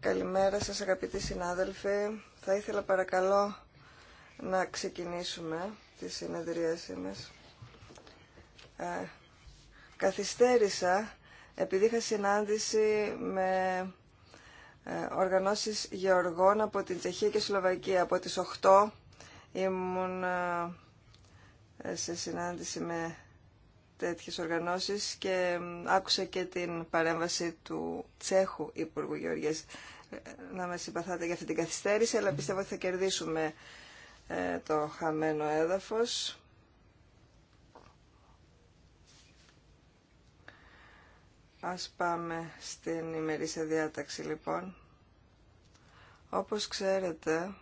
Καλημέρα σας αγαπητοί συνάδελφοι. Θα ήθελα παρακαλώ να ξεκινήσουμε τη συνεδρίαση μας. Ε, καθυστέρησα επειδή είχα συνάντηση με ε, οργανώσεις γεωργών από την Τσεχία και Σλοβακία. Από τις 8 ήμουν ε, σε συνάντηση με τέτοιες οργανώσεις και άκουσα και την παρέμβαση του Τσέχου Υπουργού Γεωργίας ε, να με συμπαθάτε για αυτή την καθυστέρηση, αλλά πιστεύω ότι θα κερδίσουμε ε, το χαμένο έδαφος. Ας πάμε στην ημερήσια διάταξη λοιπόν. Όπως ξέρετε,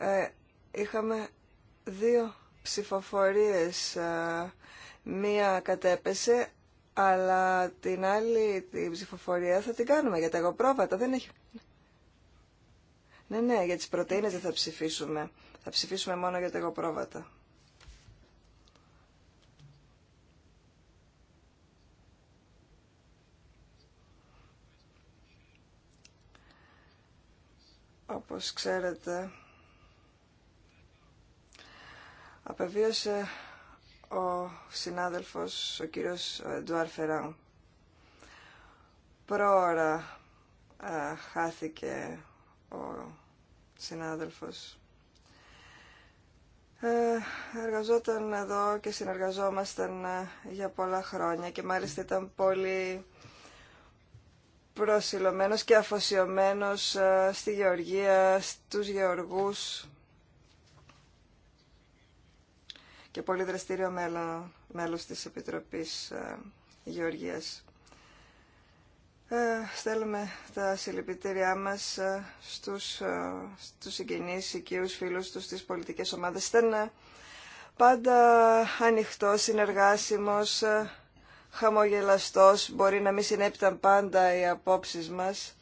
Ε, είχαμε δύο ψηφοφορίες. Ε, μία κατέπεσε, αλλά την άλλη την ψηφοφορία θα την κάνουμε για τα εγωπρόβατα. Δεν έχει... Ναι, ναι, για τις πρωτεΐνες δεν θα ψηφίσουμε. Θα ψηφίσουμε μόνο για τα εγωπρόβατα. Όπως ξέρετε, απεβίωσε ο συνάδελφος, ο κύριος Εντουάρ Φεράν. Πρόωρα χάθηκε ο συνάδελφος. Ε, εργαζόταν εδώ και συνεργαζόμασταν ε, για πολλά χρόνια και μάλιστα ήταν πολύ προσιλωμένος και αφοσιωμένος ε, στη γεωργία, στους γεωργούς και πολύ δραστήριο μέλο, μέλος της Επιτροπής ε, Γεωργίας. Ε, στέλνουμε τα συλληπιτήριά μας ε, στους, στους συγγενείς, οικείους φίλους τους, στις πολιτικές ομάδες. Ήταν πάντα ανοιχτός, συνεργάσιμος, χαμογελαστός, μπορεί να μην συνέπταν πάντα οι απόψεις μας.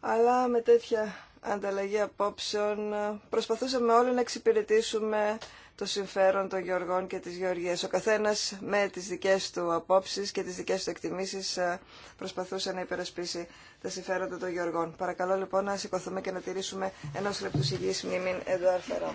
Αλλά με τέτοια ανταλλαγή απόψεων προσπαθούσαμε όλοι να εξυπηρετήσουμε το συμφέρον των Γεωργών και της Γεωργίας. Ο καθένας με τις δικές του απόψεις και τις δικές του εκτιμήσεις ε, προσπαθούσε να υπερασπίσει τα συμφέροντα των Γεωργών. Παρακαλώ λοιπόν να σηκωθούμε και να τηρήσουμε ενός λεπτούς υγιής μνήμην εδώ Φερόν.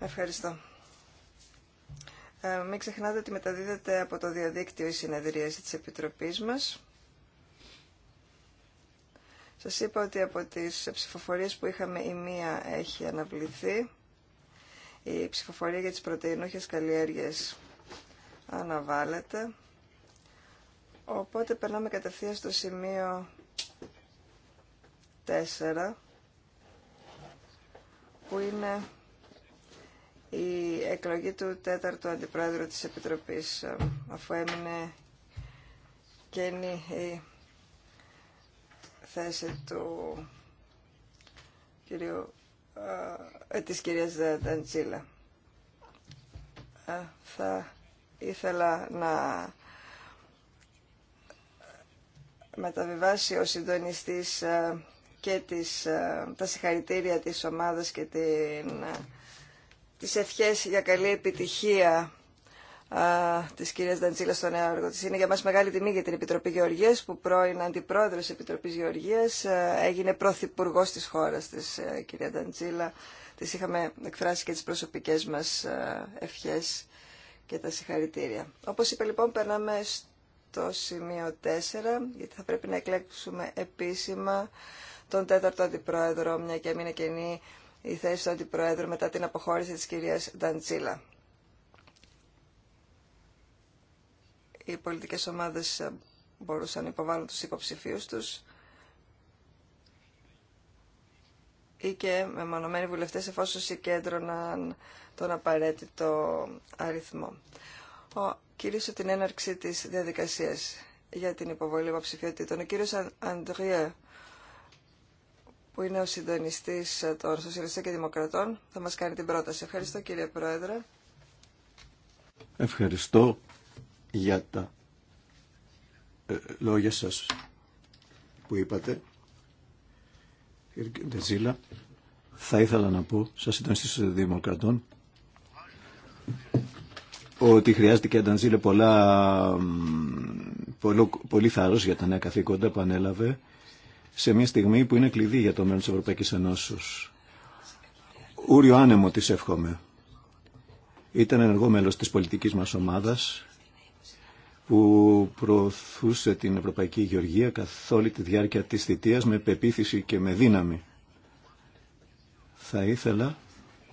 Ευχαριστώ. Ε, μην ξεχνάτε ότι μεταδίδεται από το διαδίκτυο η συνεδρίαση της Επιτροπής μας. Σας είπα ότι από τις ψηφοφορίες που είχαμε η μία έχει αναβληθεί. Η ψηφοφορία για τις πρωτεϊνούχες καλλιέργειες αναβάλλεται. Οπότε περνάμε κατευθείαν στο σημείο 4 που είναι η εκλογή του τέταρτου αντιπρόεδρου της Επιτροπής ε, αφού έμεινε καινή η θέση του κυρίου, ε, ε της κυρίας ε, θα ήθελα να μεταβιβάσει ο συντονιστής και ε, τα συγχαρητήρια της ομάδας και την, ε, τις ευχές για καλή επιτυχία α, ε, της κυρίας Δαντσίλα στο νέο έργο της. Είναι για μας μεγάλη τιμή για την Επιτροπή Γεωργίας που πρώην αντιπρόεδρος της Επιτροπής Γεωργίας έγινε πρωθυπουργό της χώρας της κυρία Δαντσίλα. Της είχαμε εκφράσει και τις προσωπικές μας ευχές και τα συγχαρητήρια. Όπως είπε λοιπόν περνάμε στο σημείο 4 γιατί θα πρέπει να εκλέξουμε επίσημα τον τέταρτο αντιπρόεδρο, μια και έμεινε κενή η θέση του αντιπρόεδρου μετά την αποχώρηση της κυρίας Νταντζίλα. Οι πολιτικές ομάδες ε, μπορούσαν να υποβάλουν τους υποψηφίους τους ή και με μονομένοι βουλευτές εφόσον συγκέντρωναν τον απαραίτητο αριθμό. Ο, κύριος την έναρξη της διαδικασίας για την υποβολή υποψηφιότητων. Ο κύριος Αντρίε που είναι ο συντονιστή των Σοσιαλιστών και Δημοκρατών, θα μας κάνει την πρόταση. Ευχαριστώ κύριε Πρόεδρε. Ευχαριστώ για τα ε, λόγια σας που είπατε. Ντεζίλα, θα ήθελα να πω, σας συντονιστή των Δημοκρατών, ότι χρειάζεται και αντανζήλε πολλά, πολύ, πολύ θάρρος για τα νέα καθήκοντα που ανέλαβε σε μια στιγμή που είναι κλειδί για το μέλλον της Ευρωπαϊκής Ενώσεως. Ούριο άνεμο της εύχομαι. Ήταν ενεργό μέλος της πολιτικής μας ομάδας που προωθούσε την Ευρωπαϊκή Γεωργία καθ' όλη τη διάρκεια της θητείας με πεποίθηση και με δύναμη. Θα ήθελα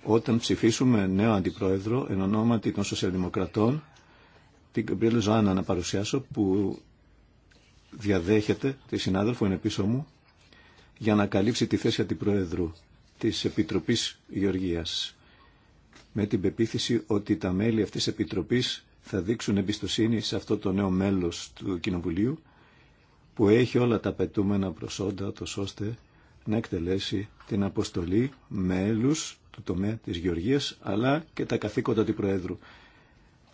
όταν ψηφίσουμε νέο αντιπρόεδρο εν ονόματι των Σοσιαλδημοκρατών την Καμπρίλα Ζωάννα να παρουσιάσω που διαδέχεται τη συνάδελφο είναι πίσω μου για να καλύψει τη θέση αντιπροεδρού της Επιτροπής Γεωργίας με την πεποίθηση ότι τα μέλη αυτής της Επιτροπής θα δείξουν εμπιστοσύνη σε αυτό το νέο μέλος του Κοινοβουλίου που έχει όλα τα πετούμενα προσόντα τόσο ώστε να εκτελέσει την αποστολή μέλους του τομέα της Γεωργίας αλλά και τα καθήκοντα του Προέδρου.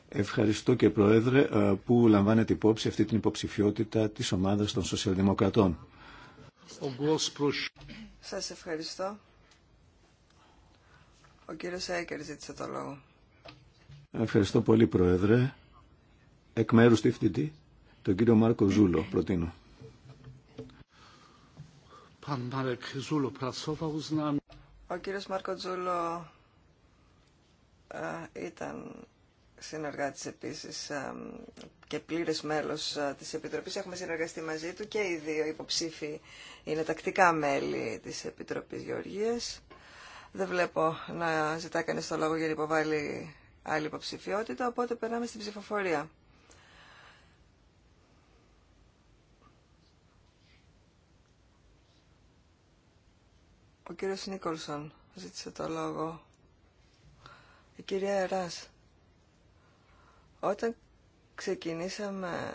Ευχαριστώ και Πρόεδρε ε, που λαμβάνετε υπόψη αυτή την υποψηφιότητα της ομάδας των Σοσιαλδημοκρατών. Σας ευχαριστώ. Ο κύριος Έκερ ζήτησε το λόγο. Ευχαριστώ πολύ, Πρόεδρε. Εκ μέρους του τον κύριο Μάρκο Ζούλο, προτείνω. Ο κύριος Μάρκο Ζούλο ε, ήταν συνεργάτης επίσης και πλήρες μέλος της Επιτροπής. Έχουμε συνεργαστεί μαζί του και οι δύο υποψήφοι είναι τακτικά μέλη της Επιτροπής Γεωργίας. Δεν βλέπω να ζητά κανείς το λόγο για να υποβάλει άλλη υποψηφιότητα, οπότε περνάμε στην ψηφοφορία. Ο κύριος Νίκολσον ζήτησε το λόγο. Η κυρία Εράς. Όταν ξεκινήσαμε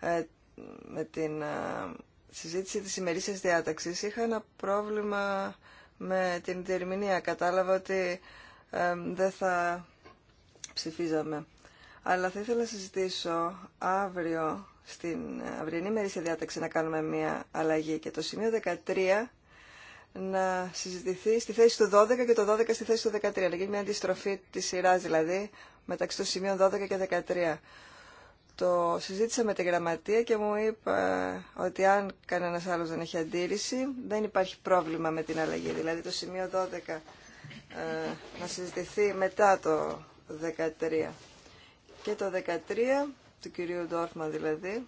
ε, με την ε, συζήτηση της ημερήσιας διάταξης, είχα ένα πρόβλημα με την διερμηνία. Κατάλαβα ότι ε, δεν θα ψηφίζαμε. Αλλά θα ήθελα να συζητήσω αύριο, στην αυριανή ημερήσια διάταξη, να κάνουμε μια αλλαγή. Και το σημείο 13 να συζητηθεί στη θέση του 12 και το 12 στη θέση του 13. Να γίνει μια αντιστροφή της σειράς δηλαδή μεταξύ των σημείων 12 και 13. Το συζήτησα με τη γραμματεία και μου είπε ότι αν κανένα άλλος δεν έχει αντίρρηση, δεν υπάρχει πρόβλημα με την αλλαγή. Δηλαδή το σημείο 12 ε, να συζητηθεί μετά το 13. Και το 13 του κυρίου Ντόρφμα δηλαδή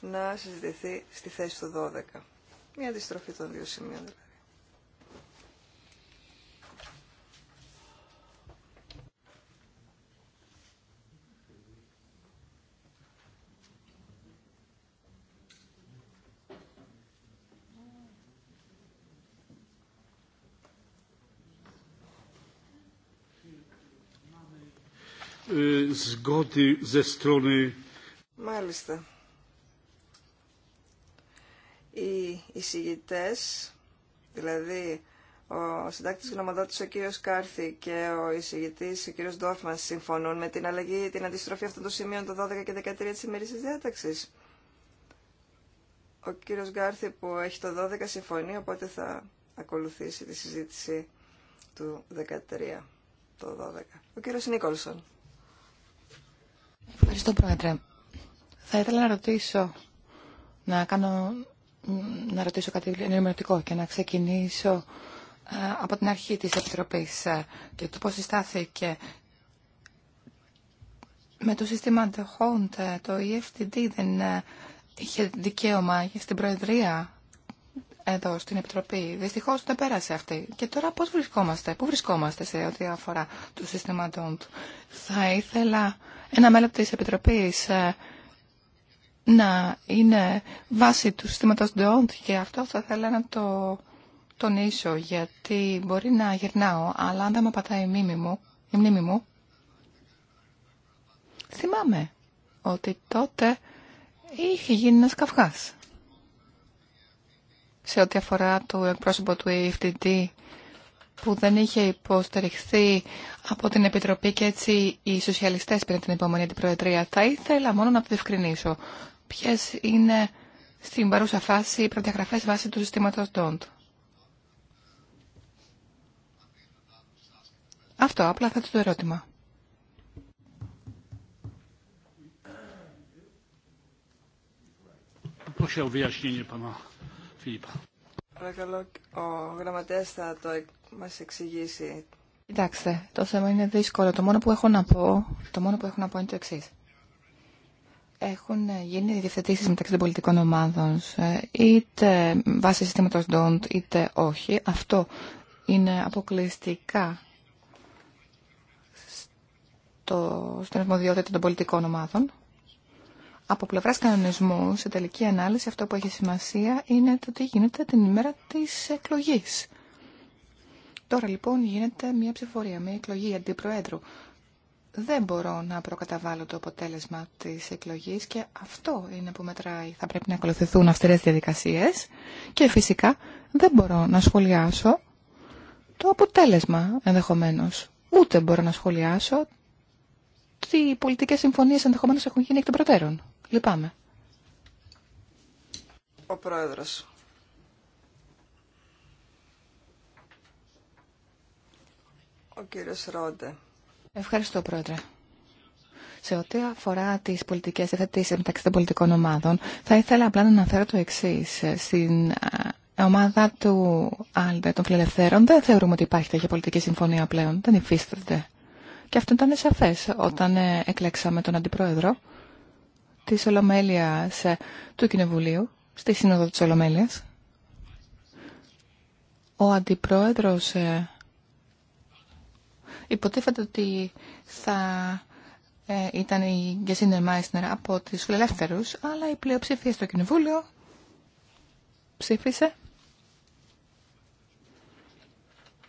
να συζητηθεί στη θέση του 12. Μια αντιστροφή των δύο σημείων δηλαδή. Ε, Μάλιστα. Οι εισηγητέ, δηλαδή ο συντάκτη γνωμοδότη ο κύριος Κάρθη και ο εισηγητή ο κύριος Ντόφμαν συμφωνούν με την αλλαγή, την αντιστροφή αυτών των σημείων το 12 και 13 τη ημερήσια διάταξη. Ο κύριος Γκάρθη που έχει το 12 συμφωνεί, οπότε θα ακολουθήσει τη συζήτηση του 13, το 12. Ο κύριος Νίκολσον. Ευχαριστώ, Πρόεδρε. Θα ήθελα να ρωτήσω, να κάνω, να ρωτήσω κάτι ενημερωτικό και να ξεκινήσω ε, από την αρχή της Επιτροπής ε, και το πώς συστάθηκε με το σύστημα αντεχών, το EFTD δεν ε, είχε δικαίωμα στην Προεδρία εδώ στην Επιτροπή. Δυστυχώ δεν πέρασε αυτή. Και τώρα πώ βρισκόμαστε, πού βρισκόμαστε σε ό,τι αφορά το σύστημα DONT. Θα ήθελα ένα μέλο της Επιτροπής ε, να είναι βάση του συστήματος DONT και αυτό θα θέλω να το τονίσω γιατί μπορεί να γυρνάω, αλλά αν δεν με πατάει η μνήμη μου, η μνήμη μου θυμάμαι ότι τότε είχε γίνει ένας καυγάς σε ό,τι αφορά το εκπρόσωπο του EFTD που δεν είχε υποστηριχθεί από την Επιτροπή και έτσι οι σοσιαλιστές πήραν την επόμενη αντιπροεδρία. Θα ήθελα μόνο να το διευκρινίσω. Ποιες είναι στην παρούσα φάση οι προδιαγραφέ βάσει του συστήματο DONT. Αυτό, απλά θα το ερώτημα. Proszę o wyjaśnienie pana Παρακαλώ, ο γραμματέα θα το μα εξηγήσει. Κοιτάξτε, το θέμα είναι δύσκολο. Το μόνο που έχω να πω, το μόνο που έχω να πω είναι το εξή. Έχουν γίνει διευθετήσει μεταξύ των πολιτικών ομάδων, είτε βάσει συστήματο DONT, είτε όχι. Αυτό είναι αποκλειστικά στο, στην αρμοδιότητα των πολιτικών ομάδων από πλευρά κανονισμού, σε τελική ανάλυση, αυτό που έχει σημασία είναι το τι γίνεται την ημέρα τη εκλογή. Τώρα λοιπόν γίνεται μια ψηφορία, μια εκλογή αντιπροέδρου. Δεν μπορώ να προκαταβάλω το αποτέλεσμα της εκλογής και αυτό είναι που μετράει. Θα πρέπει να ακολουθηθούν αυστηρέ διαδικασίες και φυσικά δεν μπορώ να σχολιάσω το αποτέλεσμα ενδεχομένω. Ούτε μπορώ να σχολιάσω τι πολιτικές συμφωνίες ενδεχομένως έχουν γίνει εκ των προτέρων. Λυπάμαι. Ο Πρόεδρος. Ο κύριος Ρόντε. Ευχαριστώ, Πρόεδρε. Σε ό,τι αφορά τι πολιτικέ εθετήσει μεταξύ των πολιτικών ομάδων, θα ήθελα απλά να αναφέρω το εξή. Στην ε, ομάδα του Άλντε των Φιλελευθέρων δεν θεωρούμε ότι υπάρχει τέτοια πολιτική συμφωνία πλέον. Δεν υφίσταται. Και αυτό ήταν σαφέ όταν ε, εκλέξαμε τον Αντιπρόεδρο της Ολομέλειας ε, του Κοινοβουλίου, στη Σύνοδο της Ολομέλειας, ο Αντιπρόεδρος ε, υποτίθεται ότι θα ε, ήταν η Γκεσίνερ Μάισνερ από τις φιλελεύθερους, αλλά η πλειοψηφία στο Κοινοβούλιο ψήφισε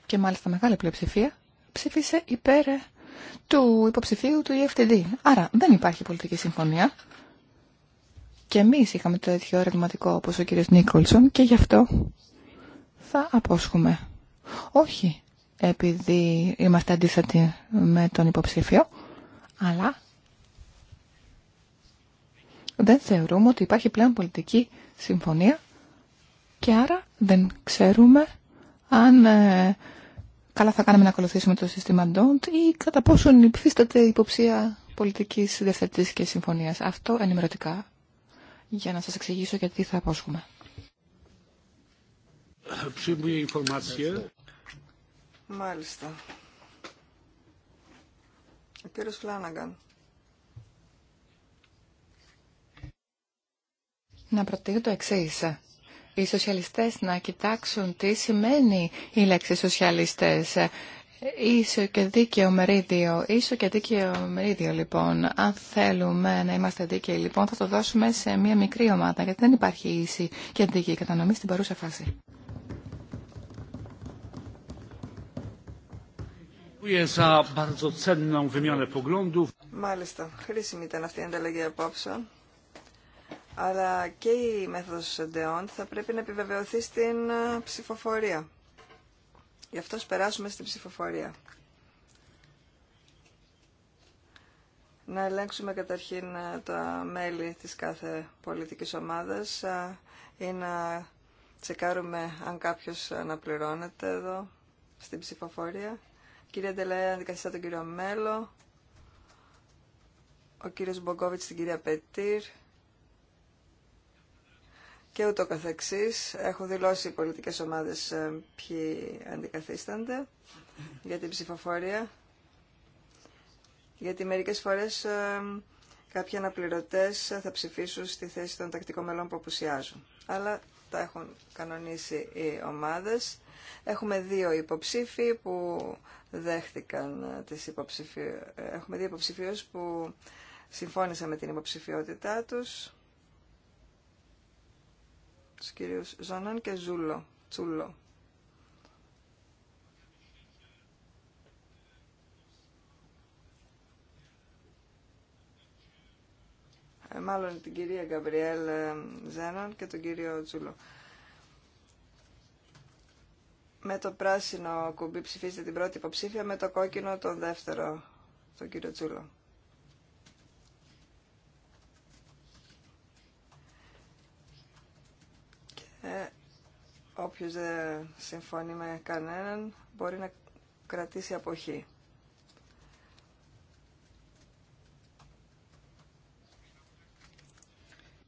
και μάλιστα μεγάλη πλειοψηφία ψήφισε υπέρ του υποψηφίου του EFTD. Άρα δεν υπάρχει πολιτική συμφωνία και εμείς είχαμε το τέτοιο ερωτηματικό όπως ο κύριος Νίκολσον και γι' αυτό θα απόσχουμε. Όχι επειδή είμαστε αντίθετοι με τον υποψήφιο, αλλά δεν θεωρούμε ότι υπάρχει πλέον πολιτική συμφωνία και άρα δεν ξέρουμε αν ε, καλά θα κάναμε να ακολουθήσουμε το σύστημα DONT ή κατά πόσον υφίσταται υποψία πολιτικής διευθετής και συμφωνίας. Αυτό ενημερωτικά για να σας εξηγήσω γιατί θα απόσχουμε. Μάλιστα. Ο κύριος Να προτείνω το εξή. Οι σοσιαλιστές να κοιτάξουν τι σημαίνει η λέξη σοσιαλιστές Ίσο και δίκαιο μερίδιο. Ίσο και δίκαιο μερίδιο, λοιπόν. Αν θέλουμε να είμαστε δίκαιοι, λοιπόν, θα το δώσουμε σε μία μικρή ομάδα, γιατί δεν υπάρχει ίση και δίκαιη κατανομή στην παρούσα φάση. Μάλιστα, χρήσιμη ήταν αυτή η ανταλλαγή απόψεων. Αλλά και η μέθοδος εντεόντ θα πρέπει να επιβεβαιωθεί στην ε, ψηφοφορία. Γι' αυτό περάσουμε στην ψηφοφορία. Να ελέγξουμε καταρχήν ε, τα μέλη της κάθε πολιτικής ομάδας ε, ή να τσεκάρουμε αν κάποιος αναπληρώνεται εδώ στην ψηφοφορία. Κύριε Ντελέα, αντικαθιστά τον κύριο Μέλο. Ο κύριος Μπογκόβιτς την κυρία Πετήρ και ούτω καθεξής. Έχουν δηλώσει οι πολιτικές ομάδες ε, ποιοι αντικαθίστανται για την ψηφοφορία. Γιατί μερικές φορές ε, κάποιοι αναπληρωτές θα ψηφίσουν στη θέση των τακτικών μελών που απουσιάζουν. Αλλά τα έχουν κανονίσει οι ομάδες. Έχουμε δύο υποψήφοι που δέχτηκαν ε, τις Έχουμε δύο υποψηφίους που συμφώνησαν με την υποψηφιότητά τους τους κυρίους Ζωνάν και Ζούλο. Τσούλο. Ε, μάλλον την κυρία Γκαμπριέλ ε, Ζέναν και τον κύριο Τσούλο. Με το πράσινο κουμπί ψηφίζετε την πρώτη υποψήφια, με το κόκκινο τον δεύτερο, τον κύριο Τσούλο. Ε, όποιος δεν συμφωνεί με κανέναν μπορεί να κρατήσει αποχή.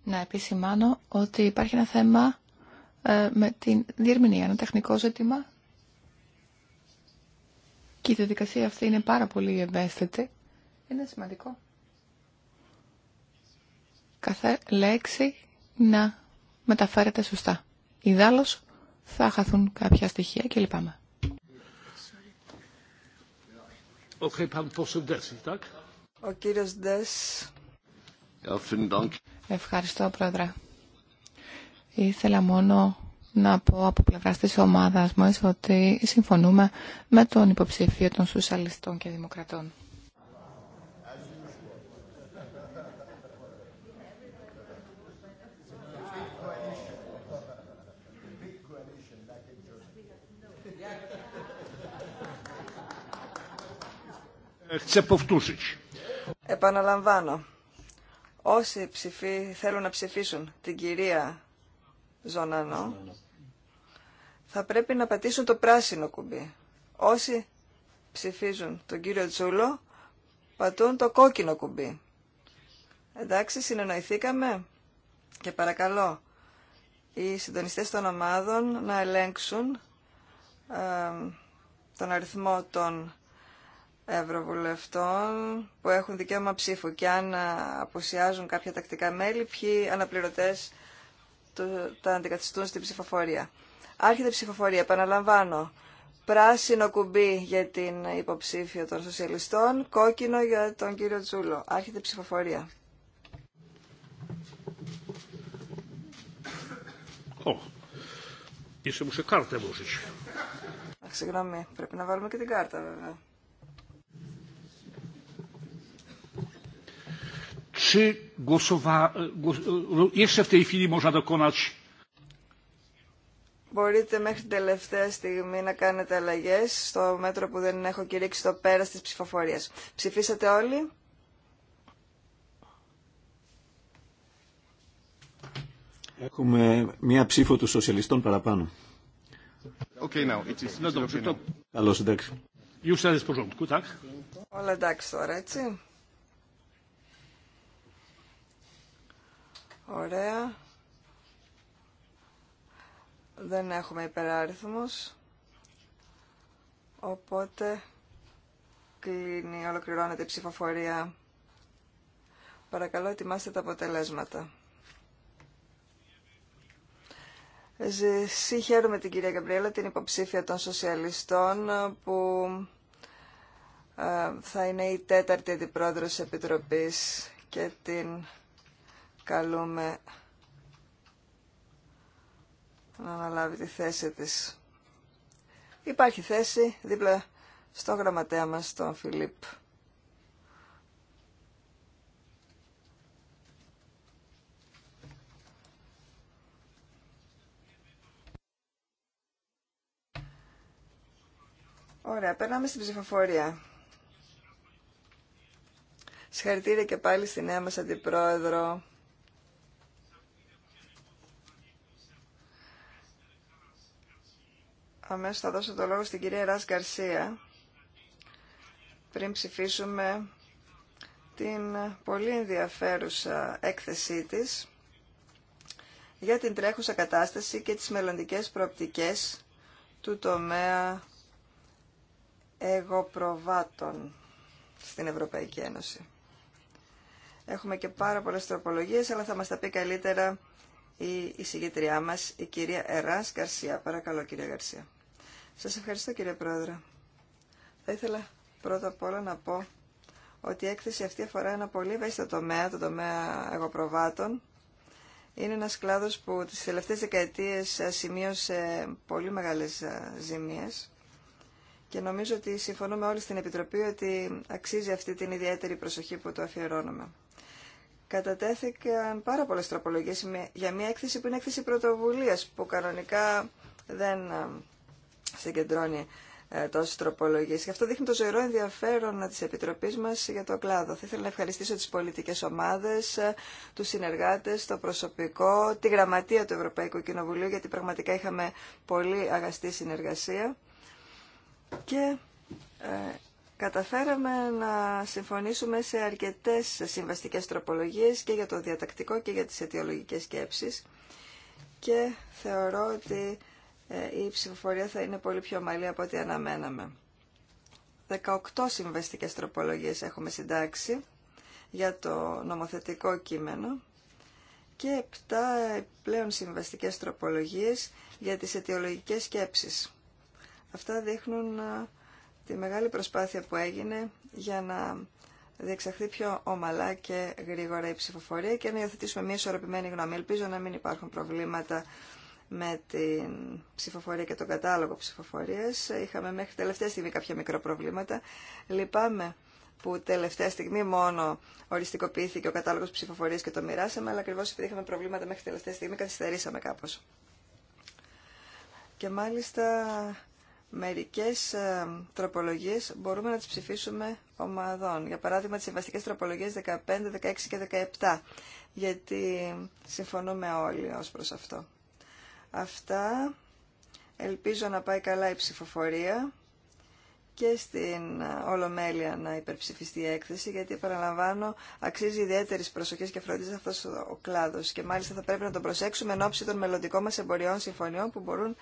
Να επισημάνω ότι υπάρχει ένα θέμα ε, με την διερμηνία, ένα τεχνικό ζήτημα. Και η διαδικασία αυτή είναι πάρα πολύ ευαίσθητη. Είναι σημαντικό. Κάθε λέξη να μεταφέρεται σωστά. Ιδάλω θα χαθούν κάποια στοιχεία και λυπάμαι. Ο Ευχαριστώ, Πρόεδρε. Ήθελα μόνο να πω από πλευρά τη ομάδα μα ότι συμφωνούμε με τον υποψηφίο των Σοσιαλιστών και Δημοκρατών. Επαναλαμβάνω. Όσοι ψηφί, θέλουν να ψηφίσουν την κυρία Ζωνανό, θα πρέπει να πατήσουν το πράσινο κουμπί. Όσοι ψηφίζουν τον κύριο Τσούλο, πατούν το κόκκινο κουμπί. Εντάξει, συνεννοηθήκαμε. Και παρακαλώ, οι συντονιστές των ομάδων να ελέγξουν ε, τον αριθμό των ευρωβουλευτών που έχουν δικαίωμα ψήφου και αν ε, αποσιάζουν κάποια τακτικά μέλη, ποιοι αναπληρωτές τα αντικαθιστούν στην ψηφοφορία. Άρχεται ψηφοφορία, επαναλαμβάνω. Πράσινο κουμπί για την υποψήφιο των σοσιαλιστών, κόκκινο για τον κύριο Τσούλο. Άρχεται ψηφοφορία. Oh, μου Συγγνώμη, πρέπει να βάλουμε και την κάρτα βέβαια. czy jeszcze w tej chwili można dokonać Μπορείτε μέχρι την τελευταία στιγμή να κάνετε αλλαγέ στο μέτρο που δεν έχω κηρύξει το πέρα τη ψηφοφορία. Ψηφίσατε όλοι. Έχουμε μία ψήφο του σοσιαλιστών παραπάνω. Okay, now. It is not Καλώς, εντάξει. Όλα εντάξει τώρα, έτσι. Ωραία. Δεν έχουμε υπεράριθμους. Οπότε κλείνει, ολοκληρώνεται η ψηφοφορία. Παρακαλώ ετοιμάστε τα αποτελέσματα. Συγχαίρουμε την κυρία Γκαμπριέλα, την υποψήφια των σοσιαλιστών, που ε, θα είναι η τέταρτη αντιπρόεδρος Επιτροπής και την καλούμε να αναλάβει τη θέση της. Υπάρχει θέση δίπλα στο γραμματέα μας, τον Φιλίπ. Ωραία, περνάμε στην ψηφοφορία. Συγχαρητήρια και πάλι στη νέα μας αντιπρόεδρο αμέσως θα δώσω το λόγο στην κυρία Ράς Γκαρσία πριν ψηφίσουμε την πολύ ενδιαφέρουσα έκθεσή της για την τρέχουσα κατάσταση και τις μελλοντικές προοπτικές του τομέα εγωπροβάτων στην Ευρωπαϊκή Ένωση. Έχουμε και πάρα πολλές τροπολογίες, αλλά θα μας τα πει καλύτερα η εισηγήτριά μας, η κυρία Εράς Γκαρσία. Παρακαλώ, κυρία Γκαρσία. Σας ευχαριστώ κύριε Πρόεδρε. Θα ήθελα πρώτα απ' όλα να πω ότι η έκθεση αυτή αφορά ένα πολύ ευαίσθητο τομέα, το τομέα εγωπροβάτων. Είναι ένας κλάδος που τις τελευταίες δεκαετίες σημείωσε πολύ μεγάλες ε, ζημίες και νομίζω ότι συμφωνούμε όλοι στην Επιτροπή ότι αξίζει αυτή την ιδιαίτερη προσοχή που το αφιερώνουμε. Κατατέθηκαν πάρα πολλές τροπολογίες για μια έκθεση που είναι έκθεση πρωτοβουλίας που κανονικά δεν ε, συγκεντρώνει ε, τόσε τροπολογίε. Και αυτό δείχνει το ζωηρό ενδιαφέρον τη Επιτροπή μα για το κλάδο. Θα ήθελα να ευχαριστήσω τι πολιτικέ ομάδε, ε, του συνεργάτε, το προσωπικό, τη γραμματεία του Ευρωπαϊκού Κοινοβουλίου, γιατί πραγματικά είχαμε πολύ αγαστή συνεργασία. Και ε, καταφέραμε να συμφωνήσουμε σε αρκετές συμβαστικές τροπολογίες και για το διατακτικό και για τις αιτιολογικές σκέψεις. Και θεωρώ ότι ε, η ψηφοφορία θα είναι πολύ πιο ομαλή από ό,τι αναμέναμε. 18 συμβαστικές τροπολογίες έχουμε συντάξει για το νομοθετικό κείμενο και 7 πλέον συμβαστικές τροπολογίες για τις αιτιολογικές σκέψεις. Αυτά δείχνουν ε, τη μεγάλη προσπάθεια που έγινε για να διεξαχθεί πιο ομαλά και γρήγορα η ψηφοφορία και να υιοθετήσουμε μια ισορροπημένη γνώμη. Ελπίζω να μην υπάρχουν προβλήματα με την ψηφοφορία και τον κατάλογο ψηφοφορίας. Είχαμε μέχρι τελευταία στιγμή κάποια μικρά προβλήματα. Λυπάμαι που τελευταία στιγμή μόνο οριστικοποιήθηκε ο κατάλογο ψηφοφορία και το μοιράσαμε, αλλά ακριβώ επειδή είχαμε προβλήματα μέχρι τελευταία στιγμή καθυστερήσαμε κάπω. Και μάλιστα μερικέ ε, τροπολογίε μπορούμε να τι ψηφίσουμε ομαδών. Για παράδειγμα, τι συμβαστικέ τροπολογίε 15, 16 και 17, γιατί συμφωνούμε όλοι ω προ αυτό αυτά. Ελπίζω να πάει καλά η ψηφοφορία και στην ε, Ολομέλεια να υπερψηφιστεί η έκθεση, γιατί παραλαμβάνω αξίζει ιδιαίτερη προσοχή και φροντίζει αυτό ο κλάδο. Και μάλιστα θα πρέπει να τον προσέξουμε εν ώψη των μελλοντικών μα εμποριών συμφωνιών που μπορούν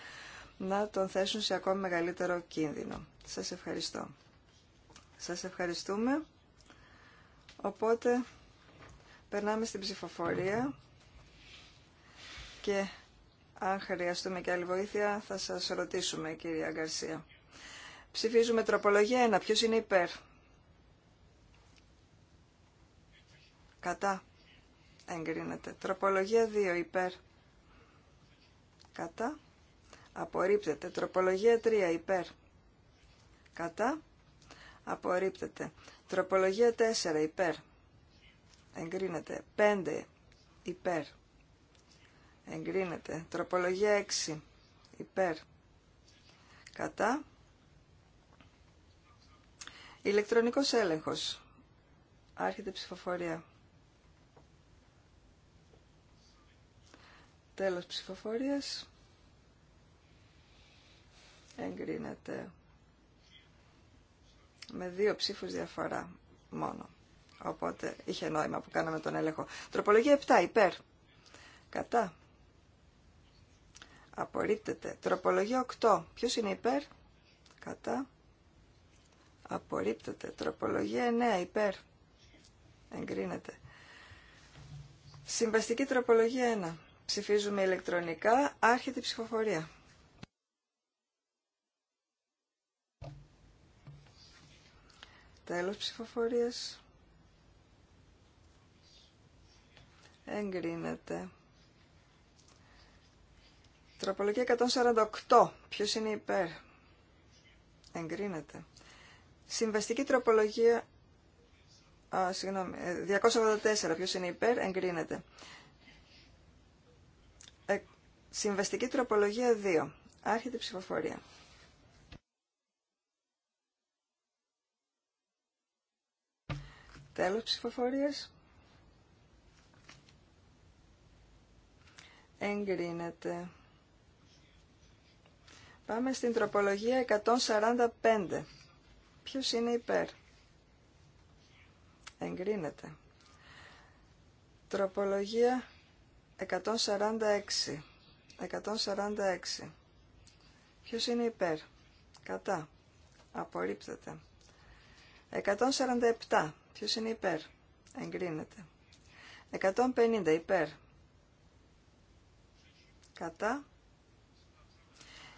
να τον θέσουν σε ακόμη μεγαλύτερο κίνδυνο. Σα ευχαριστώ. Σας ευχαριστούμε. Οπότε περνάμε στην ψηφοφορία και αν χρειαστούμε και άλλη βοήθεια, θα σα ρωτήσουμε, κυρία Γκαρσία. Ψηφίζουμε τροπολογία 1. Ποιο είναι υπέρ. Κατά. Εγκρίνεται. Τροπολογία 2. Υπέρ. Κατά. Απορρίπτεται. Τροπολογία 3. Υπέρ. Κατά. Απορρίπτεται. Τροπολογία 4. Υπέρ. Εγκρίνεται. 5. Υπέρ εγκρίνεται. Τροπολογία 6 υπέρ κατά. Ηλεκτρονικός έλεγχος. Άρχεται ψηφοφορία. Τέλος ψηφοφορίας. Εγκρίνεται. Με δύο ψήφους διαφορά μόνο. Οπότε είχε νόημα που κάναμε τον έλεγχο. Τροπολογία 7 υπέρ. Κατά. Απορρίπτεται. Τροπολογία 8. Ποιος είναι υπέρ? Κατά. Απορρίπτεται. Τροπολογία 9. Υπέρ. Εγκρίνεται. Συμβαστική τροπολογία 1. Ψηφίζουμε ηλεκτρονικά. Άρχεται η ψηφοφορία. Τέλος ψηφοφορίας. Εγκρίνεται. Τροπολογία 148. Ποιος είναι υπέρ. Εγκρίνεται. Συμβαστική τροπολογία... Α, συγγνώμη. 284. Ε, Ποιος είναι υπέρ. Εγκρίνεται. Ε, συμβαστική τροπολογία 2. Άρχεται η ψηφοφορία. Τέλος ψηφοφορίας. Εγκρίνεται. Πάμε στην τροπολογία 145. Ποιος είναι υπέρ. Εγκρίνεται. Τροπολογία 146. 146. Ποιος είναι υπέρ. Κατά. Απορρίπτεται. 147. Ποιος είναι υπέρ. Εγκρίνεται. 150. Υπέρ. Κατά.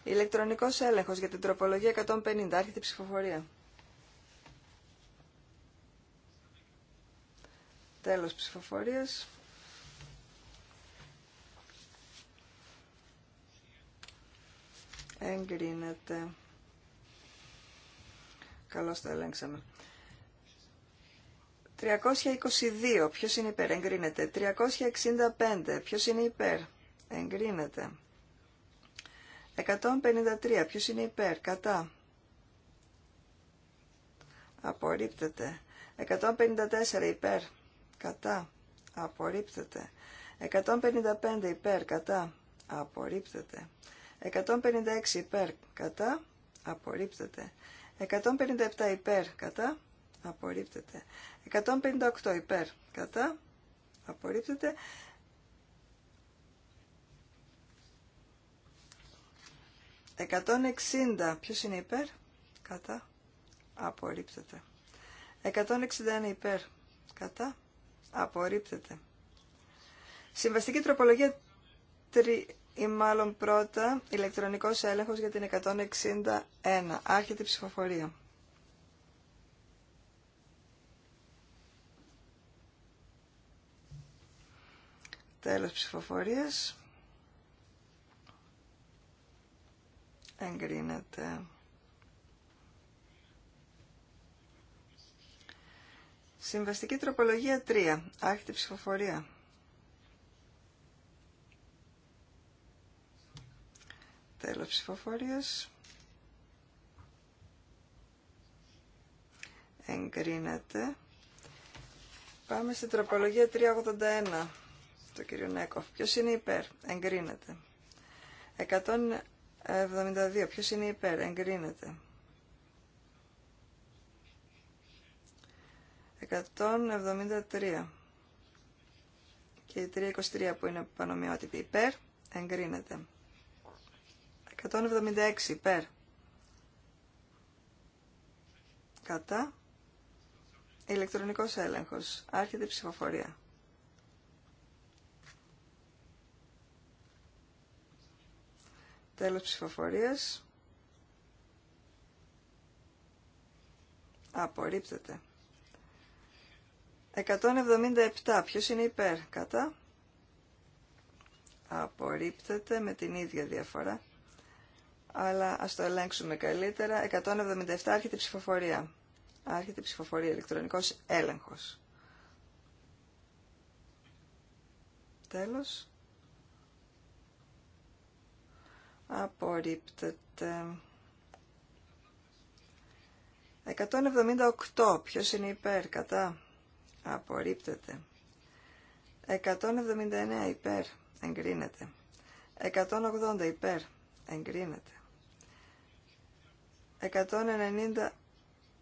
Ηλεκτρονικό έλεγχος για την τροπολογία 150. Άρχεται η ψηφοφορία. Τέλος ψηφοφορίας. Εγκρίνεται. Καλώ το ελέγξαμε. 322. ποιο είναι υπέρ. Εγκρίνεται. 365. Ποιο είναι υπέρ. Εγκρίνεται. 153. Ποιος είναι υπέρ, κατά. Απορρίπτεται. 154 υπέρ, κατά. Απορρίπτεται. 155 υπέρ, κατά. Απορρίπτεται. 156 υπέρ, κατά. Απορρίπτεται. 157 υπέρ, κατά. Απορρίπτεται. 158 υπέρ, κατά. Απορρίπτεται. 160. Ποιος είναι υπέρ? Κατά. Απορρίπτεται. 161 υπέρ. Κατά. Απορρίπτεται. Συμβαστική τροπολογία 3 ή μάλλον πρώτα ηλεκτρονικός έλεγχος για την 161. Άρχεται η ψηφοφορία. Τέλος ψηφοφορίας. εγκρίνεται. Συμβαστική τροπολογία 3. Άρχιτη ψηφοφορία. Τέλος ψηφοφορίας. Εγκρίνεται. Πάμε στην τροπολογία 381 Το κύριο Νέκοφ. Ποιος είναι υπέρ. Εγκρίνεται. 72. Ποιος είναι υπέρ. Εγκρίνεται. 173. Και η 323 που είναι πανομοιότυπη υπέρ. Εγκρίνεται. 176 υπέρ. Κατά. Ηλεκτρονικός έλεγχος. Άρχεται η ψηφοφορία. Τέλος ψηφοφορίας. Απορρίπτεται. 177. Ποιος είναι υπέρ. Κατά. Απορρίπτεται με την ίδια διαφορά. Αλλά ας το ελέγξουμε καλύτερα. 177. Άρχεται η ψηφοφορία. Άρχεται η ψηφοφορία. Ηλεκτρονικός έλεγχος. Τέλος. Απορρίπτεται. 178. Ποιος είναι υπέρ, κατά. Απορρίπτεται. 179 υπέρ. Εγκρίνεται. 180 υπέρ. Εγκρίνεται. 190,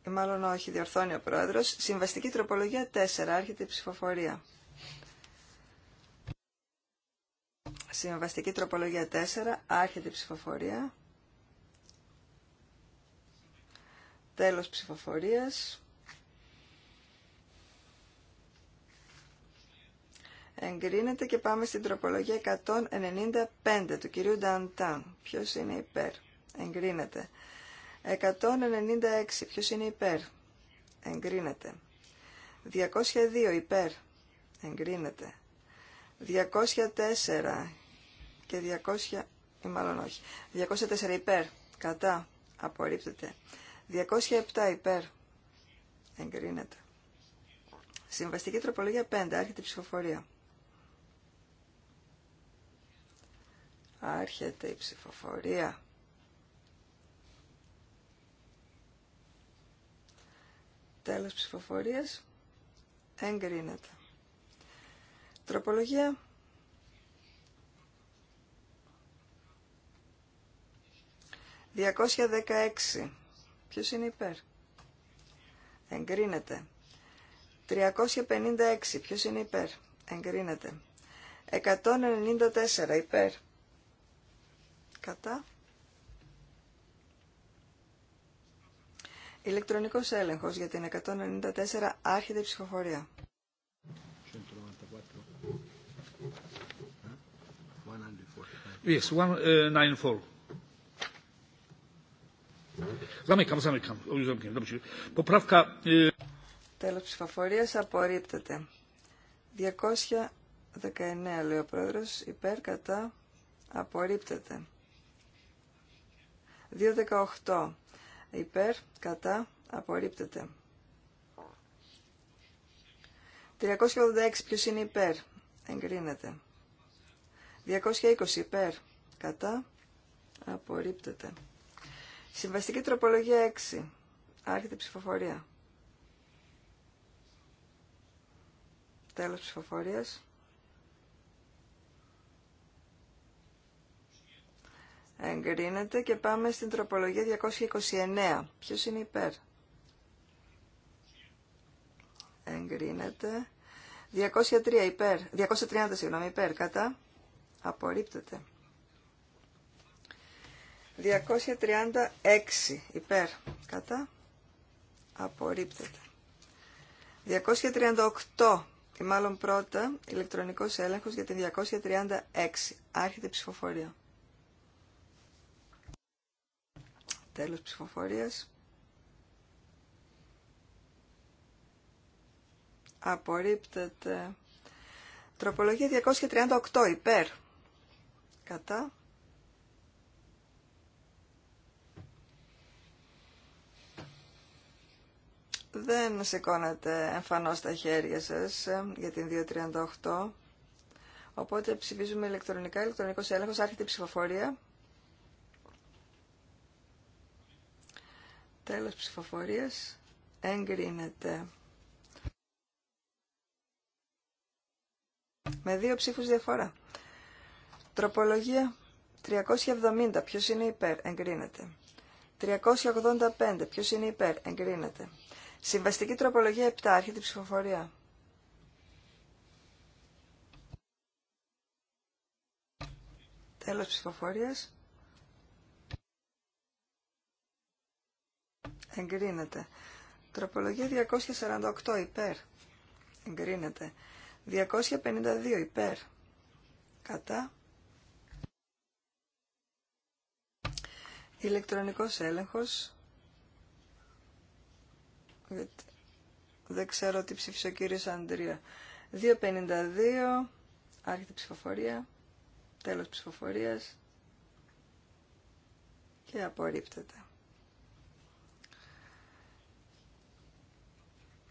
μάλλον όχι, διορθώνει ο πρόεδρος. Συμβαστική τροπολογία 4. Άρχεται η ψηφοφορία. Συμβαστική τροπολογία 4, άρχεται η ψηφοφορία. Τέλος ψηφοφορίας. Εγκρίνεται και πάμε στην τροπολογία 195 του κυρίου Νταντάν. Ποιος είναι υπέρ. Εγκρίνεται. 196. Ποιος είναι υπέρ. Εγκρίνεται. 202 υπέρ. Εγκρίνεται. 204 και 200, ή μάλλον όχι, 204 υπέρ, κατά, απορρίπτεται. 207 υπέρ, εγκρίνεται. Συμβαστική τροπολογία 5, άρχεται η ψηφοφορία. Άρχεται η ψηφοφορία. Τέλος ψηφοφορίας, εγκρίνεται τροπολογία. 216 δεκαέξι. Ποιος είναι υπέρ. Εγκρίνεται. 356. Ποιος είναι υπέρ. Εγκρίνεται. 194. Υπέρ. Κατά. Ηλεκτρονικός έλεγχος για την 194 άρχεται η ψυχοφορία Yes, 194. Zamykam, zamykam. Τέλος ψηφοφορίας απορρίπτεται. 219 λέει ο πρόεδρος, υπέρ κατά απορρίπτεται. 218 υπέρ κατά απορρίπτεται. 386 ποιος είναι υπέρ εγκρίνεται. 220 υπέρ. Κατά. Απορρίπτεται. Συμβαστική τροπολογία 6. Άρχεται ψηφοφορία. Τέλος ψηφοφορίας. Εγκρίνεται και πάμε στην τροπολογία 229. Ποιος είναι υπέρ. Εγκρίνεται. 203 υπέρ. 230 συγγνώμη υπέρ. Κατά. Απορρίπτεται. 236 υπέρ. Κατά. Απορρίπτεται. 238. Ή μάλλον πρώτα, ηλεκτρονικός έλεγχος για την 236. Άρχεται η ψηφοφορία. Τέλος ψηφοφορίας. Απορρίπτεται. Τροπολογία 238 υπέρ κατά δεν σηκώνατε εμφανώς τα χέρια σας ε, για την 238 οπότε ψηφίζουμε ηλεκτρονικά ηλεκτρονικός έλεγχος, άρχεται η ψηφοφορία τέλος ψηφοφορίας εγκρίνεται με δύο ψήφους διαφορά Τροπολογία 370. Ποιος είναι υπέρ. Εγκρίνεται. 385. Ποιος είναι υπέρ. Εγκρίνεται. Συμβαστική τροπολογία 7. Άρχεται η ψηφοφορία. Τέλος ψηφοφορίας. Εγκρίνεται. Τροπολογία 248 υπέρ. Εγκρίνεται. 252 υπέρ. Κατά. Ηλεκτρονικός έλεγχος. Δεν ξέρω τι ψήφισε ο κύριος Αντρία. 2.52, άρχεται ψηφοφορία, τέλος ψηφοφορίας και απορρίπτεται.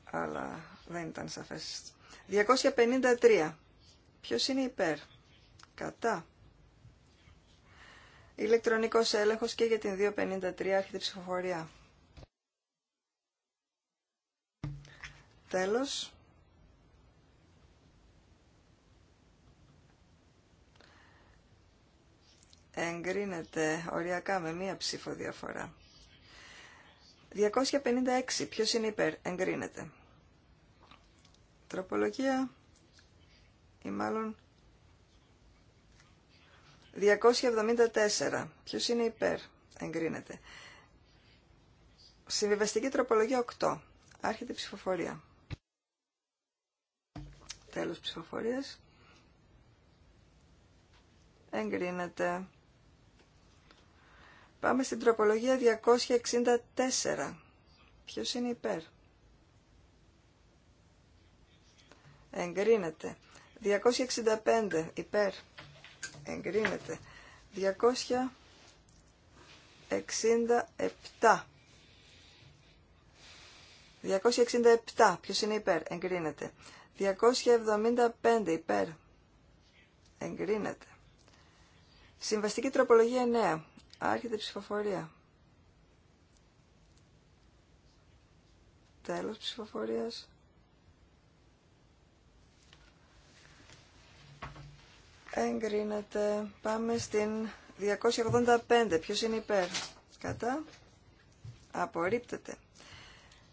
Αλλά δεν ήταν σαφές. 253. Ποιος είναι υπέρ. Κατά. Ηλεκτρονικός έλεγχος και για την 253 άρχεται ψηφοφορία. Τέλος. Εγκρίνεται οριακά με μία ψήφο διαφορά. 256. Ποιος είναι υπέρ. Εγκρίνεται. Τροπολογία ή μάλλον 274. Ποιος είναι υπέρ. Εγκρίνεται. Συμβιβαστική τροπολογία 8. Άρχεται η ψηφοφορία. Τέλος ψηφοφορίας. Εγκρίνεται. Πάμε στην τροπολογία 264. Ποιος είναι υπέρ. Εγκρίνεται. 265 υπέρ εγκρίνεται. 267. 267. Ποιος είναι υπέρ. Εγκρίνεται. 275 υπέρ. Εγκρίνεται. Συμβαστική τροπολογία 9. Άρχεται η ψηφοφορία. Τέλος ψηφοφορίας. Εγκρίνεται. Πάμε στην 285. Ποιος είναι υπέρ. Κατά. Απορρίπτεται.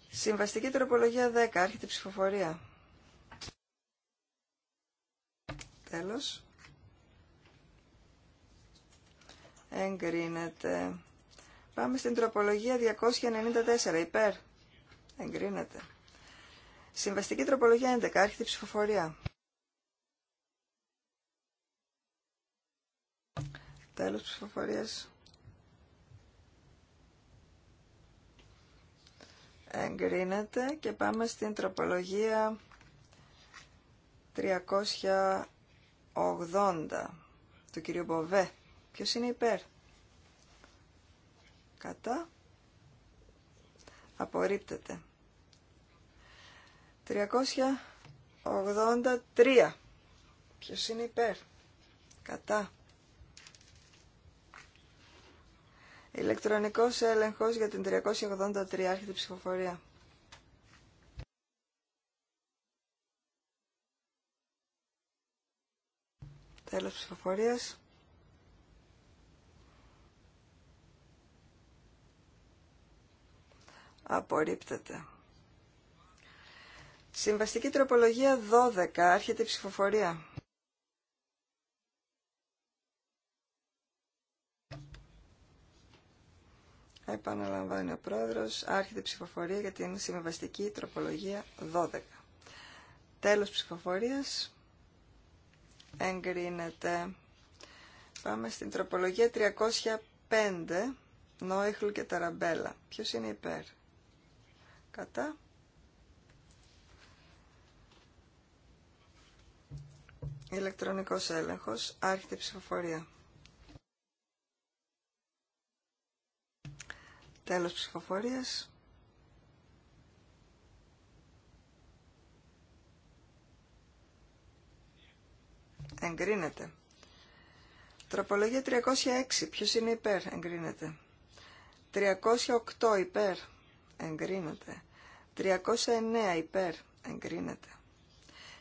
Συμβαστική τροπολογία 10. Άρχεται ψηφοφορία. Τέλος. Εγκρίνεται. Πάμε στην τροπολογία 294. Υπέρ. Εγκρίνεται. Συμβαστική τροπολογία 11. Άρχεται ψηφοφορία. Τέλος ψηφοφορίας. Εγκρίνεται και πάμε στην τροπολογία 380 του κυρίου Μποβέ. Ποιος είναι υπέρ. Κατά. Απορρίπτεται. 383. Ποιος είναι υπέρ. Κατά. Ηλεκτρονικός έλεγχος για την 383 άρχεται ψηφοφορία. Τέλος ψηφοφορίας. Απορρίπτεται. Συμβαστική τροπολογία 12. Άρχεται η ψηφοφορία. Επαναλαμβάνει ο πρόεδρος. Άρχεται ψηφοφορία για την συμβαστική τροπολογία 12. Τέλος ψηφοφορίας. Εγκρίνεται. Πάμε στην τροπολογία 305. Νόιχλ και Ταραμπέλα. Ποιος είναι υπέρ. Κατά. Ηλεκτρονικός έλεγχος. Άρχεται ψηφοφορία. Τέλος ψηφοφορίας. Εγκρίνεται. Τροπολογία 306. Ποιος είναι υπέρ. Εγκρίνεται. 308 υπέρ. Εγκρίνεται. 309 υπέρ. Εγκρίνεται.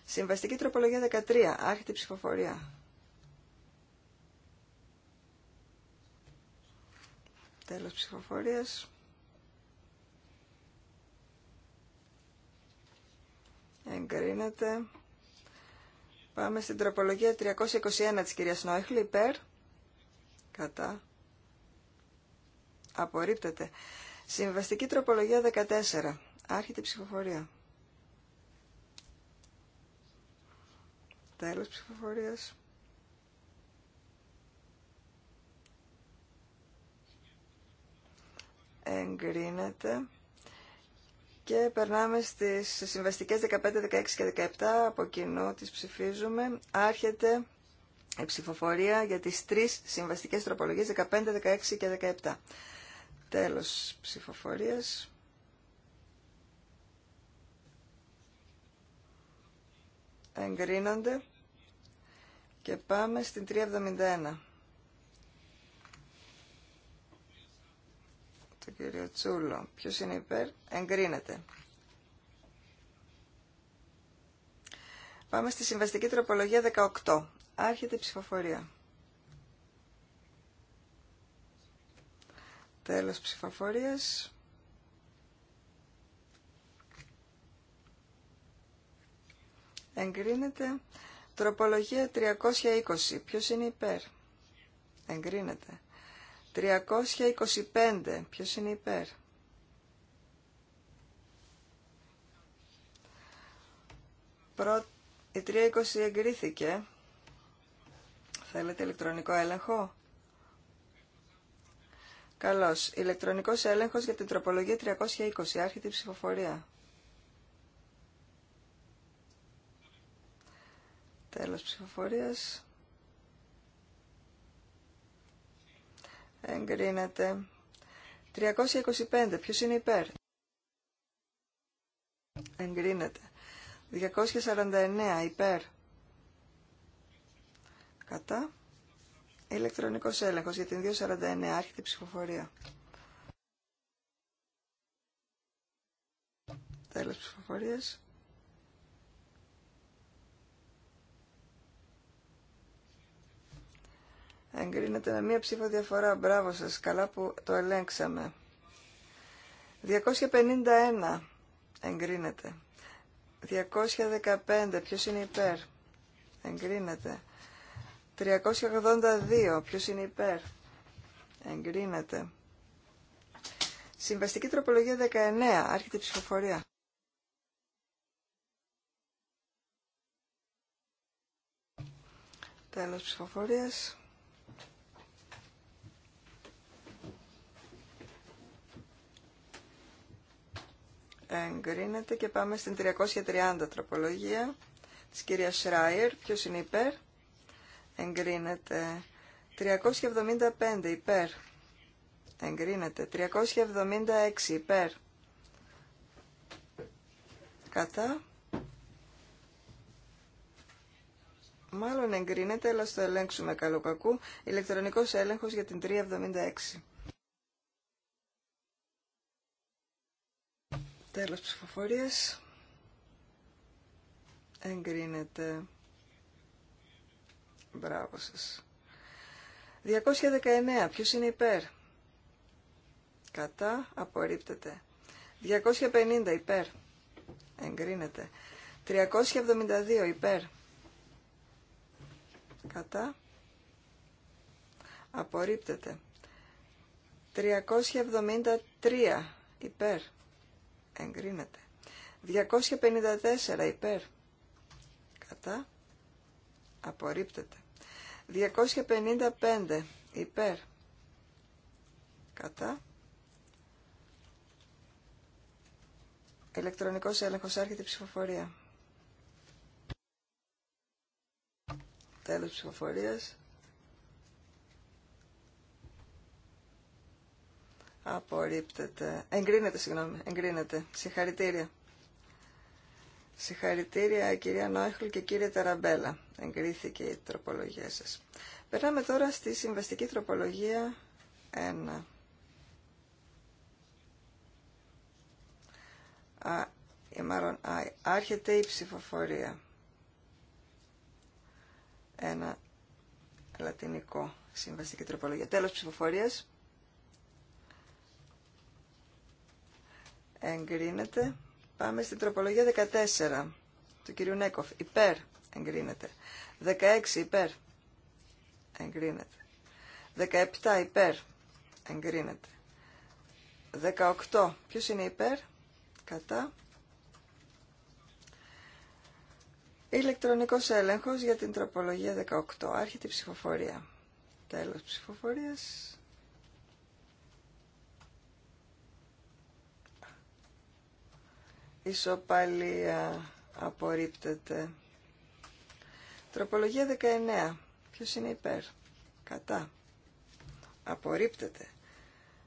Συμβαστική τροπολογία 13. Άρχεται η ψηφοφορία. Τέλος ψηφοφορίας. Εγκρίνεται. Πάμε στην τροπολογία 321 της κυρίας Νόιχλη, υπέρ, κατά, απορρίπτεται. Συμβαστική τροπολογία 14, άρχεται η ψηφοφορία. Τέλος ψηφοφορίας. εγκρίνεται. Και περνάμε στις συμβαστικές 15, 16 και 17, από κοινού τις ψηφίζουμε. Άρχεται η ψηφοφορία για τις τρεις συμβαστικές τροπολογίες 15, 16 και 17. Τέλος ψηφοφορίας. Εγκρίνονται. Και πάμε στην 371. Σε κύριο Τσούλο. Ποιος είναι υπέρ. Εγκρίνεται. Πάμε στη συμβαστική τροπολογία 18. Άρχεται η ψηφοφορία. Τέλος ψηφοφορίας. Εγκρίνεται. Τροπολογία 320. Ποιος είναι υπέρ. Εγκρίνεται. 325. Ποιος είναι υπέρ. Η 320 εγκρίθηκε. Θέλετε ηλεκτρονικό έλεγχο. Καλώς. Ηλεκτρονικός έλεγχος για την τροπολογία 320. Άρχεται η ψηφοφορία. Τέλος ψηφοφορίας. εγκρίνεται. 325. Ποιος είναι υπέρ. Εγκρίνεται. 249. Υπέρ. Κατά. Ηλεκτρονικός έλεγχος για την 249. Άρχεται η ψηφοφορία. Τέλος ψηφοφορίας. Εγκρίνεται με μία ψήφο διαφορά. Μπράβο σας. Καλά που το ελέγξαμε. 251 εγκρίνεται. 215 ποιος είναι υπέρ. Εγκρίνεται. 382 ποιος είναι υπέρ. Εγκρίνεται. Συμβαστική τροπολογία 19. Άρχεται η ψηφοφορία. Τέλος ψηφοφορίας. εγκρίνεται και πάμε στην 330 τροπολογία της κυρία Σράιερ. Ποιος είναι υπέρ? Εγκρίνεται. 375 υπέρ. Εγκρίνεται. 376 υπέρ. Κατά. Μάλλον εγκρίνεται, αλλά στο ελέγξουμε καλοκακού. Ηλεκτρονικός έλεγχος για την 376. Τέλος ψηφοφορίας. Εγκρίνεται. Μπράβο σας. 219. Ποιος είναι υπέρ. Κατά. Απορρίπτεται. 250 υπέρ. Εγκρίνεται. 372 υπέρ. Κατά. Απορρίπτεται. 373 υπέρ εγκρίνεται. 254 υπέρ κατά απορρίπτεται. 255 υπέρ κατά ηλεκτρονικός έλεγχος άρχεται ψηφοφορία. Τέλος ψηφοφορίας. Απορρίπτεται. Εγκρίνεται, συγγνώμη. Εγκρίνεται. Συγχαρητήρια. Συγχαρητήρια κυρία Νόιχλ και κύριε Ταραμπέλα. Εγκρίθηκε η τροπολογία σας. Περνάμε τώρα στη συμβαστική τροπολογία 1. Α, ή μάλλον, α, άρχεται η α Ένα λατινικό συμβαστική τροπολογία. Τέλος ψηφοφορίας. εγκρίνεται. Πάμε στην τροπολογία 14 του κυρίου Νέκοφ. Υπέρ εγκρίνεται. 16 υπέρ εγκρίνεται. 17 υπέρ εγκρίνεται. 18 ποιος είναι υπέρ κατά. Ηλεκτρονικός έλεγχος για την τροπολογία 18. Άρχεται η ψηφοφορία. Τέλος ψηφοφορίας. Ισοπαλία απορρίπτεται. Τροπολογία 19. Ποιος είναι υπέρ. Κατά. Απορρίπτεται.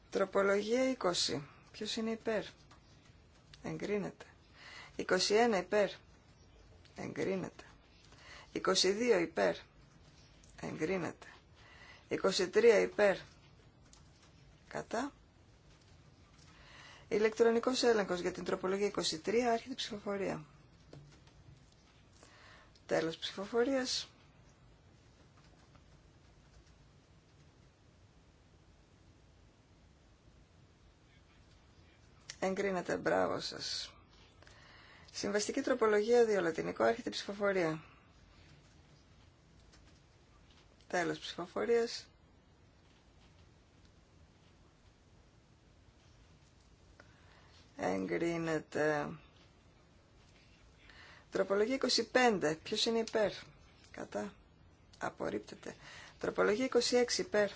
Τροπολογία 20. Ποιος είναι υπέρ. Εγκρίνεται. 21 υπέρ. Εγκρίνεται. 22 υπέρ. Εγκρίνεται. 23 υπέρ. Κατά. Ηλεκτρονικό έλεγχος για την τροπολογία 23, άρχεται ψηφοφορία. Τέλος ψηφοφορίας. Εγκρίνεται. μπράβο σας. Συμβαστική τροπολογία 2, λατινικό, άρχεται ψηφοφορία. Τέλος ψηφοφορίας. εγκρίνεται. Τροπολογία 25. Ποιος είναι υπέρ. Κατά. Απορρίπτεται. Τροπολογία 26. Υπέρ.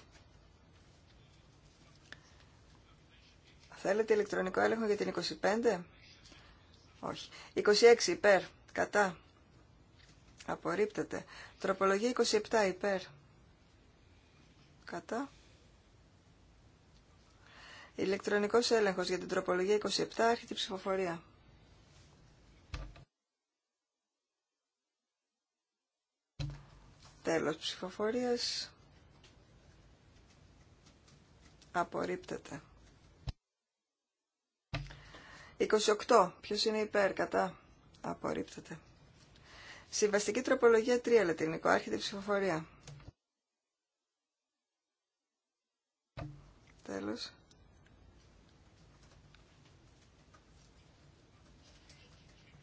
Θέλετε ηλεκτρονικό έλεγχο για την 25. Όχι. 26. Υπέρ. Κατά. Απορρίπτεται. Τροπολογία 27. Υπέρ. Κατά. Ηλεκτρονικός έλεγχος για την τροπολογία 27, η ψηφοφορία. Τέλος ψηφοφορίας. Απορρίπτεται. 28. Ποιος είναι υπέρ, κατά. Απορρίπτεται. Συμβαστική τροπολογία 3, λατινικό, άρχεται ψηφοφορία. Τέλος.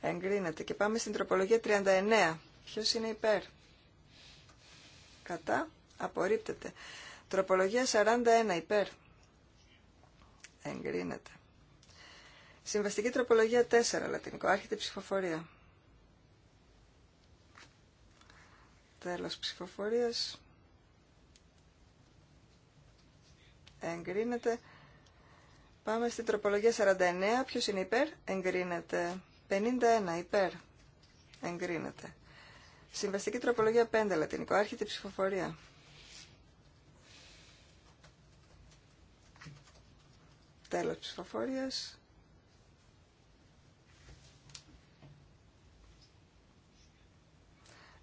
Εγκρίνεται. Και πάμε στην τροπολογία 39. Ποιο είναι υπέρ. Κατά. Απορρίπτεται. Τροπολογία 41. Υπέρ. Εγκρίνεται. Συμβαστική τροπολογία 4. Λατινικό. Άρχεται η ψηφοφορία. Τέλος ψηφοφορίας. Εγκρίνεται. Πάμε στην τροπολογία 49. Ποιος είναι υπέρ. Εγκρίνεται. 51 υπέρ. Εγκρίνεται. Συμβαστική τροπολογία 5 λατινικό. Άρχεται η ψηφοφορία. Τέλος ψηφοφορίας.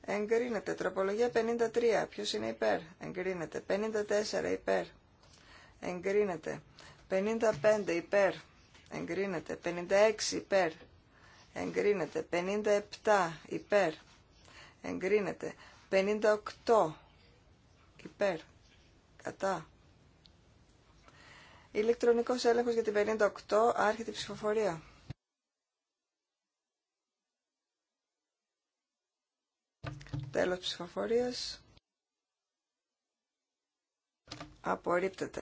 Εγκρίνεται. Τροπολογία 53. Ποιος είναι υπέρ. Εγκρίνεται. 54 υπέρ. Εγκρίνεται. 55 υπέρ. Εγκρίνεται. 56 υπέρ εγκρίνεται. 57 υπέρ, εγκρίνεται. 58 υπέρ, κατά. Ηλεκτρονικός έλεγχος για την 58, άρχεται η ψηφοφορία. Τέλος ψηφοφορίας. Απορρίπτεται.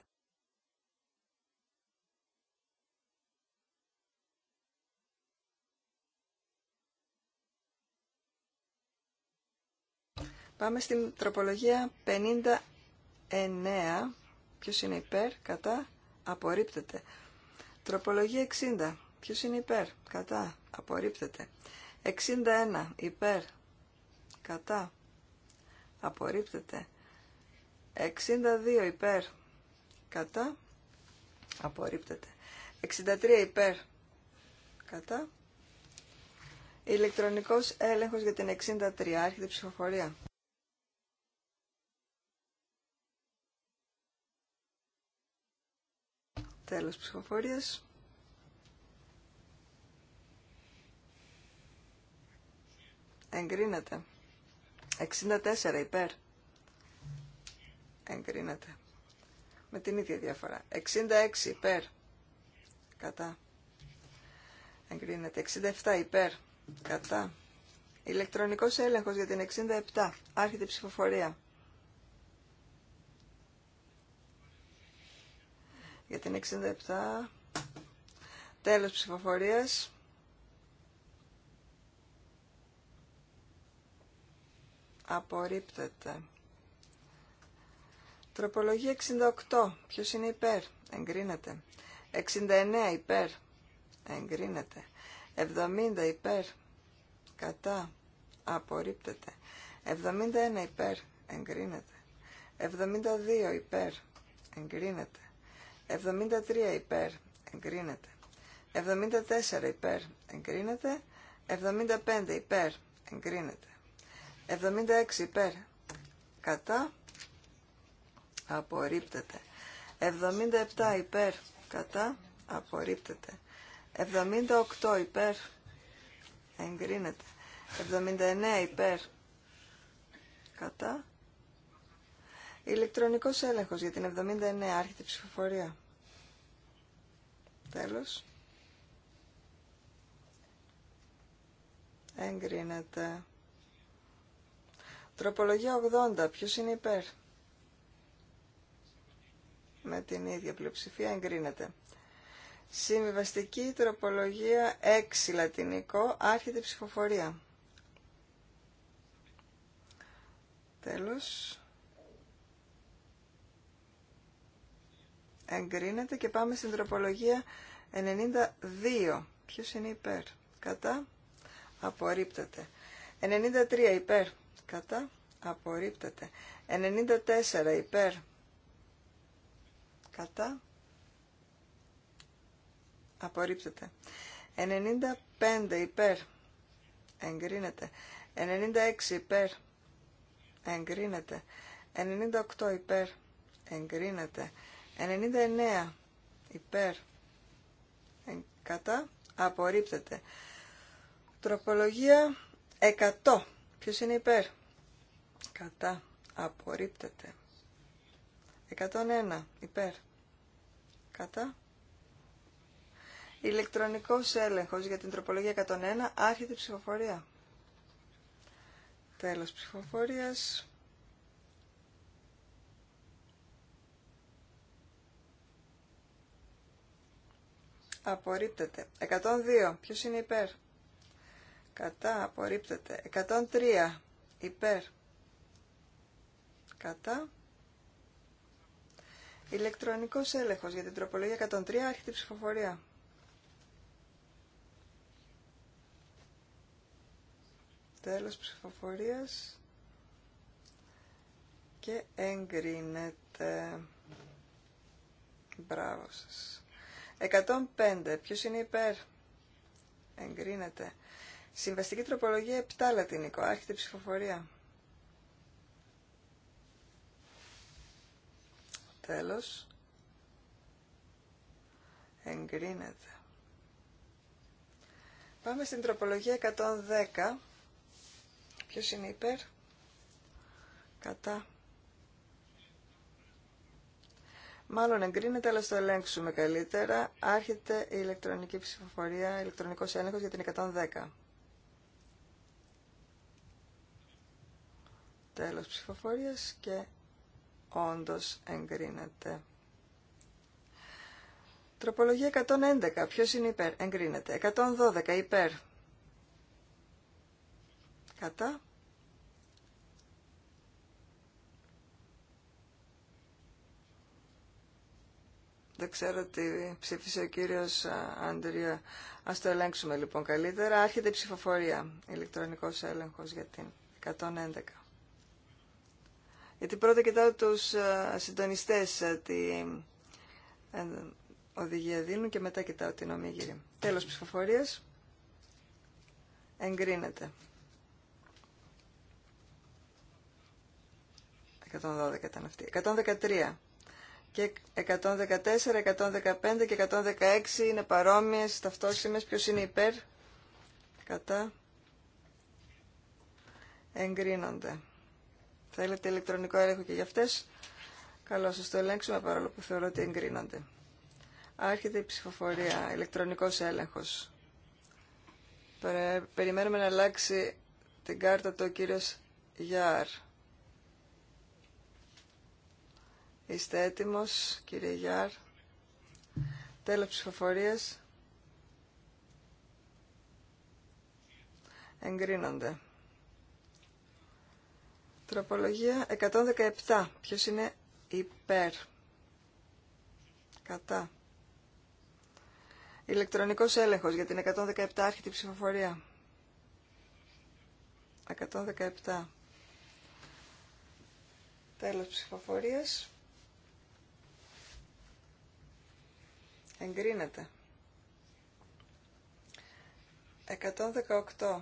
Πάμε στην τροπολογία 59. Ποιος είναι υπέρ, κατά, απορρίπτεται. Τροπολογία 60. Ποιος είναι υπέρ, κατά, απορρίπτεται. 61. Υπέρ, κατά, απορρίπτεται. 62. Υπέρ, κατά, απορρίπτεται. 63. Υπέρ, κατά. Ηλεκτρονικός έλεγχος για την 63. Άρχεται ψηφοφορία. Τέλος ψηφοφορίας. Εγκρίνεται. 64 υπέρ. Εγκρίνεται. Με την ίδια διαφορά. 66 υπέρ. Κατά. Εγκρίνεται. 67 υπέρ. Κατά. Ηλεκτρονικός έλεγχος για την 67. Άρχεται η ψηφοφορία. για την 67. Τέλος ψηφοφορίας. Απορρίπτεται. Τροπολογία 68. Ποιος είναι υπέρ. Εγκρίνεται. 69 υπέρ. Εγκρίνεται. 70 υπέρ. Κατά. Απορρίπτεται. 71 υπέρ. Εγκρίνεται. 72 υπέρ. Εγκρίνεται. 73 υπέρ εγκρίνεται. 74 υπέρ εγκρίνεται. 75 υπέρ εγκρίνεται. 76 υπέρ κατά απορρίπτεται. 77 υπέρ κατά απορρίπτεται. 78 υπέρ εγκρίνεται. 79 υπέρ κατά Ηλεκτρονικός έλεγχος για την 79. Άρχεται η ψηφοφορία. Τέλος. Εγκρίνεται. Τροπολογία 80. Ποιος είναι υπέρ. Με την ίδια πλειοψηφία εγκρίνεται. Συμβιβαστική τροπολογία 6 λατινικό. Άρχεται η ψηφοφορία. Τέλος. εγκρίνεται και πάμε στην τροπολογία 92. Ποιος είναι υπέρ, κατά, απορρίπτεται. 93 υπέρ, κατά, απορρίπτεται. 94 υπέρ, κατά, απορρίπτεται. 95 υπέρ, εγκρίνεται. 96 υπέρ, εγκρίνεται. 98 υπέρ, εγκρίνεται. 99 υπέρ κατά απορρίπτεται. Τροπολογία 100. Ποιος είναι υπέρ. Κατά απορρίπτεται. 101 υπέρ. Κατά. Ηλεκτρονικός έλεγχος για την τροπολογία 101 άρχεται η ψηφοφορία. Τέλος ψηφοφορίας. απορρίπτεται. 102. Ποιος είναι υπέρ. Κατά απορρίπτεται. 103. Υπέρ. Κατά. Ηλεκτρονικός έλεγχος για την τροπολογία 103. Άρχεται η ψηφοφορία. Τέλος ψηφοφορίας. Και εγκρίνεται. Μπράβο σας. 105. Ποιος είναι υπέρ. Εγκρίνεται. Συμβαστική τροπολογία 7 λατινικό. Άρχεται ψηφοφορία. Τέλος. Εγκρίνεται. Πάμε στην τροπολογία 110. Ποιος είναι υπέρ. Κατά. Μάλλον εγκρίνεται, αλλά στο ελέγξουμε καλύτερα. Άρχεται η ηλεκτρονική ψηφοφορία, ηλεκτρονικός έλεγχος για την 110. Τέλος ψηφοφορίας και όντως εγκρίνεται. Τροπολογία 111. Ποιος είναι υπέρ. Εγκρίνεται. 112. Υπέρ. Κατά. Δεν ξέρω ότι ψήφισε ο κύριος Αντρία. Ας το ελέγξουμε λοιπόν καλύτερα. Άρχεται η ψηφοφορία. Ηλεκτρονικός έλεγχος για την 111. Γιατί πρώτα κοιτάω τους συντονιστές Τη ε, οδηγία δίνουν και μετά κοιτάω την ομίγυρη. Τέλος ψηφοφορίας. Εγκρίνεται. 112 ήταν αυτή. 113 και 114, 115 και 116 είναι παρόμοιες, ταυτόσιμες. Ποιος είναι υπέρ, κατά, εγκρίνονται. Θέλετε ηλεκτρονικό έλεγχο και για αυτές. Καλώ σας το ελέγξουμε παρόλο που θεωρώ ότι εγκρίνονται. Άρχεται η ψηφοφορία, ηλεκτρονικός έλεγχος. Περιμένουμε να αλλάξει την κάρτα του ο κύριος Γιάρ. Είστε έτοιμος, κύριε Γιάρ. Τέλος ψηφοφορίας. Εγκρίνονται. Τροπολογία 117. Ποιος είναι υπέρ. Κατά. Ηλεκτρονικός έλεγχος για την 117 άρχιτη ψηφοφορία. 117. Τέλος ψηφοφορίας. Εγκρίνεται. 118.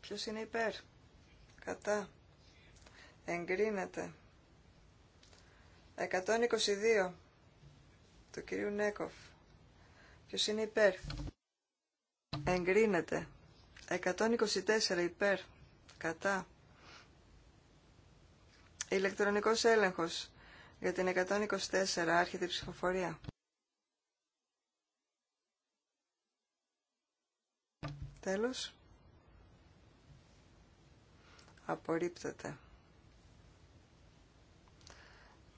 Ποιος είναι υπέρ. Κατά. Εγκρίνεται. 122. Του κυρίου Νέκοφ. Ποιος είναι υπέρ. Εγκρίνεται. 124 υπέρ. Κατά. Ηλεκτρονικός έλεγχος. Για την 124 άρχεται η ψηφοφορία. Τέλος. Απορρίπτεται.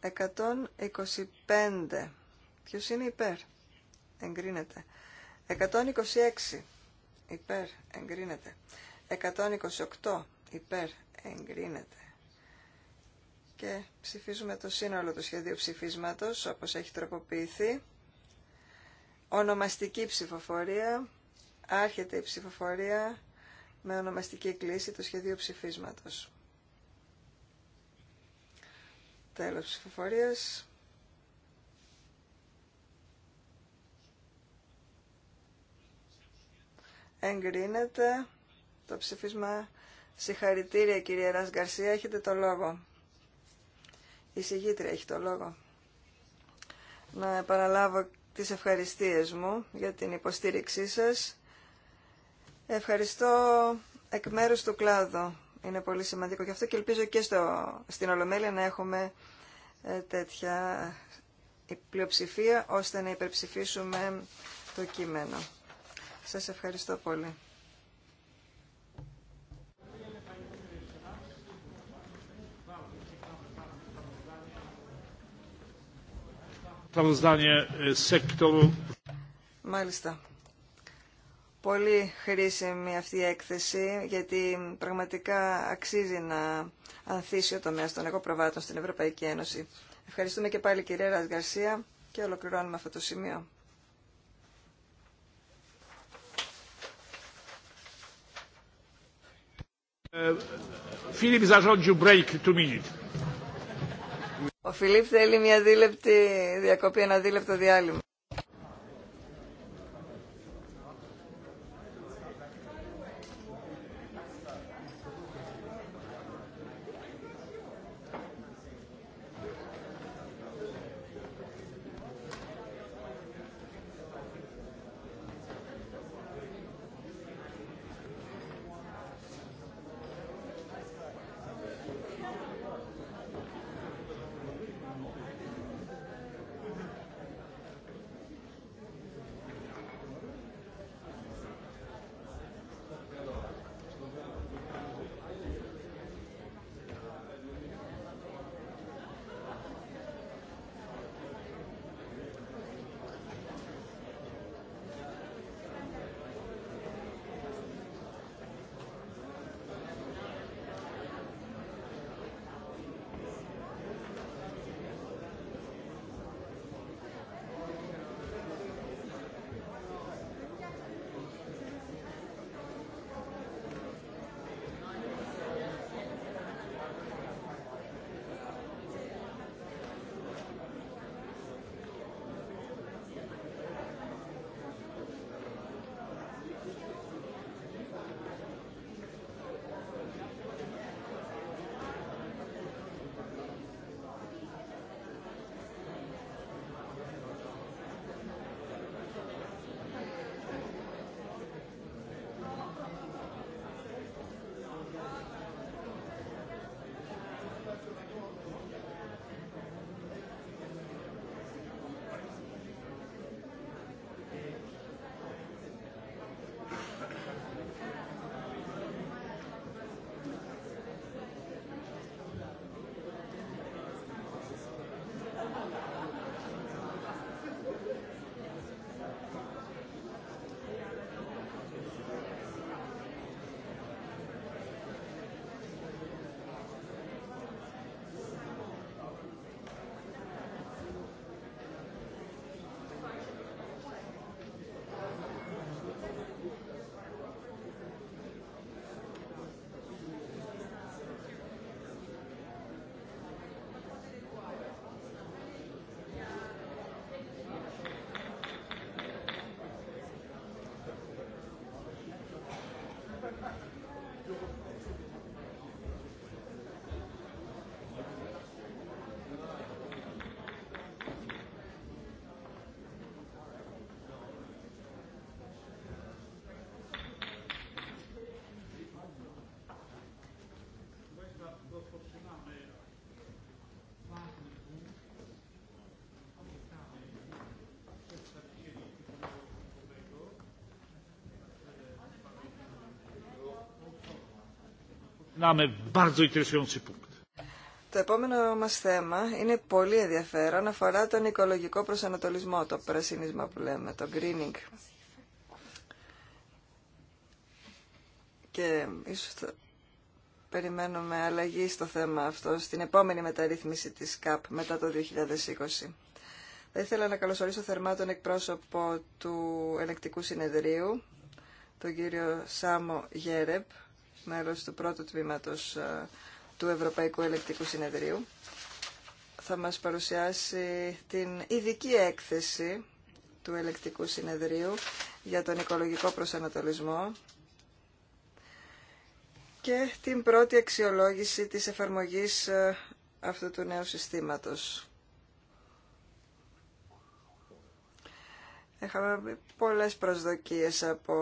125. Ποιος είναι υπέρ. Εγκρίνεται. 126. Υπέρ. Εγκρίνεται. 128. Υπέρ. Εγκρίνεται. Και ψηφίζουμε το σύνολο του σχεδίου ψηφίσματος, όπως έχει τροποποιηθεί. Ονομαστική ψηφοφορία. Άρχεται η ψηφοφορία με ονομαστική κλίση του σχεδίου ψηφίσματος. Τέλος ψηφοφορίας. Εγκρίνεται το ψηφίσμα. Συγχαρητήρια κυρία Ρας Γκαρσία, έχετε το λόγο. Η συγγήτρια έχει το λόγο. Να επαναλάβω τις ευχαριστίες μου για την υποστήριξή σας Ευχαριστώ εκ μέρου του κλάδου. Είναι πολύ σημαντικό. και αυτό και ελπίζω και στο, στην Ολομέλεια να έχουμε ε, τέτοια πλειοψηφία ώστε να υπερψηφίσουμε το κείμενο. Σας ευχαριστώ πολύ. Μάλιστα. Πολύ χρήσιμη αυτή η έκθεση, γιατί πραγματικά αξίζει να ανθίσει ο τομέα των εγωπροβάτων στην Ευρωπαϊκή Ένωση. Ευχαριστούμε και πάλι κυρία Γκαρσία και ολοκληρώνουμε αυτό το σημείο. Ε, Φίλιπ break Ο Φιλίπ θέλει μια δίλεπτη διακοπή, ένα δίλεπτο διάλειμμα. Το επόμενο μα θέμα είναι πολύ ενδιαφέρον, αφορά τον οικολογικό προσανατολισμό, το πρασίνισμα που λέμε, το greening. Και ίσω θα περιμένουμε αλλαγή στο θέμα αυτό στην επόμενη μεταρρύθμιση τη ΚΑΠ μετά το 2020. Θα ήθελα να καλωσορίσω θερμά τον εκπρόσωπο του Ελεκτικού Συνεδρίου, τον κύριο Σάμο Γέρεπ, μέλος του πρώτου τμήματος ε, του Ευρωπαϊκού Ελεκτικού Συνεδρίου. Θα μας παρουσιάσει την ειδική έκθεση του Ελεκτικού Συνεδρίου για τον οικολογικό προσανατολισμό και την πρώτη αξιολόγηση της εφαρμογής ε, αυτού του νέου συστήματος. Έχαμε πολλές προσδοκίες από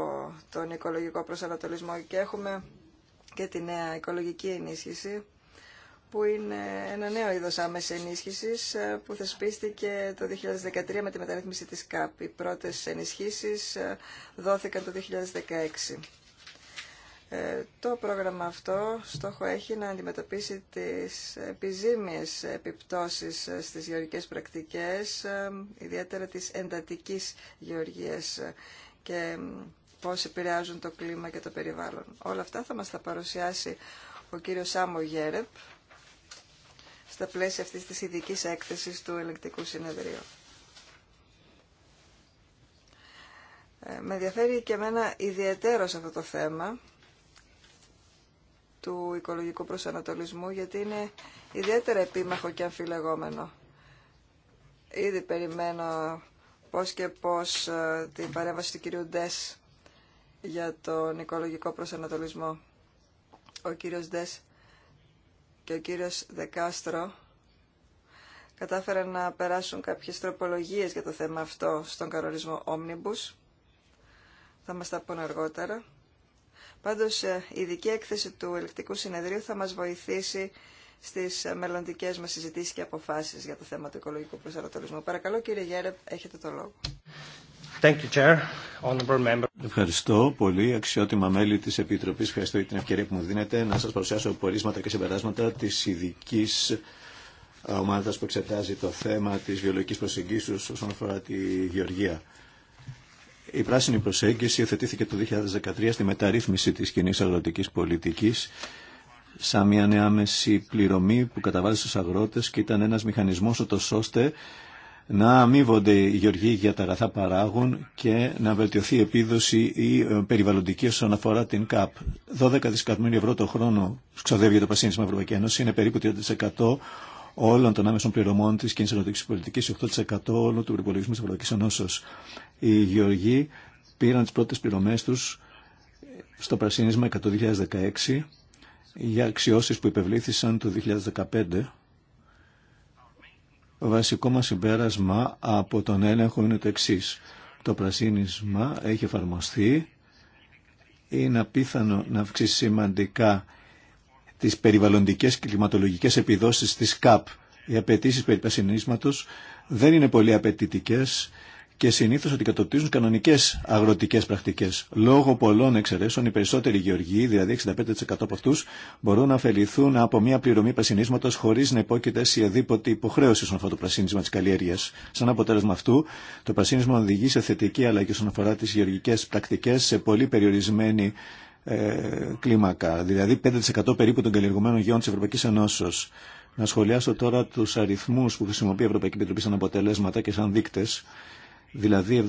τον οικολογικό προσανατολισμό και έχουμε και τη νέα οικολογική ενίσχυση, που είναι ένα νέο είδος άμεσης ενίσχυσης ε, που θεσπίστηκε το 2013 με τη μεταρρύθμιση της ΚΑΠ. Οι πρώτες ενισχύσεις ε, δόθηκαν το 2016. Ε, το πρόγραμμα αυτό στόχο έχει να αντιμετωπίσει τις επιζήμιες επιπτώσεις στις γεωργικές πρακτικές, ιδιαίτερα της εντατικής γεωργίας και πώς επηρεάζουν το κλίμα και το περιβάλλον. Όλα αυτά θα μας τα παρουσιάσει ο κύριος Σάμο Γέρεπ στα πλαίσια αυτής της ειδική έκθεσης του ελεγκτικού συνεδρίου. Ε, με ενδιαφέρει και εμένα ιδιαίτερο σε αυτό το θέμα του οικολογικού προσανατολισμού γιατί είναι ιδιαίτερα επίμαχο και αμφιλεγόμενο. Ήδη περιμένω πώς και πώς ε, την παρέμβαση του κυρίου Ντες για τον οικολογικό προσανατολισμό. Ο κύριος Δες και ο κύριος Δεκάστρο κατάφεραν να περάσουν κάποιες τροπολογίες για το θέμα αυτό στον κανονισμό Omnibus. Θα μας τα πω αργότερα. Πάντως, ε, η ειδική έκθεση του ελεκτικού συνεδρίου θα μας βοηθήσει στις ε, μελλοντικές μας συζητήσεις και αποφάσεις για το θέμα του οικολογικού προσανατολισμού. Παρακαλώ κύριε Γέρεπ, έχετε το λόγο. Thank you, Chair. Honorable Ευχαριστώ πολύ, αξιότιμα μέλη της Επιτροπής. Ευχαριστώ για την ευκαιρία που μου δίνετε να σας παρουσιάσω πορίσματα και συμπεράσματα της ειδική ομάδας που εξετάζει το θέμα της βιολογικής προσεγγίσεως όσον αφορά τη γεωργία. Η πράσινη προσέγγιση υιοθετήθηκε το 2013 στη μεταρρύθμιση της κοινή αγροτικής πολιτικής σαν μια νέα άμεση πληρωμή που καταβάζει στους αγρότες και ήταν ένας μηχανισμός ώστε να αμείβονται οι γεωργοί για τα αγαθά παράγων και να βελτιωθεί η επίδοση ή ε, περιβαλλοντική όσον αφορά την ΚΑΠ. 12 δισεκατομμύρια ευρώ το χρόνο ξοδεύει το πασίνισμα Ευρωπαϊκή Ένωση, είναι περίπου 30% όλων των άμεσων πληρωμών τη κοινή ενωτική πολιτική, 8% όλων του προπολογισμού τη Ευρωπαϊκή Ενώσεω. Οι γεωργοί πήραν τι πρώτε πληρωμέ του στο πρασίνισμα 100 2016 για αξιώσει που υπευλήθησαν το 2015 Βασικό μας συμπέρασμα από τον έλεγχο είναι το εξής. Το πρασίνισμα έχει εφαρμοστεί. Είναι απίθανο να αυξήσει σημαντικά τις περιβαλλοντικές και κλιματολογικές επιδόσεις της ΚΑΠ. Οι απαιτήσει περί δεν είναι πολύ απαιτητικέ και ότι αντικατοπτρίζουν κανονικέ αγροτικέ πρακτικέ Λόγω πολλών εξαιρέσεων, οι περισσότεροι γεωργοί, δηλαδή 65% από αυτού, μπορούν να αφεληθούν από μια πληρωμή πρασινίσματο χωρί να υπόκειται σε οδήποτε υποχρέωση στον αυτό το πρασίνισμα τη καλλιέργεια. Σαν αποτέλεσμα αυτού, το πρασίνισμα οδηγεί σε θετική αλλαγή όσον αφορά τι γεωργικέ πρακτικέ σε πολύ περιορισμένη ε, κλίμακα, δηλαδή 5% περίπου των καλλιεργουμένων γεών τη Ευρωπαϊκή Ενώσεω. Να σχολιάσω τώρα του αριθμού που χρησιμοποιεί η Ευρωπαϊκή Επιτροπή σαν αποτελέσματα και σαν δείκτε δηλαδή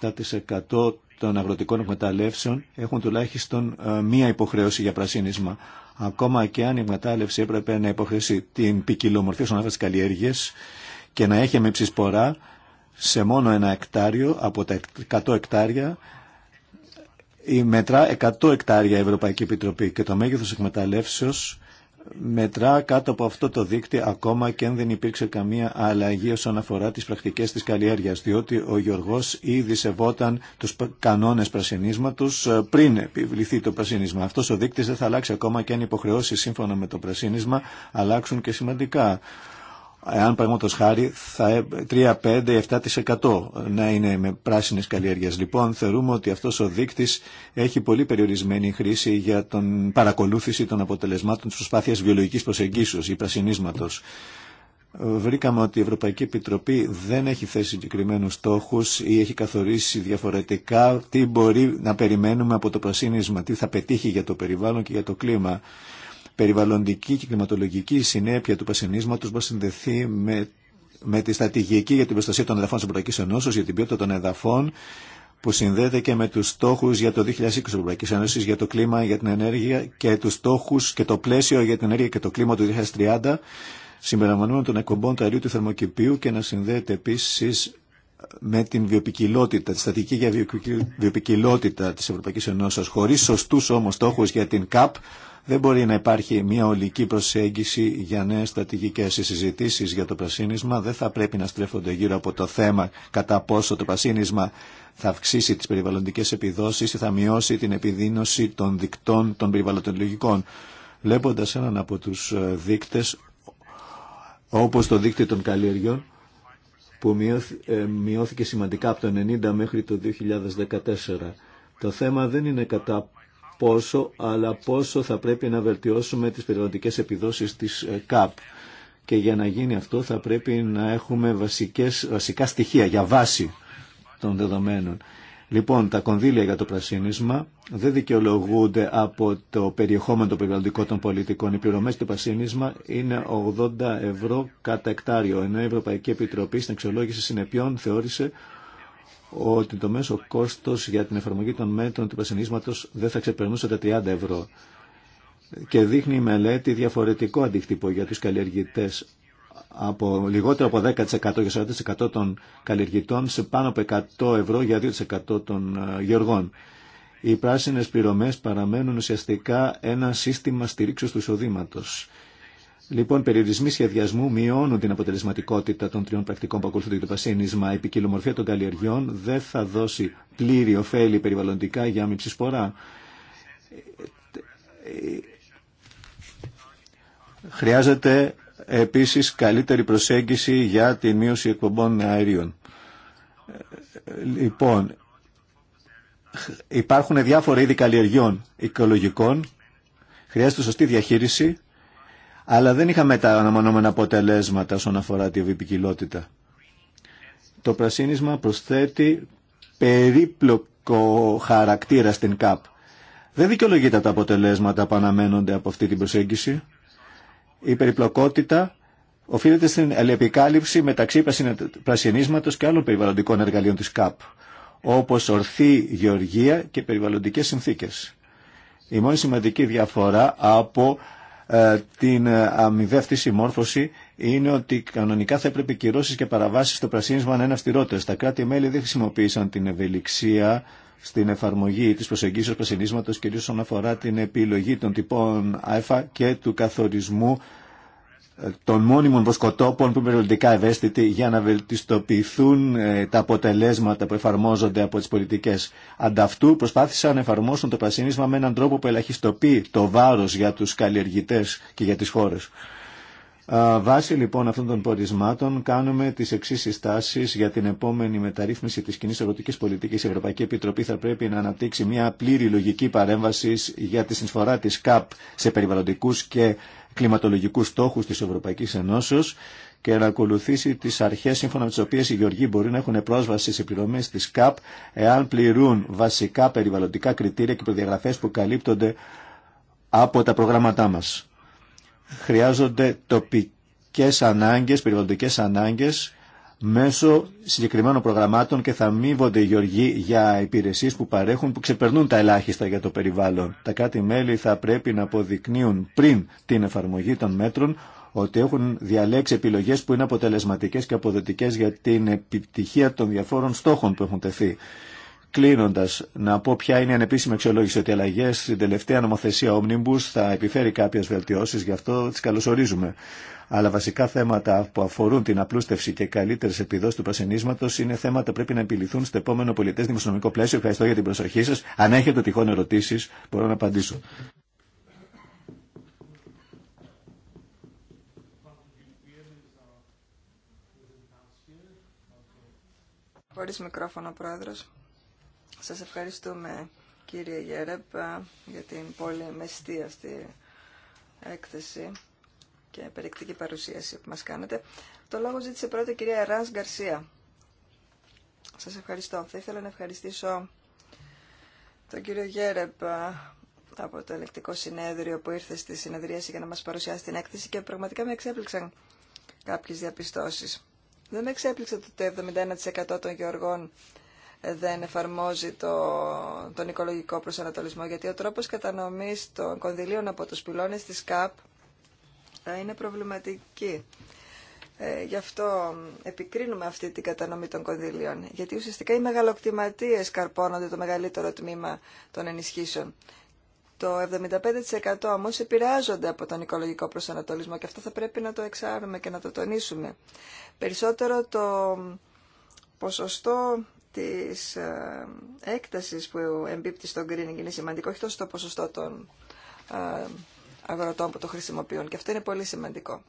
73-77% των αγροτικών εκμεταλλεύσεων έχουν τουλάχιστον ε, μία υποχρέωση για πρασίνισμα. Ακόμα και αν η εκμετάλλευση έπρεπε να υποχρεώσει την ποικιλομορφία στον άφρα καλλιέργεια και να έχει με ψησπορά σε μόνο ένα εκτάριο από τα 100 εκτάρια η μετρά 100 εκτάρια η Ευρωπαϊκή Επιτροπή και το μέγεθος εκμεταλλεύσεως μετρά κάτω από αυτό το δίκτυο ακόμα και αν δεν υπήρξε καμία αλλαγή όσον αφορά τις πρακτικές της καλλιέργειας διότι ο Γιωργός ήδη σεβόταν τους κανόνες πρασινίσματος ε, πριν επιβληθεί το πρασίνισμα. Αυτός ο δείκτης δεν θα αλλάξει ακόμα και αν υποχρεώσει σύμφωνα με το πρασίνισμα αλλάξουν και σημαντικά εάν παραδείγματο χάρη θα 3, 5, 7% να είναι με πράσινε καλλιέργειε. Λοιπόν, θεωρούμε ότι αυτό ο δείκτη έχει πολύ περιορισμένη χρήση για την παρακολούθηση των αποτελεσμάτων τη προσπάθεια βιολογική προσεγγίσεω ή πρασινίσματο. Βρήκαμε ότι η Ευρωπαϊκή Επιτροπή δεν έχει θέσει συγκεκριμένου στόχου ή έχει καθορίσει διαφορετικά τι μπορεί να περιμένουμε από το πρασίνισμα, τι θα πετύχει για το περιβάλλον και για το κλίμα περιβαλλοντική και κλιματολογική συνέπεια του πασινίσματος μπορεί να συνδεθεί με, με τη στρατηγική για την προστασία των εδαφών της Ευρωπαϊκής Ενώσης, για την ποιότητα των εδαφών, που συνδέεται και με τους στόχους για το 2020 Ευρωπαϊκής Ένωσης, για το κλίμα, για την ενέργεια και τους στόχους και το πλαίσιο για την ενέργεια και το κλίμα του 2030, συμπεριλαμβανόμενο των εκπομπών του αερίου του θερμοκηπίου και να συνδέεται επίσης με την βιοπικιλότητα, τη στατική για βιοπικιλότητα της Ευρωπαϊκής Ενώσης, χωρίς σωστούς όμως στόχους για την ΚΑΠ, δεν μπορεί να υπάρχει μια ολική προσέγγιση για νέε στρατηγικέ συζητήσει για το πρασίνισμα δεν θα πρέπει να στρέφονται γύρω από το θέμα κατά πόσο το πρασίνισμα θα αυξήσει τι περιβαλλοντικέ επιδόσει ή θα μειώσει την επιδείνωση των δικτών των περιβαλλοντολογικών. βλέποντα έναν από του ε, δείκτε, όπω το δείκτη των καλλιεργιών, που ε, μειώθηκε σημαντικά από το 90 μέχρι το 2014. Το θέμα δεν είναι κατά πόσο, αλλά πόσο θα πρέπει να βελτιώσουμε τις περιβαλλοντικές επιδόσεις της ε, ΚΑΠ. Και για να γίνει αυτό θα πρέπει να έχουμε βασικές, βασικά στοιχεία για βάση των δεδομένων. Λοιπόν, τα κονδύλια για το πρασίνισμα δεν δικαιολογούνται από το περιεχόμενο το περιβαλλοντικό των πολιτικών. Οι πληρωμέ του πρασίνισμα είναι 80 ευρώ κατά εκτάριο, ενώ η Ευρωπαϊκή Επιτροπή στην εξολόγηση συνεπειών θεώρησε ότι το μέσο κόστος για την εφαρμογή των μέτρων του πρασινίσματος δεν θα ξεπερνούσε τα 30 ευρώ και δείχνει η μελέτη διαφορετικό αντίκτυπο για τους καλλιεργητές από λιγότερο από 10% για 40% των καλλιεργητών σε πάνω από 100 ευρώ για 2% των ε, γεωργών. Οι πράσινες πληρωμές παραμένουν ουσιαστικά ένα σύστημα στηρίξης του εισοδήματος Λοιπόν, περιορισμοί σχεδιασμού μειώνουν την αποτελεσματικότητα των τριών πρακτικών που ακολουθούνται για το πασίνισμα. Η ποικιλομορφία των καλλιεργιών δεν θα δώσει πλήρη ωφέλη περιβαλλοντικά για άμυψη σπορά. Χρειάζεται επίσης καλύτερη προσέγγιση για τη μείωση εκπομπών αερίων. Λοιπόν, υπάρχουν διάφορα είδη καλλιεργιών οικολογικών. Χρειάζεται σωστή διαχείριση αλλά δεν είχαμε τα αναμονόμενα αποτελέσματα όσον αφορά τη βιπικιλότητα. Το πρασίνισμα προσθέτει περίπλοκο χαρακτήρα στην ΚΑΠ. Δεν δικαιολογείται τα αποτελέσματα που αναμένονται από αυτή την προσέγγιση. Η περιπλοκότητα οφείλεται στην αλληλεπικάλυψη μεταξύ πρασινίσματος και άλλων περιβαλλοντικών εργαλείων της ΚΑΠ, όπως ορθή γεωργία και περιβαλλοντικές συνθήκες. Η μόνη σημαντική διαφορά από ε, την ε, αμοιβή μόρφωση συμμόρφωση είναι ότι κανονικά θα έπρεπε κυρώσει και παραβάσει στο πρασίνισμα να είναι αυστηρότερε. Τα κράτη-μέλη δεν χρησιμοποίησαν την ευελιξία στην εφαρμογή τη προσεγγίσεω πρασινίσματο, κυρίω όσον αφορά την επιλογή των τυπών ΑΕΦΑ και του καθορισμού των μόνιμων βοσκοτόπων που είναι περιβαλλοντικά ευαίσθητοι για να βελτιστοποιηθούν ε, τα αποτελέσματα που εφαρμόζονται από τις πολιτικές. Ανταυτού προσπάθησαν να εφαρμόσουν το πρασίνισμα με έναν τρόπο που ελαχιστοποιεί το βάρος για τους καλλιεργητές και για τις χώρες. Βάσει λοιπόν αυτών των πορισμάτων κάνουμε τις εξής συστάσεις για την επόμενη μεταρρύθμιση της κοινή αγροτικής πολιτικής. Η Ευρωπαϊκή Επιτροπή θα πρέπει να αναπτύξει μια πλήρη λογική παρέμβαση για τη συνεισφορά της ΚΑΠ σε περιβαλλοντικούς και κλιματολογικούς στόχους της Ευρωπαϊκής Ενώσεως και να ακολουθήσει τις αρχές σύμφωνα με τις οποίες οι γεωργοί μπορεί να έχουν πρόσβαση σε πληρωμές της ΚΑΠ εάν πληρούν βασικά περιβαλλοντικά κριτήρια και προδιαγραφές που καλύπτονται από τα προγράμματά μας. Χρειάζονται τοπικές ανάγκες, περιβαλλοντικές ανάγκες μέσω συγκεκριμένων προγραμμάτων και θα αμείβονται οι γεωργοί για υπηρεσίες που παρέχουν που ξεπερνούν τα ελάχιστα για το περιβάλλον. Τα κάτι μελη θα πρέπει να αποδεικνύουν πριν την εφαρμογή των μέτρων ότι έχουν διαλέξει επιλογές που είναι αποτελεσματικές και αποδοτικές για την επιτυχία των διαφόρων στόχων που έχουν τεθεί. Κλείνοντα, να πω ποια είναι η ανεπίσημη αξιολόγηση ότι οι αλλαγέ στην τελευταία νομοθεσία Omnibus θα επιφέρει κάποιε βελτιώσει, γι' αυτό τι καλωσορίζουμε. Αλλά βασικά θέματα που αφορούν την απλούστευση και καλύτερε επιδόσει του πρασινίσματο είναι θέματα που πρέπει να επιληθούν στο επόμενο πολιτέ δημοσιονομικό πλαίσιο. Ευχαριστώ για την προσοχή σα. Αν έχετε τυχόν ερωτήσει, μπορώ να απαντήσω. Χωρίς μικρόφωνο, Πρόεδρος. Σας ευχαριστούμε, κύριε Γέρεπ, για την πολύ έκθεση και περιεκτική παρουσίαση που μας κάνετε. Το λόγο ζήτησε πρώτα η κυρία Ράνς Γκαρσία. Σας ευχαριστώ. Θα ήθελα να ευχαριστήσω τον κύριο Γέρεπ από το ελεκτικό συνέδριο που ήρθε στη συνεδρίαση για να μας παρουσιάσει την έκθεση και πραγματικά με εξέπληξαν κάποιες διαπιστώσεις. Δεν με εξέπληξε το 71% των γεωργών ε, δεν εφαρμόζει το, τον οικολογικό προσανατολισμό, γιατί ο τρόπος κατανομής των κονδυλίων από τους πυλώνες της ΚΑΠ είναι προβληματική. Ε, γι' αυτό επικρίνουμε αυτή την κατανομή των κονδυλίων. Γιατί ουσιαστικά οι μεγαλοκτηματίες καρπώνονται το μεγαλύτερο τμήμα των ενισχύσεων. Το 75% όμω επηρεάζονται από τον οικολογικό προσανατολισμό και αυτό θα πρέπει να το εξάρουμε και να το τονίσουμε. Περισσότερο το ποσοστό της ε, έκτασης που εμπίπτει στον greening είναι σημαντικό, όχι τόσο το ποσοστό των ε, αγροτών που το χρησιμοποιούν και αυτό είναι πολύ σημαντικό.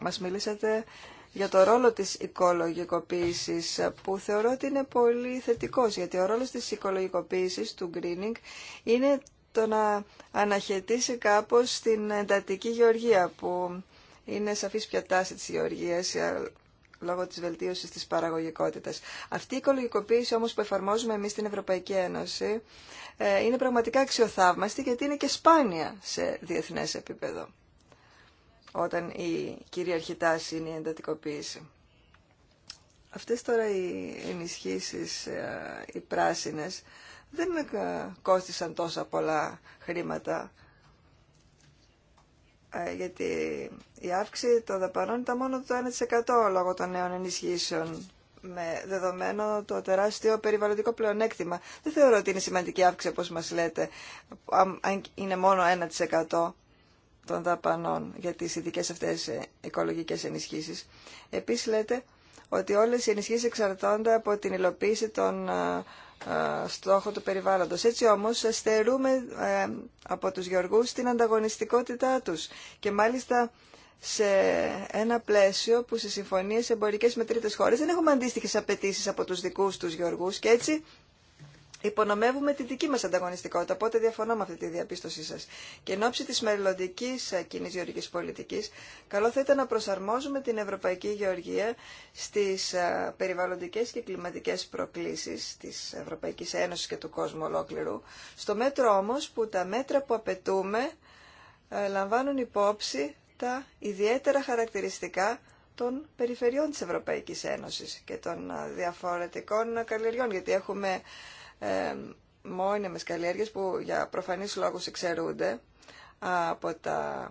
Μας μιλήσατε για το ρόλο της οικολογικοποίησης που θεωρώ ότι είναι πολύ θετικός γιατί ο ρόλος της οικολογικοποίησης του greening είναι το να αναχαιτήσει κάπως την εντατική γεωργία που είναι σαφής πια τάση της γεωργίας λόγω της βελτίωσης της παραγωγικότητας. Αυτή η οικολογικοποίηση όμως που εφαρμόζουμε εμείς στην Ευρωπαϊκή Ένωση ε, είναι πραγματικά αξιοθαύμαστη γιατί είναι και σπάνια σε διεθνές επίπεδο όταν η κυρίαρχη τάση είναι η εντατικοποίηση. Αυτές τώρα οι ενισχύσεις, ε, οι πράσινες, δεν κόστησαν τόσα πολλά χρήματα ε, γιατί η αύξηση των δαπανών ήταν μόνο το 1% λόγω των νέων ενισχύσεων με δεδομένο το τεράστιο περιβαλλοντικό πλεονέκτημα. Δεν θεωρώ ότι είναι σημαντική αύξηση όπως μας λέτε, αν είναι μόνο 1% των δαπανών για τις ειδικές αυτές οικολογικές ενισχύσεις. Επίσης λέτε ότι όλες οι ενισχύσεις εξαρτώνται από την υλοποίηση των ε, ε, στόχων του περιβάλλοντος. Έτσι όμως στερούμε ε, από τους γεωργούς την ανταγωνιστικότητά τους και μάλιστα σε ένα πλαίσιο που σε συμφωνίες εμπορικέ με τρίτες χώρε. δεν έχουμε αντίστοιχε απαιτήσει από του δικού του γεωργού και έτσι υπονομεύουμε τη δική μα ανταγωνιστικότητα. Οπότε διαφωνώ με αυτή τη διαπίστωσή σα. Και εν ώψη τη μελλοντική κοινή γεωργική πολιτική καλό θα ήταν να προσαρμόζουμε την ευρωπαϊκή γεωργία στι ε, περιβαλλοντικέ και κλιματικέ προκλήσει τη Ευρωπαϊκή Ένωση και του κόσμου ολόκληρου, στο μέτρο όμω που τα μέτρα που απαιτούμε ε, λαμβάνουν υπόψη τα ιδιαίτερα χαρακτηριστικά των περιφερειών της Ευρωπαϊκής Ένωσης και των ε, διαφορετικών καλλιεργιών, γιατί έχουμε ε, μόνιμες καλλιέργειες που για προφανείς λόγους εξαιρούνται από, τα,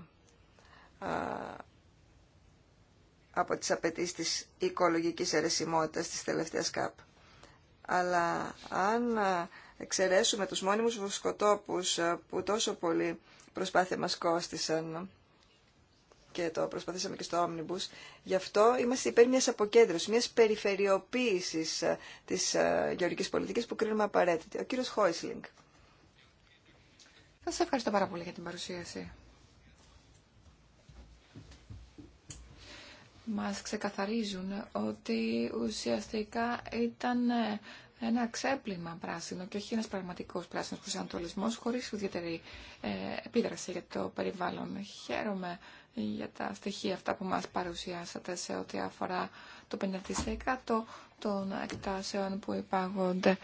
από τις απαιτήσεις της οικολογικής αιρεσιμότητας της τελευταίας ΚΑΠ. Αλλά αν ε, εξαιρέσουμε τους μόνιμους βοσκοτόπους ε, που τόσο πολύ προσπάθεια μας κόστησαν και το προσπαθήσαμε και στο Omnibus. Γι' αυτό είμαστε υπέρ μια αποκέντρωση, μιας περιφερειοποίησης ε, της ε, γεωργικής πολιτικής που κρίνουμε απαραίτητη. Ο κύριο Χόισλινγκ. Σα ευχαριστώ πάρα πολύ για την παρουσίαση. Μας ξεκαθαρίζουν ότι ουσιαστικά ήταν ε, ένα ξέπλυμα πράσινο και όχι ένας πραγματικός πράσινος προσανατολισμός χωρίς ιδιαίτερη επίδραση για το περιβάλλον. Χαίρομαι για τα στοιχεία αυτά που μας παρουσιάσατε σε ό,τι αφορά το 50% των εκτάσεων που υπάγονται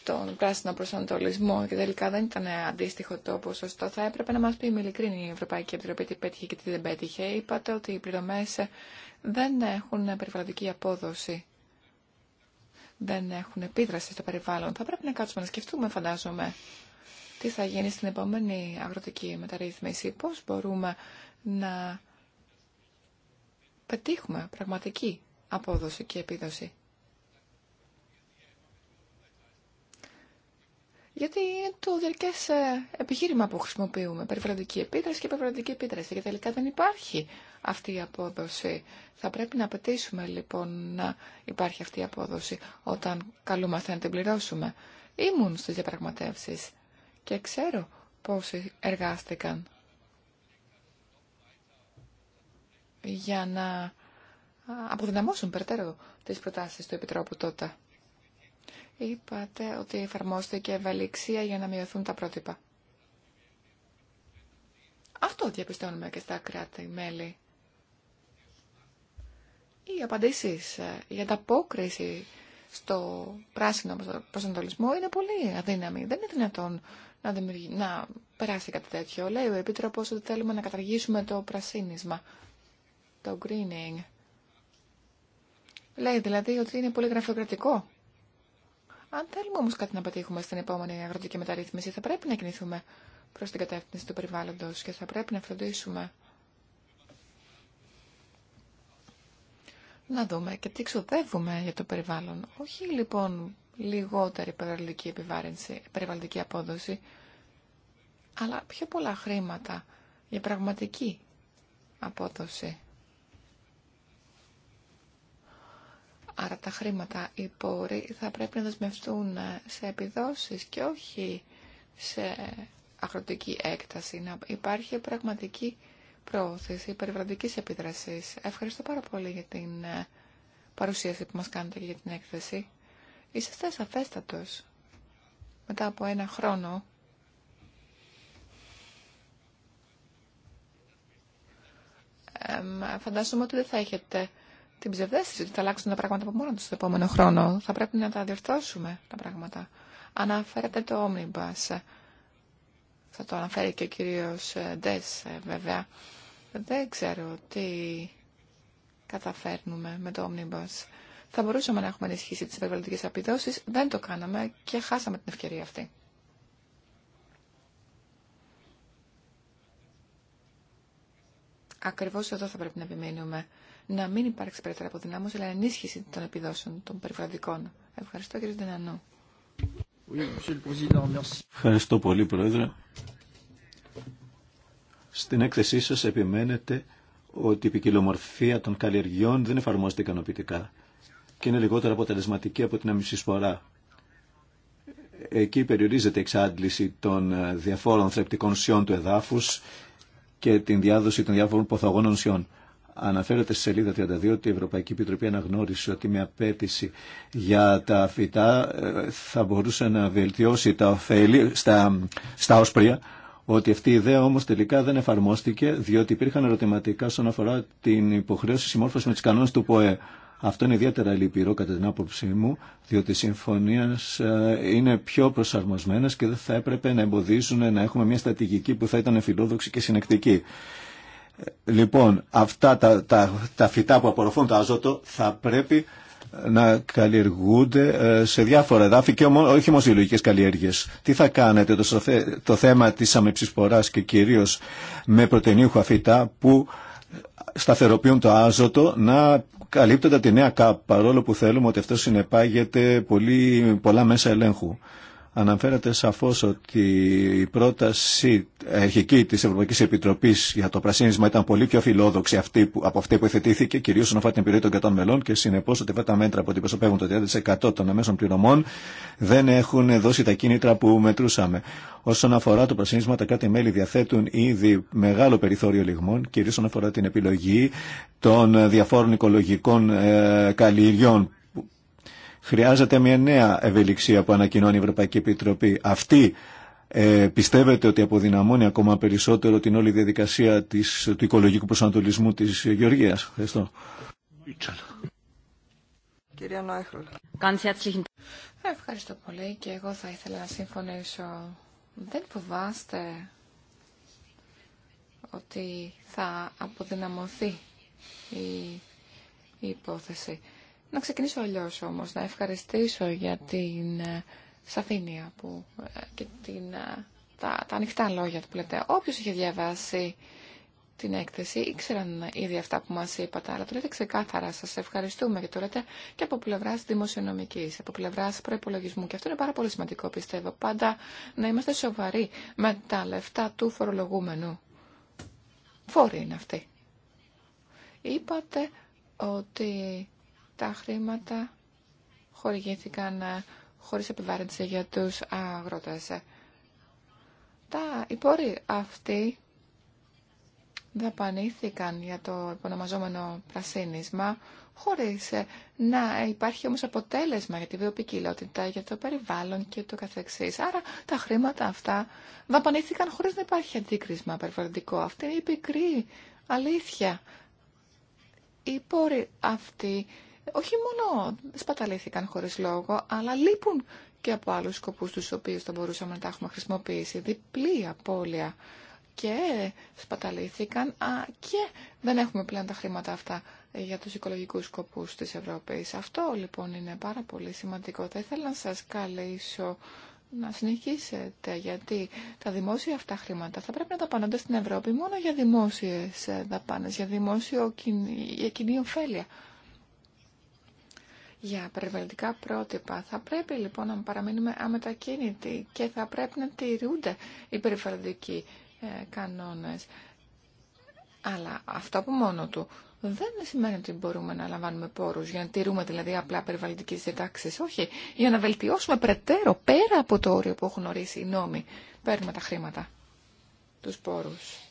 στον πράσινο προσανατολισμό και τελικά δεν ήταν αντίστοιχο το ποσοστό. Θα έπρεπε να μας πει με ειλικρίνη η Ευρωπαϊκή Επιτροπή τι πέτυχε και τι δεν πέτυχε. Είπατε ότι οι πληρωμές δεν έχουν περιβαλλοντική απόδοση. Δεν έχουν επίδραση στο περιβάλλον. Θα πρέπει να κάτσουμε να σκεφτούμε, φαντάζομαι, τι θα γίνει στην επόμενη αγροτική μεταρρύθμιση. Πώς μπορούμε να πετύχουμε πραγματική απόδοση και επίδοση. Γιατί είναι το διαρκέ ε, επιχείρημα που χρησιμοποιούμε. Περιβαλλοντική επίδραση και περιβαλλοντική επίδραση. Και τελικά δεν υπάρχει αυτή η απόδοση. Θα πρέπει να απαιτήσουμε λοιπόν να υπάρχει αυτή η απόδοση όταν καλούμαστε να την πληρώσουμε. Ήμουν στις διαπραγματεύσεις και ξέρω πόσοι εργάστηκαν. για να αποδυναμώσουν περαιτέρω τις προτάσεις του Επιτρόπου τότε. Είπατε ότι εφαρμόστηκε ευελιξία για να μειωθούν τα πρότυπα. Αυτό διαπιστώνουμε και στα κράτη-μέλη. Οι απαντήσεις, ε, η απόκριση στο πράσινο προσανατολισμό είναι πολύ αδύναμη. Δεν είναι δυνατόν να, να περάσει κάτι τέτοιο. Λέει ο Επίτροπος ότι θέλουμε να καταργήσουμε το πρασίνισμα το greening. Λέει δηλαδή ότι είναι πολύ γραφειοκρατικό. Αν θέλουμε όμως κάτι να πετύχουμε στην επόμενη αγροτική μεταρρύθμιση, θα πρέπει να κινηθούμε προς την κατεύθυνση του περιβάλλοντος και θα πρέπει να φροντίσουμε να δούμε και τι ξοδεύουμε για το περιβάλλον. Όχι λοιπόν λιγότερη περιβαλλοντική επιβάρυνση, περιβαλλοντική απόδοση, αλλά πιο πολλά χρήματα για πραγματική απόδοση. Άρα τα χρήματα, οι πόροι θα πρέπει να δεσμευτούν σε επιδόσεις και όχι σε αγροτική έκταση. Να υπάρχει πραγματική πρόθεση περιβαλλοντικής επίδρασης. Ευχαριστώ πάρα πολύ για την ε, παρουσίαση που μας κάνετε και για την έκθεση. Είσαστε σαφέστατος μετά από ένα χρόνο. Ε, φαντάζομαι ότι δεν θα έχετε την ψευδέστηση ότι θα αλλάξουν τα πράγματα από μόνο του το επόμενο χρόνο. Θα πρέπει να τα διορθώσουμε τα πράγματα. Αναφέρεται το Omnibus. Θα το αναφέρει και ο κύριος ε, Ντες, ε, βέβαια. Δεν ξέρω τι καταφέρνουμε με το Omnibus. Θα μπορούσαμε να έχουμε ενισχύσει τις περιβαλλοντικές επιδόσεις, δεν το κάναμε και χάσαμε την ευκαιρία αυτή. Ακριβώς εδώ θα πρέπει να επιμείνουμε να μην υπάρξει περαιτέρω αποδυνάμωση, αλλά ενίσχυση των επιδόσεων των περιβαλλοντικών. Ευχαριστώ κύριε Ντενανό. Ευχαριστώ πολύ Πρόεδρε. Στην έκθεσή σας επιμένετε ότι η ποικιλομορφία των καλλιεργιών δεν εφαρμόζεται ικανοποιητικά και είναι λιγότερο αποτελεσματική από την αμυσισφορά. Εκεί περιορίζεται η εξάντληση των ε, διαφόρων θρεπτικών σιών του εδάφους και την διάδοση των διάφορων ποθογόνων σιών. Αναφέρεται στη σελίδα 32 ότι η Ευρωπαϊκή Επιτροπή αναγνώρισε ότι μια απέτηση για τα φυτά ε, θα μπορούσε να βελτιώσει τα ωφέλη στα, στα όσπρια, ότι αυτή η ιδέα όμω τελικά δεν εφαρμόστηκε διότι υπήρχαν ερωτηματικά όσον αφορά την υποχρέωση συμμόρφωση με τι κανόνε του ΠΟΕ. Αυτό είναι ιδιαίτερα λυπηρό κατά την άποψή μου, διότι οι συμφωνίε ε, είναι πιο προσαρμοσμένε και δεν θα έπρεπε να εμποδίζουν να έχουμε μια στρατηγική που θα ήταν φιλόδοξη και συνεκτική. Λοιπόν, αυτά τα, τα, φυτά που απορροφούν το άζωτο θα πρέπει να καλλιεργούνται ε, σε διάφορα εδάφη και όχι μόνο καλλιέργειες. Τι θα κάνετε το, το θέμα της αμεψισποράς και κυρίως με πρωτενίουχα φυτά που σταθεροποιούν το άζωτο να καλύπτονται τη νέα ΚΑΠ παρόλο που θέλουμε ότι αυτό συνεπάγεται πολύ, πολλά μέσα ελέγχου. Αναφέρατε σαφώς ότι η πρόταση αρχική της Ευρωπαϊκής Επιτροπής για το πρασίνισμα ήταν πολύ πιο φιλόδοξη αυτή που, από αυτή που εθετήθηκε, κυρίως όσον αφορά την επιρροή των 100 μελών και συνεπώς ότι αυτά τα μέτρα που αντιπροσωπεύουν το 30% των αμέσων πληρωμών δεν έχουν δώσει τα κίνητρα που μετρούσαμε. Όσον αφορά το πρασίνισμα, τα κρατη μέλη διαθέτουν ήδη μεγάλο περιθώριο λιγμών, κυρίως όσον αφορά την επιλογή των διαφόρων οικολογικών ε, Χρειάζεται μια νέα ευελιξία που ανακοινώνει η Ευρωπαϊκή Επιτροπή. Αυτή ε, πιστεύετε ότι αποδυναμώνει ακόμα περισσότερο την όλη διαδικασία του οικολογικού προσανατολισμού της Γεωργίας. Ευχαριστώ. Κυρία Ευχαριστώ πολύ και εγώ θα ήθελα να συμφωνήσω. Δεν φοβάστε ότι θα αποδυναμωθεί η υπόθεση. Να ξεκινήσω αλλιώ όμω να ευχαριστήσω για την ε, σαφήνεια που, ε, και την, ε, τα, τα ανοιχτά λόγια που λέτε. Όποιο είχε διαβάσει την έκθεση, ήξεραν ήδη αυτά που μας είπατε, αλλά το λέτε ξεκάθαρα, σας ευχαριστούμε και το λέτε και από πλευρά δημοσιονομικής, από πλευρά προπολογισμού και αυτό είναι πάρα πολύ σημαντικό πιστεύω, πάντα να είμαστε σοβαροί με τα λεφτά του φορολογούμενου. Φόροι είναι αυτοί. Είπατε ότι τα χρήματα χορηγήθηκαν ε, χωρίς επιβάρυνση για τους αγρότες. Τα πόροι αυτοί δαπανήθηκαν για το υπονομαζόμενο πρασίνισμα, χωρίς ε, να υπάρχει όμως αποτέλεσμα για τη βιοπικιλότητα, για το περιβάλλον και το καθεξής. Άρα τα χρήματα αυτά δαπανήθηκαν χωρίς να υπάρχει αντίκρισμα περιβαλλοντικό. Αυτή είναι η πικρή αλήθεια. Οι πόροι αυτοί όχι μόνο σπαταλήθηκαν χωρίς λόγο, αλλά λείπουν και από άλλους σκοπούς τους οποίους θα μπορούσαμε να τα έχουμε χρησιμοποιήσει. Διπλή απώλεια και σπαταλήθηκαν α, και δεν έχουμε πλέον τα χρήματα αυτά για τους οικολογικούς σκοπούς της Ευρώπης. Αυτό λοιπόν είναι πάρα πολύ σημαντικό. Θα ήθελα να σας καλέσω να συνεχίσετε γιατί τα δημόσια αυτά χρήματα θα πρέπει να τα πανώνται στην Ευρώπη μόνο για δημόσιες ε, δαπάνες, για, δημόσιο, για κοινή ωφέλεια για περιβαλλοντικά πρότυπα. Θα πρέπει λοιπόν να παραμείνουμε αμετακίνητοι και θα πρέπει να τηρούνται οι περιβαλλοντικοί ε, κανόνες. Αλλά αυτό από μόνο του δεν σημαίνει ότι μπορούμε να λαμβάνουμε πόρους για να τηρούμε δηλαδή απλά περιβαλλοντικές διατάξεις. Όχι, για να βελτιώσουμε περαιτέρω πέρα από το όριο που έχουν ορίσει οι νόμοι. Παίρνουμε τα χρήματα, τους πόρους.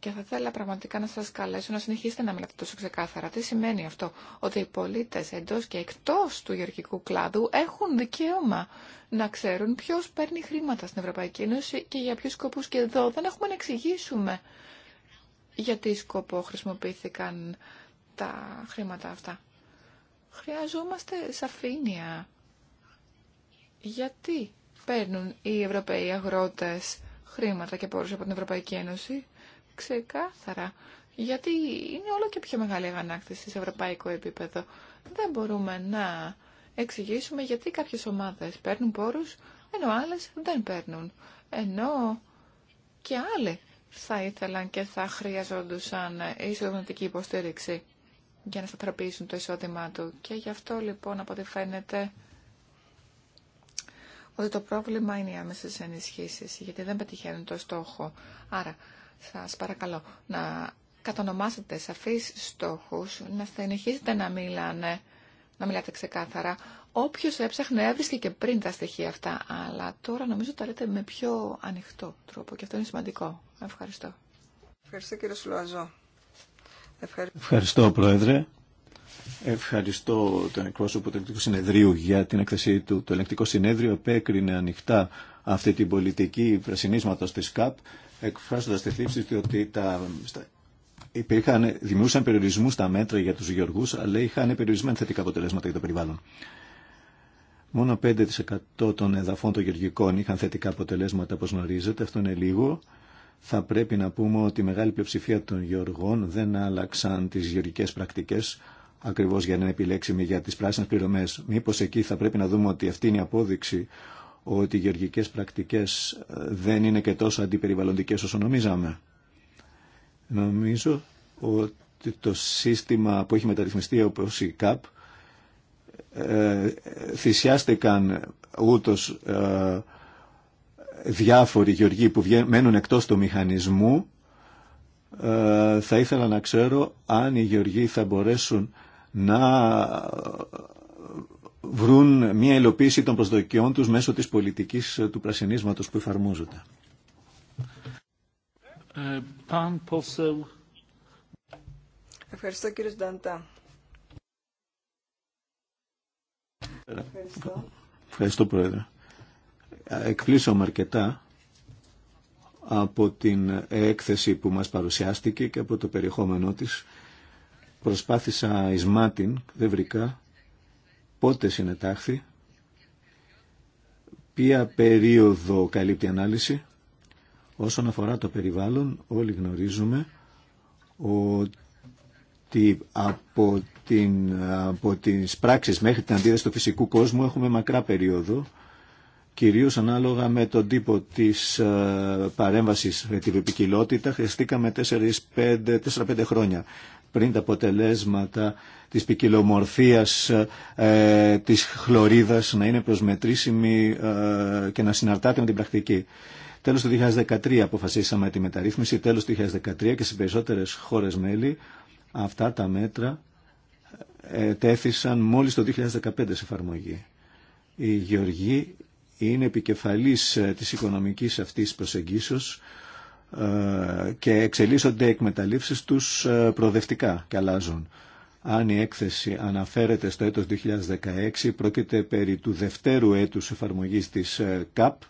Και θα ήθελα πραγματικά να σας καλέσω να συνεχίσετε να μιλάτε τόσο ξεκάθαρα. Τι σημαίνει αυτό, ότι οι πολίτες εντός και εκτός του γεωργικού κλάδου έχουν δικαίωμα να ξέρουν ποιος παίρνει χρήματα στην Ευρωπαϊκή Ένωση και για ποιους σκοπούς και εδώ. Δεν έχουμε να εξηγήσουμε για τι σκοπό χρησιμοποιήθηκαν τα χρήματα αυτά. Χρειαζόμαστε σαφήνεια. Γιατί παίρνουν οι Ευρωπαίοι αγρότες χρήματα και πόρους από την Ευρωπαϊκή Ένωση ξεκάθαρα. Γιατί είναι όλο και πιο μεγάλη η αγανάκτηση σε ευρωπαϊκό επίπεδο. Δεν μπορούμε να εξηγήσουμε γιατί κάποιες ομάδες παίρνουν πόρους, ενώ άλλες δεν παίρνουν. Ενώ και άλλοι θα ήθελαν και θα χρειαζόντουσαν ισοδοματική υποστήριξη για να σταθεροποιήσουν το εισόδημά του. Και γι' αυτό λοιπόν από ό,τι φαίνεται ότι το πρόβλημα είναι οι άμεσες ενισχύσεις, γιατί δεν πετυχαίνουν το στόχο. Άρα σας παρακαλώ να κατονομάσετε σαφείς στόχους, να συνεχίσετε να μιλάνε, να μιλάτε ξεκάθαρα. Όποιος έψαχνε έβρισκε και πριν τα στοιχεία αυτά, αλλά τώρα νομίζω τα λέτε με πιο ανοιχτό τρόπο και αυτό είναι σημαντικό. Ευχαριστώ. Ευχαριστώ κύριε Σουλουαζό. Ευχαριστώ Πρόεδρε. Ευχαριστώ τον εκπρόσωπο του Ελεκτικού Συνεδρίου για την έκθεσή του. Το Ελεκτικό Συνέδριο επέκρινε ανοιχτά αυτή την πολιτική πρασινίσματο τη ΚΑΠ, εκφράζοντα τη θλίψη ότι τα, υπήρχαν, δημιούργησαν περιορισμού στα μέτρα για του γεωργού, αλλά είχαν περιορισμένα θετικά αποτελέσματα για το περιβάλλον. Μόνο 5% των εδαφών των γεωργικών είχαν θετικά αποτελέσματα, όπω γνωρίζετε. Αυτό είναι λίγο. Θα πρέπει να πούμε ότι η μεγάλη πλειοψηφία των γεωργών δεν άλλαξαν τι γεωργικέ πρακτικέ ακριβώς για να είναι επιλέξιμη για τις πράσινες πληρωμέ. Μήπως εκεί θα πρέπει να δούμε ότι αυτή είναι η απόδειξη ότι οι γεωργικές πρακτικές ε, δεν είναι και τόσο αντιπεριβαλλοντικές όσο νομίζαμε. Νομίζω ότι το σύστημα που έχει μεταρρυθμιστεί όπω η ΚΑΠ ε, θυσιάστηκαν ούτω ε, διάφοροι γεωργοί που μένουν εκτό του μηχανισμού. θα ήθελα να ξέρω αν οι γεωργοί θα μπορέσουν να βρουν μια υλοποίηση των προσδοκιών τους μέσω της πολιτικής του πρασινίσματος που εφαρμόζονται. Ε, Ευχαριστώ κύριε Νταντά. Ευχαριστώ. Ευχαριστώ Πρόεδρε. Εκπλήσωμαι αρκετά από την έκθεση που μας παρουσιάστηκε και από το περιεχόμενό της Προσπάθησα εις Μάτιν, δεν βρήκα, πότε συνετάχθη, ποια περίοδο καλύπτει ανάλυση. Όσον αφορά το περιβάλλον, όλοι γνωρίζουμε ότι από, την, από τις πράξεις μέχρι την αντίδραση του φυσικού κόσμου έχουμε μακρά περίοδο, κυρίως ανάλογα με τον τύπο της ε, παρέμβασης με τη επικοινοτητα χρειαστηκαμε χρειαστήκαμε 4-5 χρόνια πριν τα αποτελέσματα της ποικιλομορφία ε, της χλωρίδας να είναι προσμετρήσιμη ε, και να συναρτάται με την πρακτική. Τέλος του 2013 αποφασίσαμε τη μεταρρύθμιση, τέλος του 2013 και σε περισσότερες χώρες μέλη αυτά τα μέτρα ε, τέθησαν μόλις το 2015 σε εφαρμογή. Η Γεωργή είναι επικεφαλής ε, της οικονομικής αυτής προσεγγίσεως ε, και εξελίσσονται οι εκμεταλλεύσεις τους ε, προοδευτικά και αλλάζουν. Αν η έκθεση αναφέρεται στο έτος 2016, πρόκειται περί του δευτέρου έτους εφαρμογής της ε, ΚΑΠ,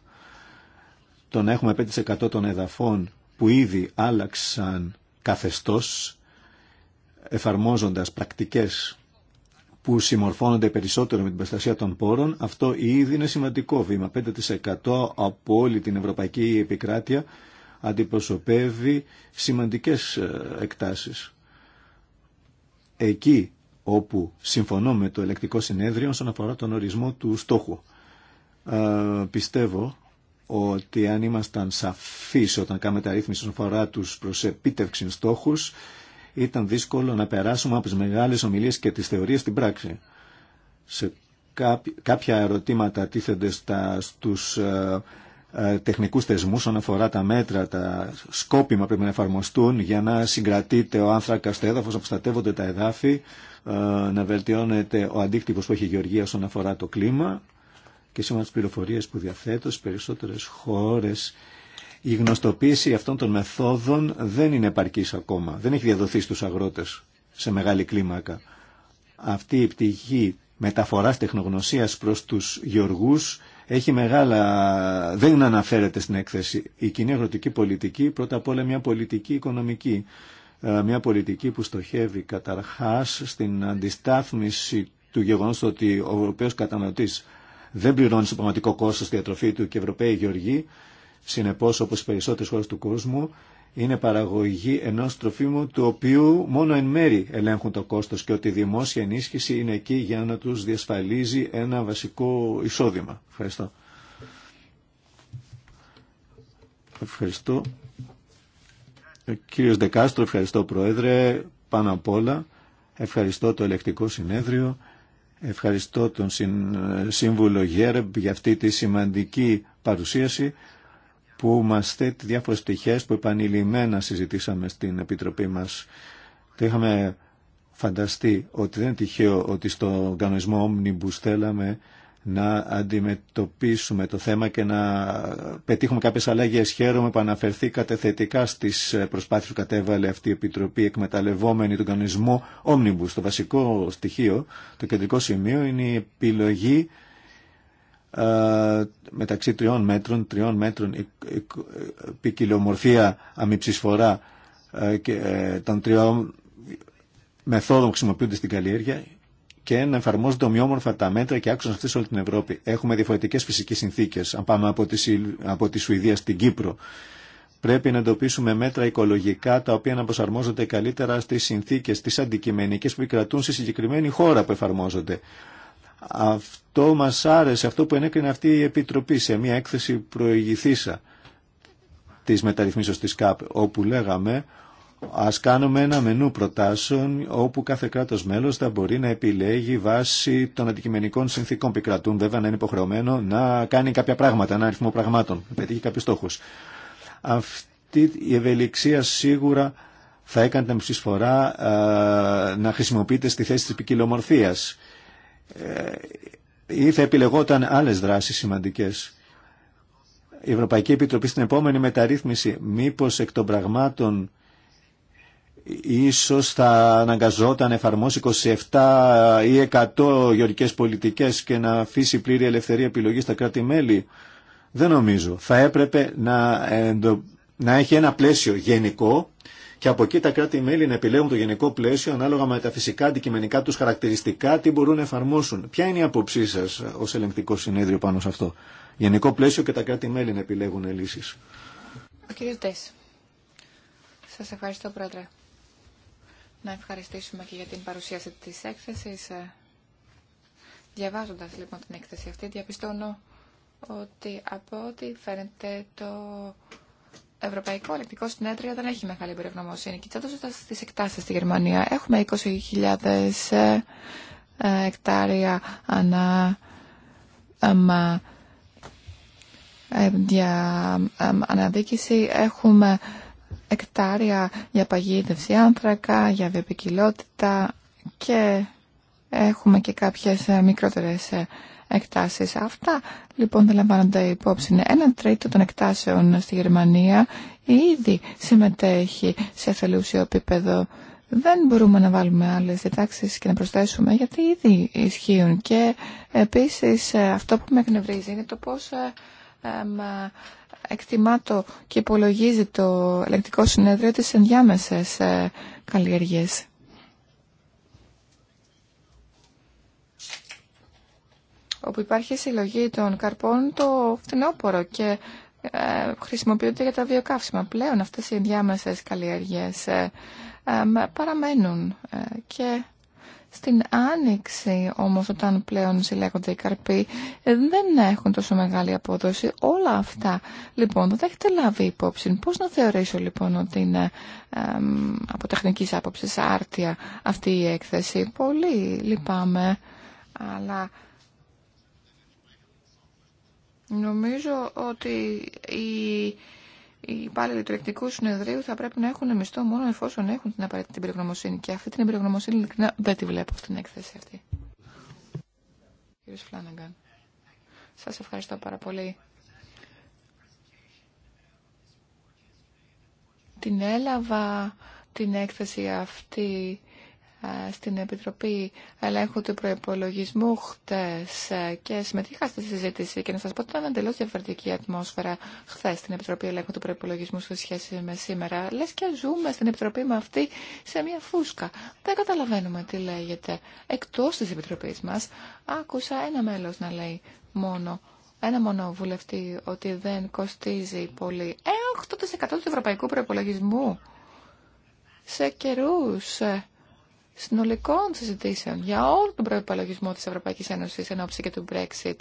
τον έχουμε 5% των εδαφών που ήδη άλλαξαν καθεστώς, εφαρμόζοντας πρακτικές που συμμορφώνονται περισσότερο με την προστασία των πόρων, αυτό ήδη είναι σημαντικό βήμα. 5% από όλη την ευρωπαϊκή επικράτεια αντιπροσωπεύει σημαντικές ε, εκτάσεις. Εκεί όπου συμφωνώ με το ελεκτικό συνέδριο όσον αφορά τον ορισμό του στόχου. Ε, πιστεύω ότι αν ήμασταν σαφείς όταν κάναμε τα ρύθμιση όσον αφορά τους προς επίτευξη στόχους, ήταν δύσκολο να περάσουμε από τις μεγάλες ομιλίες και τις θεωρίες στην πράξη. Σε κάποια ερωτήματα τίθενται στα, στους ε, ε, τεχνικούς θεσμούς όσον αφορά τα μέτρα, τα σκόπιμα πρέπει να εφαρμοστούν για να συγκρατείται ο άνθρακας στο έδαφος, να προστατεύονται τα εδάφη, ε, να βελτιώνεται ο αντίκτυπος που έχει η γεωργία όσον αφορά το κλίμα και σήμερα τις πληροφορίες που διαθέτω στις περισσότερες χώρες η γνωστοποίηση αυτών των μεθόδων δεν είναι επαρκής ακόμα. Δεν έχει διαδοθεί στους αγρότες σε μεγάλη κλίμακα. Αυτή η πτυχή μεταφοράς τεχνογνωσίας προς τους γεωργούς έχει μεγάλα, δεν αναφέρεται στην έκθεση. Η κοινή αγροτική πολιτική, πρώτα απ' όλα μια πολιτική οικονομική. Ε, μια πολιτική που στοχεύει καταρχάς στην αντιστάθμιση του γεγονός ότι ο Ευρωπαίος καταναλωτής δεν πληρώνει στο πραγματικό κόστος τη διατροφή του και οι Ευρωπαίοι γεωργοί, συνεπώς όπως οι περισσότερες χώρες του κόσμου, είναι παραγωγή ενός τροφίμου του οποίου μόνο εν μέρη ελέγχουν το κόστος και ότι η δημόσια ενίσχυση είναι εκεί για να τους διασφαλίζει ένα βασικό εισόδημα. Ευχαριστώ. Ευχαριστώ. Ε, κύριος Δεκάστρο, ευχαριστώ Πρόεδρε. Πάνω απ' όλα, ευχαριστώ το ελεκτικό συνέδριο. Ευχαριστώ τον Σύμβουλο Γέρεμπ για αυτή τη σημαντική παρουσίαση που μας θέτει διάφορες πτυχές που επανειλημμένα συζητήσαμε στην Επιτροπή μας. Το είχαμε φανταστεί ότι δεν είναι τυχαίο ότι στον κανονισμό Omnibus θέλαμε να αντιμετωπίσουμε το θέμα και να πετύχουμε κάποιες αλλαγές. Χαίρομαι που αναφερθήκατε θετικά στις προσπάθειες που κατέβαλε αυτή η Επιτροπή εκμεταλλευόμενη τον κανονισμό Omnibus. Το βασικό στοιχείο, το κεντρικό σημείο είναι η επιλογή ε, μεταξύ τριών μέτρων, τριών μέτρων ποικιλομορφία αμυψισφορά ε, και ε, των τριών μεθόδων που χρησιμοποιούνται στην καλλιέργεια και να εφαρμόζονται ομοιόμορφα τα μέτρα και άξονε αυτέ σε όλη την Ευρώπη. Έχουμε διαφορετικέ φυσικέ συνθήκε. Αν πάμε από τη, από τη Σουηδία στην Κύπρο, πρέπει να εντοπίσουμε μέτρα οικολογικά τα οποία να προσαρμόζονται καλύτερα στι συνθήκε, τι αντικειμενικέ που επικρατούν στη συγκεκριμένη χώρα που εφαρμόζονται. Αυτό μας άρεσε, αυτό που ενέκρινε αυτή η Επιτροπή σε μια έκθεση προηγηθήσα της μεταρρυθμίσεως της ΚΑΠ, όπου λέγαμε ας κάνουμε ένα μενού προτάσεων όπου κάθε κράτος μέλος θα μπορεί να επιλέγει βάσει των αντικειμενικών συνθήκων που κρατούν βέβαια να είναι υποχρεωμένο να κάνει κάποια πράγματα, ένα αριθμό πραγμάτων, να πετύχει κάποιους στόχους. Αυτή η ευελιξία σίγουρα θα έκανε την ψησφορά ε, να χρησιμοποιείται στη θέση της ποικιλομορφίας ε, ή θα επιλεγόταν άλλες δράσεις σημαντικές. Η Ευρωπαϊκή Επιτροπή στην επόμενη μεταρρύθμιση μήπως εκ των πραγμάτων ίσως θα αναγκαζόταν να εφαρμόσει 27 ή 100 γεωρικές πολιτικές και να αφήσει πλήρη ελευθερία επιλογή στα κράτη-μέλη. Δεν νομίζω. Θα έπρεπε να, να έχει ένα πλαίσιο γενικό και από εκεί τα κράτη-μέλη να επιλέγουν το γενικό πλαίσιο ανάλογα με τα φυσικά αντικειμενικά του χαρακτηριστικά, τι μπορούν να εφαρμόσουν. Ποια είναι η άποψή σα ω ελεγκτικό συνέδριο πάνω σε αυτό. Γενικό πλαίσιο και τα κράτη-μέλη να επιλέγουν λύσει. Ο κύριος Σας ευχαριστώ πρόεδρε. Να ευχαριστήσουμε και για την παρουσίαση τη έκθεση, ε, διαβάζοντα λοιπόν την έκθεση αυτή διαπιστώνω ότι από ό,τι φαίνεται το Ευρωπαϊκό Ελεκτικό Συνέδριο δεν έχει μεγάλη εμπειρογνωμοσύνη. Κοιτάζοντα τι εκτάσει στη Γερμανία. Έχουμε 20.000 ε, ε, εκτάρια ανά για ε, αναδίκηση. Έχουμε εκτάρια για παγίδευση άνθρακα, για βιοπικιλότητα και έχουμε και κάποιες μικρότερες εκτάσεις. Αυτά λοιπόν δεν λαμβάνονται υπόψη. Ένα τρίτο των εκτάσεων στη Γερμανία ήδη συμμετέχει σε θελούσιο επίπεδο. Δεν μπορούμε να βάλουμε άλλες διτάξεις και να προσθέσουμε γιατί ήδη ισχύουν. Και επίσης ε, αυτό που με εκνευρίζει είναι το πώς ε, εκτιμά το και υπολογίζει το ελεκτικό συνέδριο τις ενδιάμεσες ε, καλλιεργίες. όπου υπάρχει συλλογή των καρπών το φθινόπωρο και ε, χρησιμοποιούνται για τα βιοκαύσιμα. Πλέον αυτές οι ενδιάμεσες καλλιέργειες ε, ε, παραμένουν και στην άνοιξη όμως όταν πλέον συλλέγονται οι καρποί δεν έχουν τόσο μεγάλη απόδοση όλα αυτά. Λοιπόν, δεν έχετε λάβει υπόψη. Πώς να θεωρήσω λοιπόν ότι είναι από τεχνικής άποψης άρτια αυτή η έκθεση. Πολύ λυπάμαι, αλλά Νομίζω ότι οι, οι υπάλληλοι του εκτικού συνεδρίου θα πρέπει να έχουν μισθό μόνο εφόσον έχουν την απαραίτητη εμπειρογνωμοσύνη. Και αυτή την εμπειρογνωμοσύνη ειλικρινά δεν τη βλέπω στην έκθεση αυτή. Κύριε Φλάνναγκαν, σας ευχαριστώ πάρα πολύ. Την έλαβα την έκθεση αυτή στην Επιτροπή Ελέγχου του Προπολογισμού χτες και συμμετείχα στη συζήτηση και να σα πω ότι ήταν εντελώ διαφορετική η ατμόσφαιρα χθε στην Επιτροπή Ελέγχου του Προπολογισμού σε σχέση με σήμερα. Λε και ζούμε στην Επιτροπή με αυτή σε μια φούσκα. Δεν καταλαβαίνουμε τι λέγεται. Εκτό τη επιτροπή μα. άκουσα ένα μέλο να λέει μόνο ένα μόνο βουλευτή ότι δεν κοστίζει πολύ. Ε, 8% του ευρωπαϊκού προπολογισμού. Σε καιρούς ε, συνολικών συζητήσεων για όλο τον προπολογισμό της Ευρωπαϊκής Ένωσης εν ώψη και του Brexit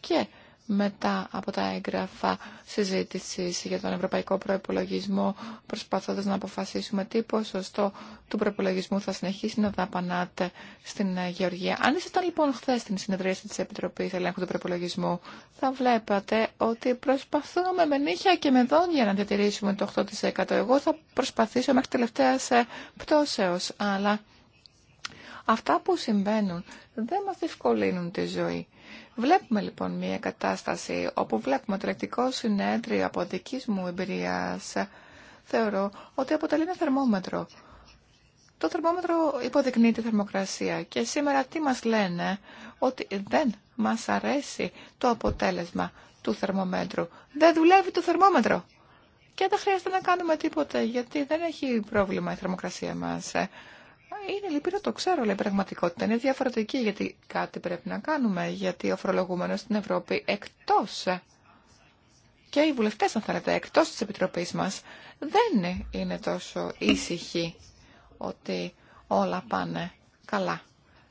και μετά από τα έγγραφα συζήτηση για τον ευρωπαϊκό προπολογισμό, προσπαθώντα να αποφασίσουμε τι ποσοστό του προπολογισμού θα συνεχίσει να δαπανάτε στην Γεωργία. Αν ήσασταν λοιπόν χθε στην συνεδρίαση τη Επιτροπή Ελέγχου του Προπολογισμού, θα βλέπατε ότι προσπαθούμε με νύχια και με δόντια να διατηρήσουμε το 8%. Εγώ θα προσπαθήσω μέχρι τελευταία ε, πτώσεω, αλλά... Αυτά που συμβαίνουν δεν μας δυσκολύνουν τη ζωή. Βλέπουμε λοιπόν μια κατάσταση όπου βλέπουμε το ελεκτικό συνέδριο από δική μου εμπειρία θεωρώ ότι αποτελεί ένα θερμόμετρο. Το θερμόμετρο υποδεικνύει τη θερμοκρασία και σήμερα τι μας λένε, ότι δεν μας αρέσει το αποτέλεσμα του θερμομέτρου. Δεν δουλεύει το θερμόμετρο και δεν χρειάζεται να κάνουμε τίποτε γιατί δεν έχει πρόβλημα η θερμοκρασία μας είναι λυπηρό, το ξέρω, λέει η πραγματικότητα είναι διαφορετική γιατί κάτι πρέπει να κάνουμε, γιατί ο φορολογούμενος στην Ευρώπη εκτός και οι βουλευτές, αν θέλετε, εκτός της Επιτροπής μας, δεν είναι τόσο ήσυχοι ότι όλα πάνε καλά.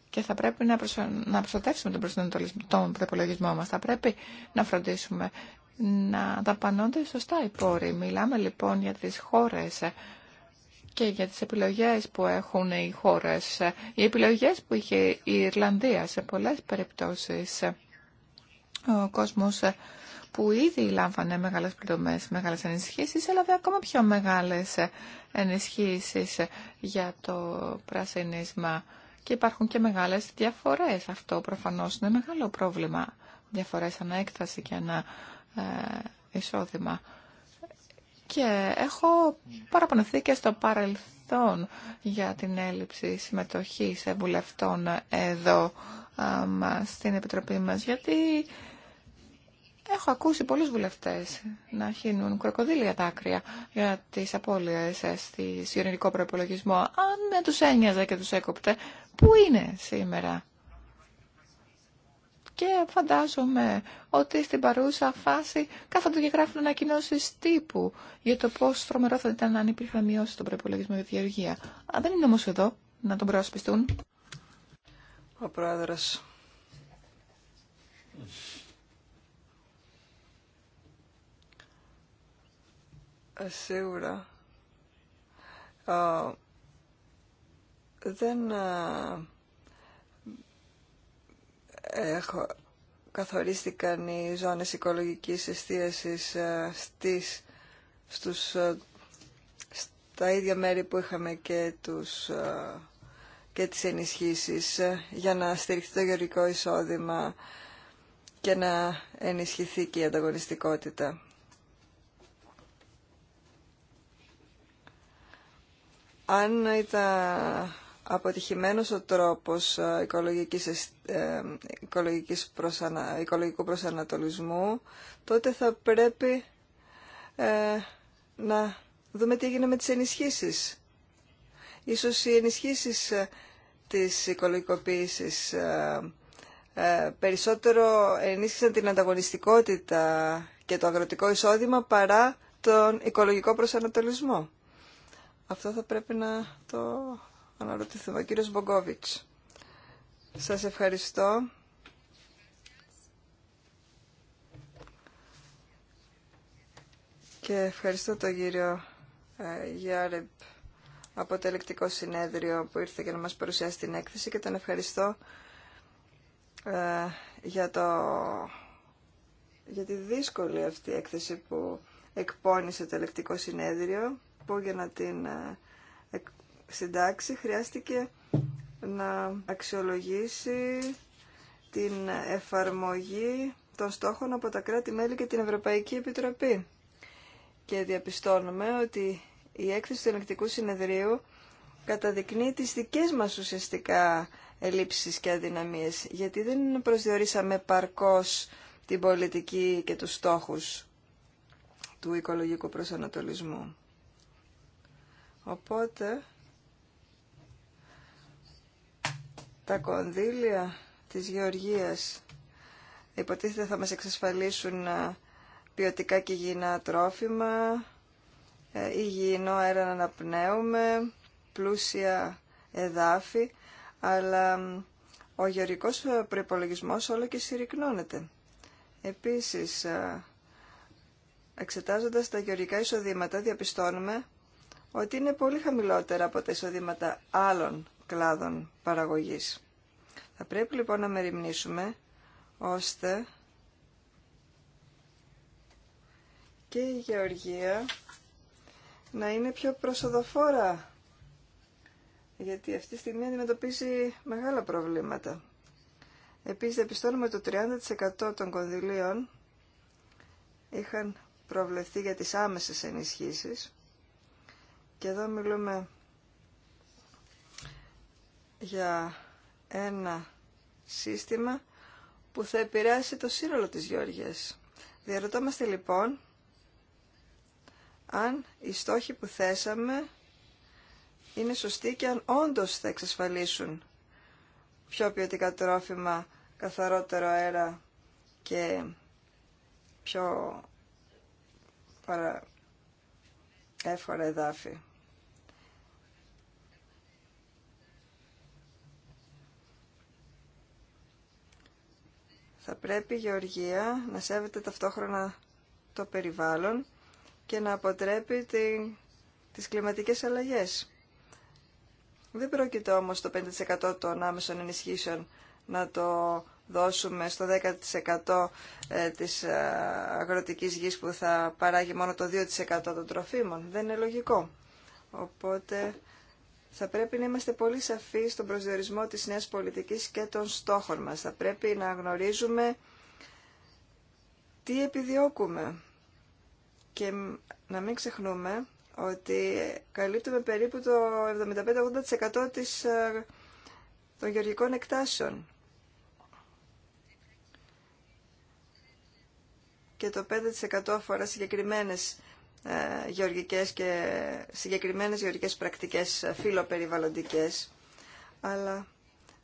Και θα πρέπει να, προσω... προστατεύσουμε τον, προϋπολογισμό τον προπολογισμό μας. Θα πρέπει να φροντίσουμε να δαπανώνται σωστά οι πόροι. Μιλάμε λοιπόν για τις χώρες και για τις επιλογές που έχουν οι χώρες. Οι επιλογές που είχε η Ιρλανδία σε πολλές περιπτώσεις. Ο κόσμος που ήδη λάμβανε μεγάλες πληρωμές, μεγάλες ενισχύσεις, έλαβε ακόμα πιο μεγάλες ενισχύσεις για το πρασινίσμα. Και υπάρχουν και μεγάλες διαφορές. Αυτό προφανώς είναι μεγάλο πρόβλημα. Διαφορές ανά έκταση και ανά ε, εισόδημα. Και έχω παραπονεθεί και στο παρελθόν για την έλλειψη συμμετοχής βουλευτών εδώ στην Επιτροπή μας, γιατί έχω ακούσει πολλούς βουλευτές να χύνουν κροκοδίλια άκρια για τις απώλειες στη γενικό προπολογισμό. Αν με τους ένοιαζε και τους έκοπτε, πού είναι σήμερα και φαντάζομαι ότι στην παρούσα φάση κάθονται και γράφουν ανακοινώσει τύπου για το πώ τρομερό θα ήταν αν υπήρχαν μειώσει τον προπολογισμό για τη γεωργία. δεν είναι όμω εδώ να τον προασπιστούν. Ο πρόεδρο. Ε, σίγουρα. δεν καθορίστηκαν οι ζώνες οικολογικής εστίασης ε, στις, στους, ε, στα ίδια μέρη που είχαμε και, τους, ε, και τις ενισχύσεις για να στηριχθεί το γεωργικό εισόδημα και να ενισχυθεί και η ανταγωνιστικότητα. Αν ήταν αποτυχημένος ο τρόπος ε, οικολογικής, ε, οικολογικής προσανα, οικολογικού προσανατολισμού, τότε θα πρέπει ε, να δούμε τι έγινε με τις ενισχύσεις. Ίσως οι ενισχύσεις της οικολογικοποίησης ε, περισσότερο ενίσχυσαν την ανταγωνιστικότητα και το αγροτικό εισόδημα παρά τον οικολογικό προσανατολισμό. Αυτό θα πρέπει να το αναρωτηθούμε. Ο κύριος Μπογκόβιτς. Σας ευχαριστώ. Και ευχαριστώ τον κύριο ε, Γιάρεπ από το ελεκτικό συνέδριο που ήρθε και να μας παρουσιάσει την έκθεση και τον ευχαριστώ ε, για, το, για τη δύσκολη αυτή έκθεση που εκπώνησε το ελεκτικό συνέδριο που για να την ε, συντάξει χρειάστηκε να αξιολογήσει την εφαρμογή των στόχων από τα κράτη-μέλη και την Ευρωπαϊκή Επιτροπή. Και διαπιστώνουμε ότι η έκθεση του Ελεκτικού Συνεδρίου καταδεικνύει τις δικές μας ουσιαστικά ελλείψεις και αδυναμίες, γιατί δεν προσδιορίσαμε παρκώς την πολιτική και τους στόχους του οικολογικού προσανατολισμού. Οπότε Τα κονδύλια της γεωργίας υποτίθεται θα μας εξασφαλίσουν ε, ποιοτικά και υγιεινά τρόφιμα, ε, υγιεινό αέρα να αναπνέουμε, πλούσια εδάφη, αλλά ο γεωργικός ε, προϋπολογισμός όλο και συρρυκνώνεται. Επίσης, εξετάζοντας τα γεωργικά εισοδήματα, διαπιστώνουμε ότι είναι πολύ χαμηλότερα από τα εισοδήματα άλλων κλάδων παραγωγής. Θα πρέπει λοιπόν να μεριμνήσουμε ώστε και η γεωργία να είναι πιο προσοδοφόρα γιατί αυτή τη στιγμή αντιμετωπίζει μεγάλα προβλήματα. Επίσης διαπιστώνουμε ότι το 30% των κονδυλίων είχαν προβλεφθεί για τις άμεσες ενισχύσεις και εδώ μιλούμε για ένα σύστημα που θα επηρεάσει το σύνολο της Γεωργίας. Διαρωτόμαστε λοιπόν αν οι στόχοι που θέσαμε είναι σωστοί και αν όντως θα εξασφαλίσουν πιο ποιοτικά τρόφιμα, καθαρότερο αέρα και πιο παρα... εδάφη. Θα πρέπει η γεωργία να σέβεται ταυτόχρονα το περιβάλλον και να αποτρέπει τη, τις κλιματικές αλλαγές. Δεν πρόκειται όμως το 5% των άμεσων ενισχύσεων να το δώσουμε στο 10% ε, της ε, αγροτικής γης που θα παράγει μόνο το 2% των τροφίμων. Δεν είναι λογικό. Οπότε θα πρέπει να είμαστε πολύ σαφείς στον προσδιορισμό της νέας πολιτικής και των στόχων μας. Θα πρέπει να γνωρίζουμε τι επιδιώκουμε και να μην ξεχνούμε ότι καλύπτουμε περίπου το 75-80% της, ε, των γεωργικών εκτάσεων. Και το 5% αφορά συγκεκριμένες ε, γεωργικές και συγκεκριμένες γεωργικές πρακτικές ε, φιλοπεριβαλλοντικές, αλλά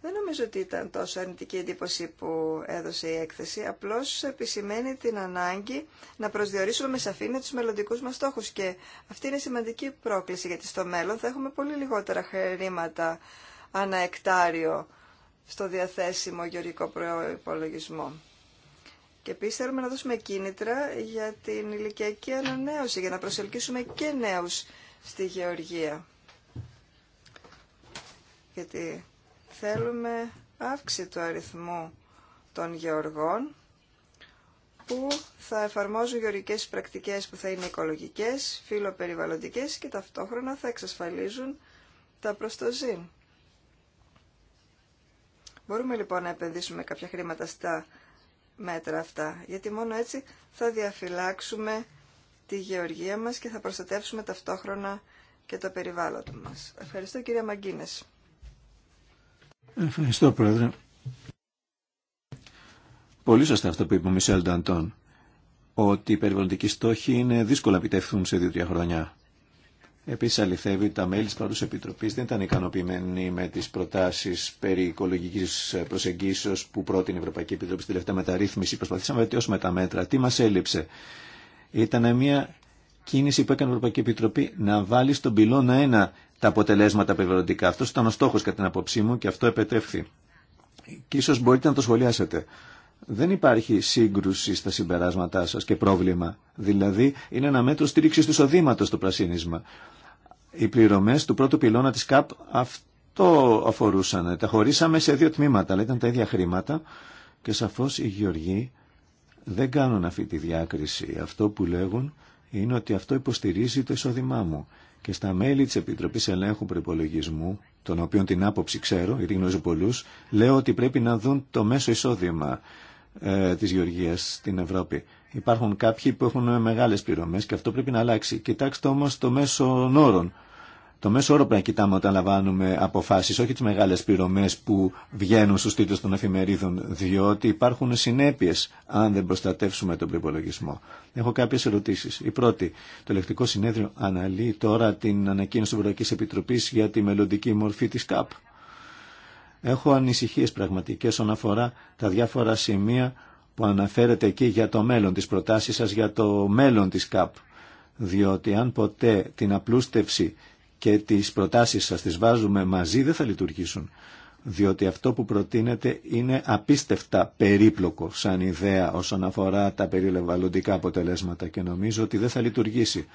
δεν νομίζω ότι ήταν τόσο αρνητική εντύπωση που έδωσε η έκθεση, απλώς επισημαίνει την ανάγκη να προσδιορίσουμε με σαφήνεια τους μελλοντικούς μας στόχους και αυτή είναι σημαντική πρόκληση γιατί στο μέλλον θα έχουμε πολύ λιγότερα χρήματα ανά εκτάριο στο διαθέσιμο γεωργικό προϋπολογισμό. Και επίση θέλουμε να δώσουμε κίνητρα για την ηλικιακή ανανέωση, για να προσελκύσουμε και νέου στη γεωργία. Γιατί θέλουμε αύξηση του αριθμού των γεωργών που θα εφαρμόζουν γεωργικές πρακτικές που θα είναι οικολογικές, φιλοπεριβαλλοντικές και ταυτόχρονα θα εξασφαλίζουν τα προστοζήν. Μπορούμε λοιπόν να επενδύσουμε κάποια χρήματα στα μέτρα αυτά, γιατί μόνο έτσι θα διαφυλάξουμε τη γεωργία μας και θα προστατεύσουμε ταυτόχρονα και το περιβάλλον μας. Ευχαριστώ κύριε Μαγκίνες. Ευχαριστώ πρόεδρε. Πολύ σωστά αυτό που είπε ο Μισελ Νταντών, ότι οι περιβαλλοντικοί στόχοι είναι δύσκολα επιτεύχθουν σε δύο-τρία χρόνια. Επίση αληθεύει τα μέλη τη Παρού Επιτροπή δεν ήταν ικανοποιημένοι με τι προτάσει περί οικολογικής προσεγγίσεω που πρότεινε η Ευρωπαϊκή Επιτροπή στη τελευταία μεταρρύθμιση. Προσπαθήσαμε να βελτιώσουμε τα μέτρα. Τι μα έλειψε. Ήταν μια κίνηση που έκανε η Ευρωπαϊκή Επιτροπή να βάλει στον πυλώνα ένα τα αποτελέσματα περιβαλλοντικά. Αυτό ήταν ο στόχο κατά την απόψή μου και αυτό επετεύχθη. Και ίσως μπορείτε να το σχολιάσετε. Δεν υπάρχει σύγκρουση στα συμπεράσματά σας και πρόβλημα. Δηλαδή είναι ένα μέτρο στήριξη του εισοδήματο το πρασίνισμα. Οι πληρωμές του πρώτου πυλώνα της ΚΑΠ αυτό αφορούσαν. Τα χωρίσαμε σε δύο τμήματα, αλλά ήταν τα ίδια χρήματα και σαφώς οι γεωργοί δεν κάνουν αυτή τη διάκριση. Αυτό που λέγουν είναι ότι αυτό υποστηρίζει το εισόδημά μου. Και στα μέλη της Επιτροπής Ελέγχου Προπολογισμού, των οποίων την άποψη ξέρω, γιατί γνωρίζω πολλούς, λέω ότι πρέπει να δουν το μέσο εισόδημα ε, της γεωργίας στην Ευρώπη. Υπάρχουν κάποιοι που έχουν μεγάλες πληρωμές και αυτό πρέπει να αλλάξει. Κοιτάξτε όμως το μέσο όρων το μέσο όρο πρέπει να κοιτάμε όταν λαμβάνουμε αποφάσεις, όχι τις μεγάλες πληρωμές που βγαίνουν στους τίτλους των εφημερίδων, διότι υπάρχουν συνέπειες αν δεν προστατεύσουμε τον προπολογισμό. Έχω κάποιες ερωτήσεις. Η πρώτη, το ελεκτικό συνέδριο αναλύει τώρα την ανακοίνωση της Ευρωπαϊκή Επιτροπή για τη μελλοντική μορφή της ΚΑΠ. Έχω ανησυχίες πραγματικές όσον αφορά τα διάφορα σημεία που αναφέρεται εκεί για το μέλλον, της προτάσει σα για το μέλλον της ΚΑΠ. Διότι αν ποτέ την απλούστευση και τις προτάσεις σας τις βάζουμε μαζί δεν θα λειτουργήσουν. Διότι αυτό που προτείνεται είναι απίστευτα περίπλοκο σαν ιδέα όσον αφορά τα περιβαλλοντικά αποτελέσματα και νομίζω ότι δεν θα λειτουργήσει.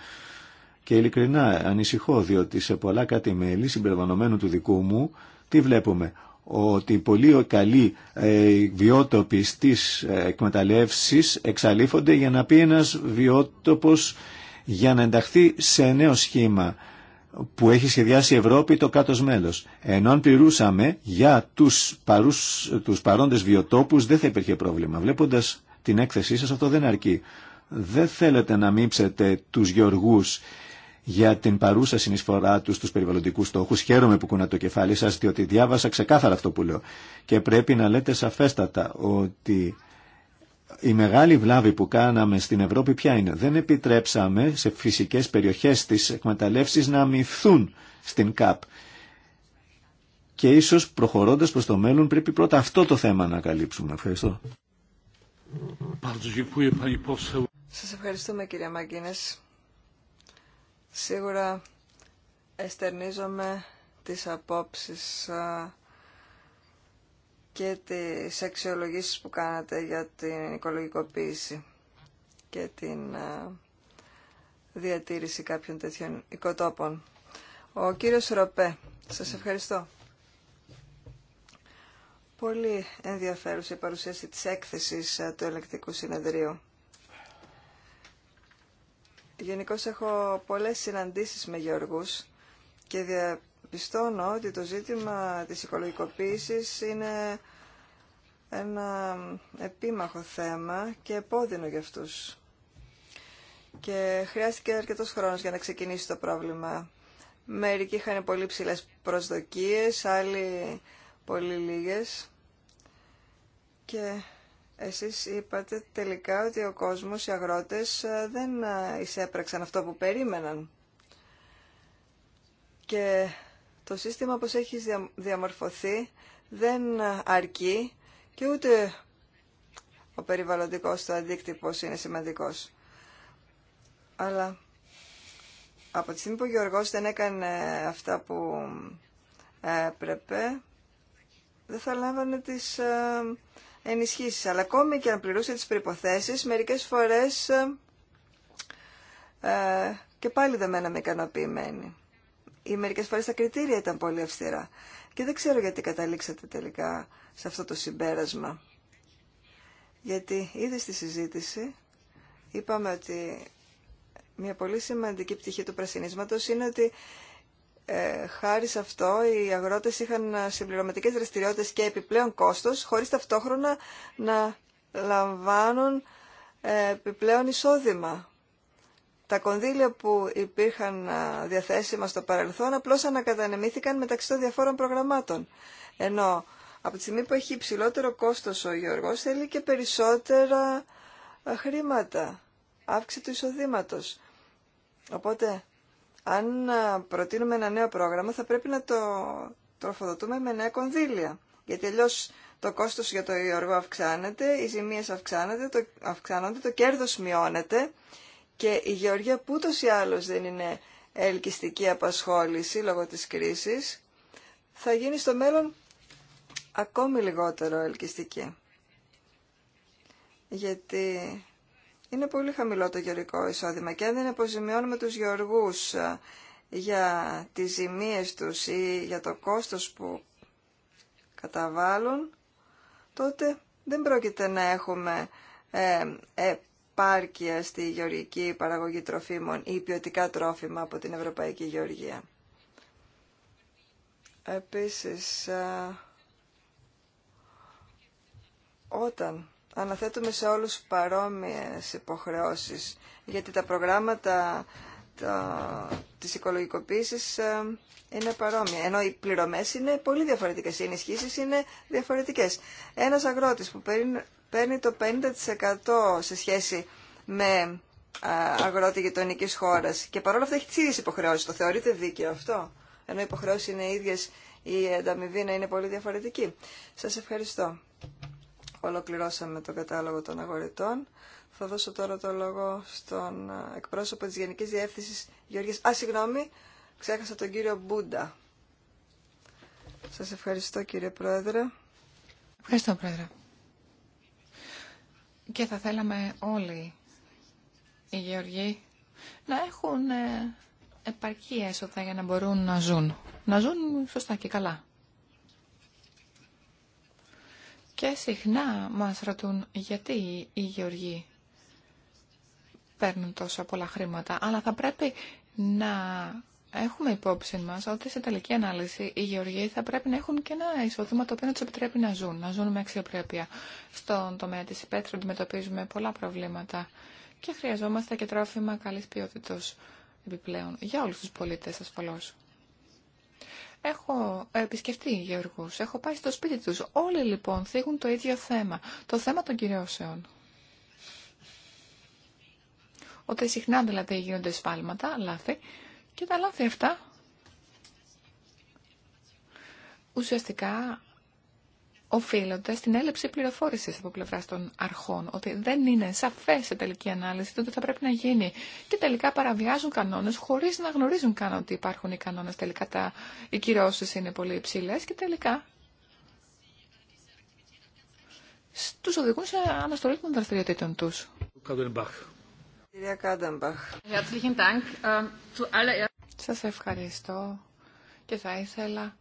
Και ειλικρινά ανησυχώ διότι σε πολλά κάτι μέλη συμπεριλαμβανομένου του δικού μου τι βλέπουμε ότι πολύ καλοί ε, βιότοποι στις ε, εκμεταλλεύσεις εξαλείφονται για να πει ένας βιότοπος για να ενταχθεί σε νέο σχήμα που έχει σχεδιάσει η Ευρώπη το κάτω μέλος. Ενώ αν πληρούσαμε για τους, παρούς, τους παρόντες βιοτόπους δεν θα υπήρχε πρόβλημα. Βλέποντας την έκθεσή σας αυτό δεν αρκεί. Δεν θέλετε να μήψετε τους γεωργούς για την παρούσα συνεισφορά τους στους περιβαλλοντικούς στόχους. Χαίρομαι που κουνά το κεφάλι σας διότι διάβασα ξεκάθαρα αυτό που λέω. Και πρέπει να λέτε σαφέστατα ότι η μεγάλη βλάβη που κάναμε στην Ευρώπη ποια είναι. Δεν επιτρέψαμε σε φυσικές περιοχές της εκμεταλλεύσεις να αμυφθούν στην ΚΑΠ. Και ίσως προχωρώντας προς το μέλλον πρέπει πρώτα αυτό το θέμα να καλύψουμε. Ευχαριστώ. Σας ευχαριστούμε κύριε Μαγκίνες. Σίγουρα εστερνίζομαι τις απόψεις και τις αξιολογήσεις που κάνατε για την οικολογικοποίηση και την διατήρηση κάποιων τέτοιων οικοτόπων. Ο κύριος Ροπέ, σας ευχαριστώ. Πολύ ενδιαφέρουσα η παρουσίαση της έκθεσης του Ελεκτικού Συνεδρίου. Γενικώ έχω πολλές συναντήσεις με Γιώργους και δια... Πιστώνω ότι το ζήτημα της οικολογικοποίησης είναι ένα επίμαχο θέμα και επώδυνο για αυτούς. Και χρειάστηκε αρκετό χρόνο για να ξεκινήσει το πρόβλημα. Μερικοί είχαν πολύ ψηλέ προσδοκίες, άλλοι πολύ λίγες. Και εσείς είπατε τελικά ότι ο κόσμος, οι αγρότες δεν εισέπραξαν αυτό που περίμεναν. Και το σύστημα όπως έχει διαμορφωθεί δεν αρκεί και ούτε ο περιβαλλοντικός το αντίκτυπος είναι σημαντικός. Αλλά από τη στιγμή που ο Γιώργος δεν έκανε αυτά που έπρεπε, δεν θα λάβανε τις ε, ενισχύσεις. Αλλά ακόμη και αν πληρούσε τις προϋποθέσεις, μερικές φορές ε, ε, και πάλι δεν μέναμε ικανοποιημένοι ή μερικές φορές τα κριτήρια ήταν πολύ αυστηρά. Και δεν ξέρω γιατί καταλήξατε τελικά σε αυτό το συμπέρασμα. Γιατί ήδη στη συζήτηση είπαμε ότι μια πολύ σημαντική πτυχή του πρασινίσματος είναι ότι ε, χάρη σε αυτό οι αγρότες είχαν συμπληρωματικές δραστηριότητες και επιπλέον κόστος χωρίς ταυτόχρονα να λαμβάνουν ε, επιπλέον εισόδημα τα κονδύλια που υπήρχαν διαθέσιμα στο παρελθόν απλώς ανακατανεμήθηκαν μεταξύ των διαφόρων προγραμμάτων. Ενώ από τη στιγμή που έχει υψηλότερο κόστος ο Γιώργος θέλει και περισσότερα χρήματα, αύξηση του εισοδήματος. Οπότε, αν προτείνουμε ένα νέο πρόγραμμα θα πρέπει να το τροφοδοτούμε με νέα κονδύλια. Γιατί αλλιώ το κόστος για το Γιώργο αυξάνεται, οι ζημίες αυξάνονται, το, αυξάνονται, το κέρδος μειώνεται και η γεωργία που ούτως ή άλλως δεν είναι ελκυστική απασχόληση λόγω της κρίσης, θα γίνει στο μέλλον ακόμη λιγότερο ελκυστική. Γιατί είναι πολύ χαμηλό το γεωργικό εισόδημα και αν δεν αποζημιώνουμε τους γεωργούς ε, για τις ζημίες τους ή για το κόστος που καταβάλουν, τότε δεν πρόκειται να έχουμε ε, ε, επάρκεια στη γεωργική παραγωγή τροφίμων ή ποιοτικά τρόφιμα από την Ευρωπαϊκή Γεωργία. Επίσης, ε, όταν αναθέτουμε σε όλους παρόμοιες υποχρεώσεις, γιατί τα προγράμματα τα, της οικολογικοποίησης ε, είναι παρόμοια, ενώ οι πληρωμές είναι πολύ διαφορετικές, οι ενισχύσεις είναι διαφορετικές. Ένας αγρότης που παίρνει το 50% σε σχέση με αγρότη γειτονική χώρα και παρόλα αυτά έχει τι ίδιε υποχρεώσει. Το θεωρείτε δίκαιο αυτό, ενώ οι υποχρεώσει είναι ίδιε, η ανταμοιβή να είναι πολύ διαφορετική. Σα ευχαριστώ. Ολοκληρώσαμε το κατάλογο των αγορετών. Θα δώσω τώρα το λόγο στον εκπρόσωπο της Γενικής Διεύθυνσης Γεωργία. Α, συγγνώμη, ξέχασα τον κύριο Μπούντα. Σας ευχαριστώ κύριε Πρόεδρε. Ευχαριστώ Πρόεδρε. Και θα θέλαμε όλοι οι γεωργοί να έχουν ε, επαρκή έσοδα για να μπορούν να ζουν. Να ζουν σωστά και καλά. Και συχνά μας ρωτούν γιατί οι γεωργοί παίρνουν τόσα πολλά χρήματα. Αλλά θα πρέπει να έχουμε υπόψη μα ότι σε τελική ανάλυση οι γεωργοί θα πρέπει να έχουν και ένα εισόδημα το οποίο να του επιτρέπει να ζουν, να ζουν με αξιοπρέπεια. Στον τομέα τη υπέτρου αντιμετωπίζουμε πολλά προβλήματα και χρειαζόμαστε και τρόφιμα καλή ποιότητα επιπλέον για όλου του πολίτε ασφαλώ. Έχω επισκεφτεί γεωργού. έχω πάει στο σπίτι του. Όλοι λοιπόν θίγουν το ίδιο θέμα, το θέμα των κυριώσεων. Ότι συχνά δηλαδή γίνονται σφάλματα, λάθη, και τα λάθη αυτά ουσιαστικά οφείλονται στην έλλειψη πληροφόρησης από πλευρά των αρχών, ότι δεν είναι σαφές σε τελική ανάλυση το τι θα πρέπει να γίνει και τελικά παραβιάζουν κανόνες χωρίς να γνωρίζουν καν ότι υπάρχουν οι κανόνες. Τελικά τα, οι κυρώσει είναι πολύ υψηλέ και τελικά τους οδηγούν σε αναστολή των δραστηριοτήτων τους. Σας ευχαριστώ και θα ήθελα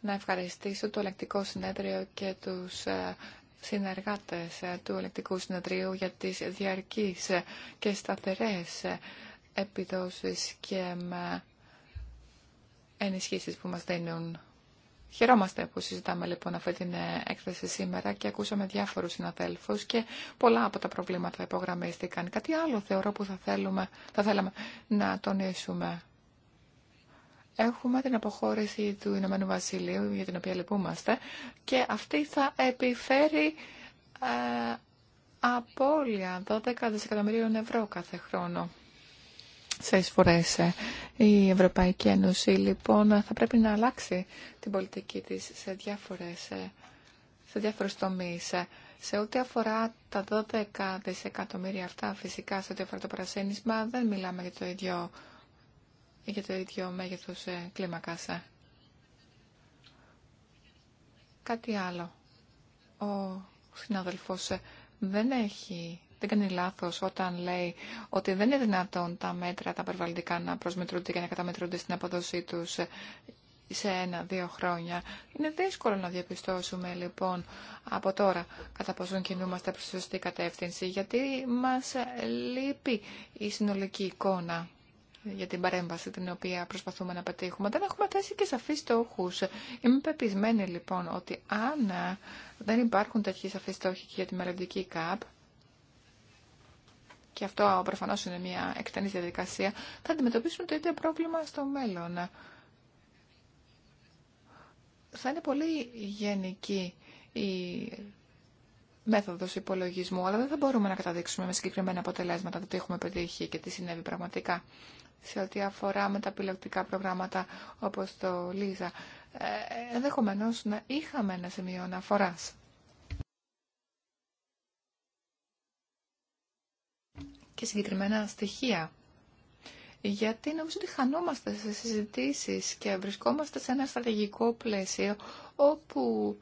να ευχαριστήσω το Ελεκτικό Συνέδριο και τους ε, συνεργάτες ε, του Ελεκτικού Συνεδρίου για τις διαρκείς ε, και σταθερές επιδόσεις και με ενισχύσεις που μας δίνουν. Χαιρόμαστε που συζητάμε λοιπόν αυτή την έκθεση σήμερα και ακούσαμε διάφορους συναδέλφους και πολλά από τα προβλήματα υπογραμμίστηκαν. Κάτι άλλο θεωρώ που θα, θέλουμε, θα θέλαμε να τονίσουμε έχουμε την αποχώρηση του Ηνωμένου Βασιλείου, για την οποία λυπούμαστε, και αυτή θα επιφέρει ε, απώλεια 12 δισεκατομμυρίων ευρώ κάθε χρόνο σε εισφορές. Ε. Η Ευρωπαϊκή Ένωση λοιπόν θα πρέπει να αλλάξει την πολιτική της σε, διάφορες, ε, σε τομείς. Σε ό,τι αφορά τα 12 δισεκατομμύρια αυτά φυσικά, σε ό,τι αφορά το πρασίνισμα δεν μιλάμε για το ίδιο για το ίδιο μέγεθος ε, κλίμακας. Ε. Κάτι άλλο. Ο συνάδελφος ε, δεν έχει, δεν κάνει λάθος όταν λέει ότι δεν είναι δυνατόν τα μέτρα, τα περιβαλλοντικά να προσμετρούνται και να καταμετρούνται στην αποδοσή τους σε ένα-δύο χρόνια. Είναι δύσκολο να διαπιστώσουμε λοιπόν από τώρα κατά πόσον κινούμαστε προς σωστή κατεύθυνση γιατί μας λείπει η συνολική εικόνα για την παρέμβαση την οποία προσπαθούμε να πετύχουμε. Δεν έχουμε θέσει και σαφείς στόχους. Είμαι πεπισμένη λοιπόν ότι αν δεν υπάρχουν τέτοιοι σαφείς στόχοι και για τη μελλοντική ΚΑΠ, και αυτό προφανώ είναι μια εκτενή διαδικασία, θα αντιμετωπίσουμε το ίδιο πρόβλημα στο μέλλον. Θα είναι πολύ γενική η μέθοδος υπολογισμού, αλλά δεν θα μπορούμε να καταδείξουμε με συγκεκριμένα αποτελέσματα το τι έχουμε πετύχει και τι συνέβη πραγματικά σε ό,τι αφορά με τα πιλωτικά προγράμματα όπως το ΛΙΖΑ. Ε, Ενδεχομένω να είχαμε ένα σημείο αναφορά. Και συγκεκριμένα στοιχεία. Γιατί νομίζω ότι χανόμαστε σε συζητήσεις και βρισκόμαστε σε ένα στρατηγικό πλαίσιο όπου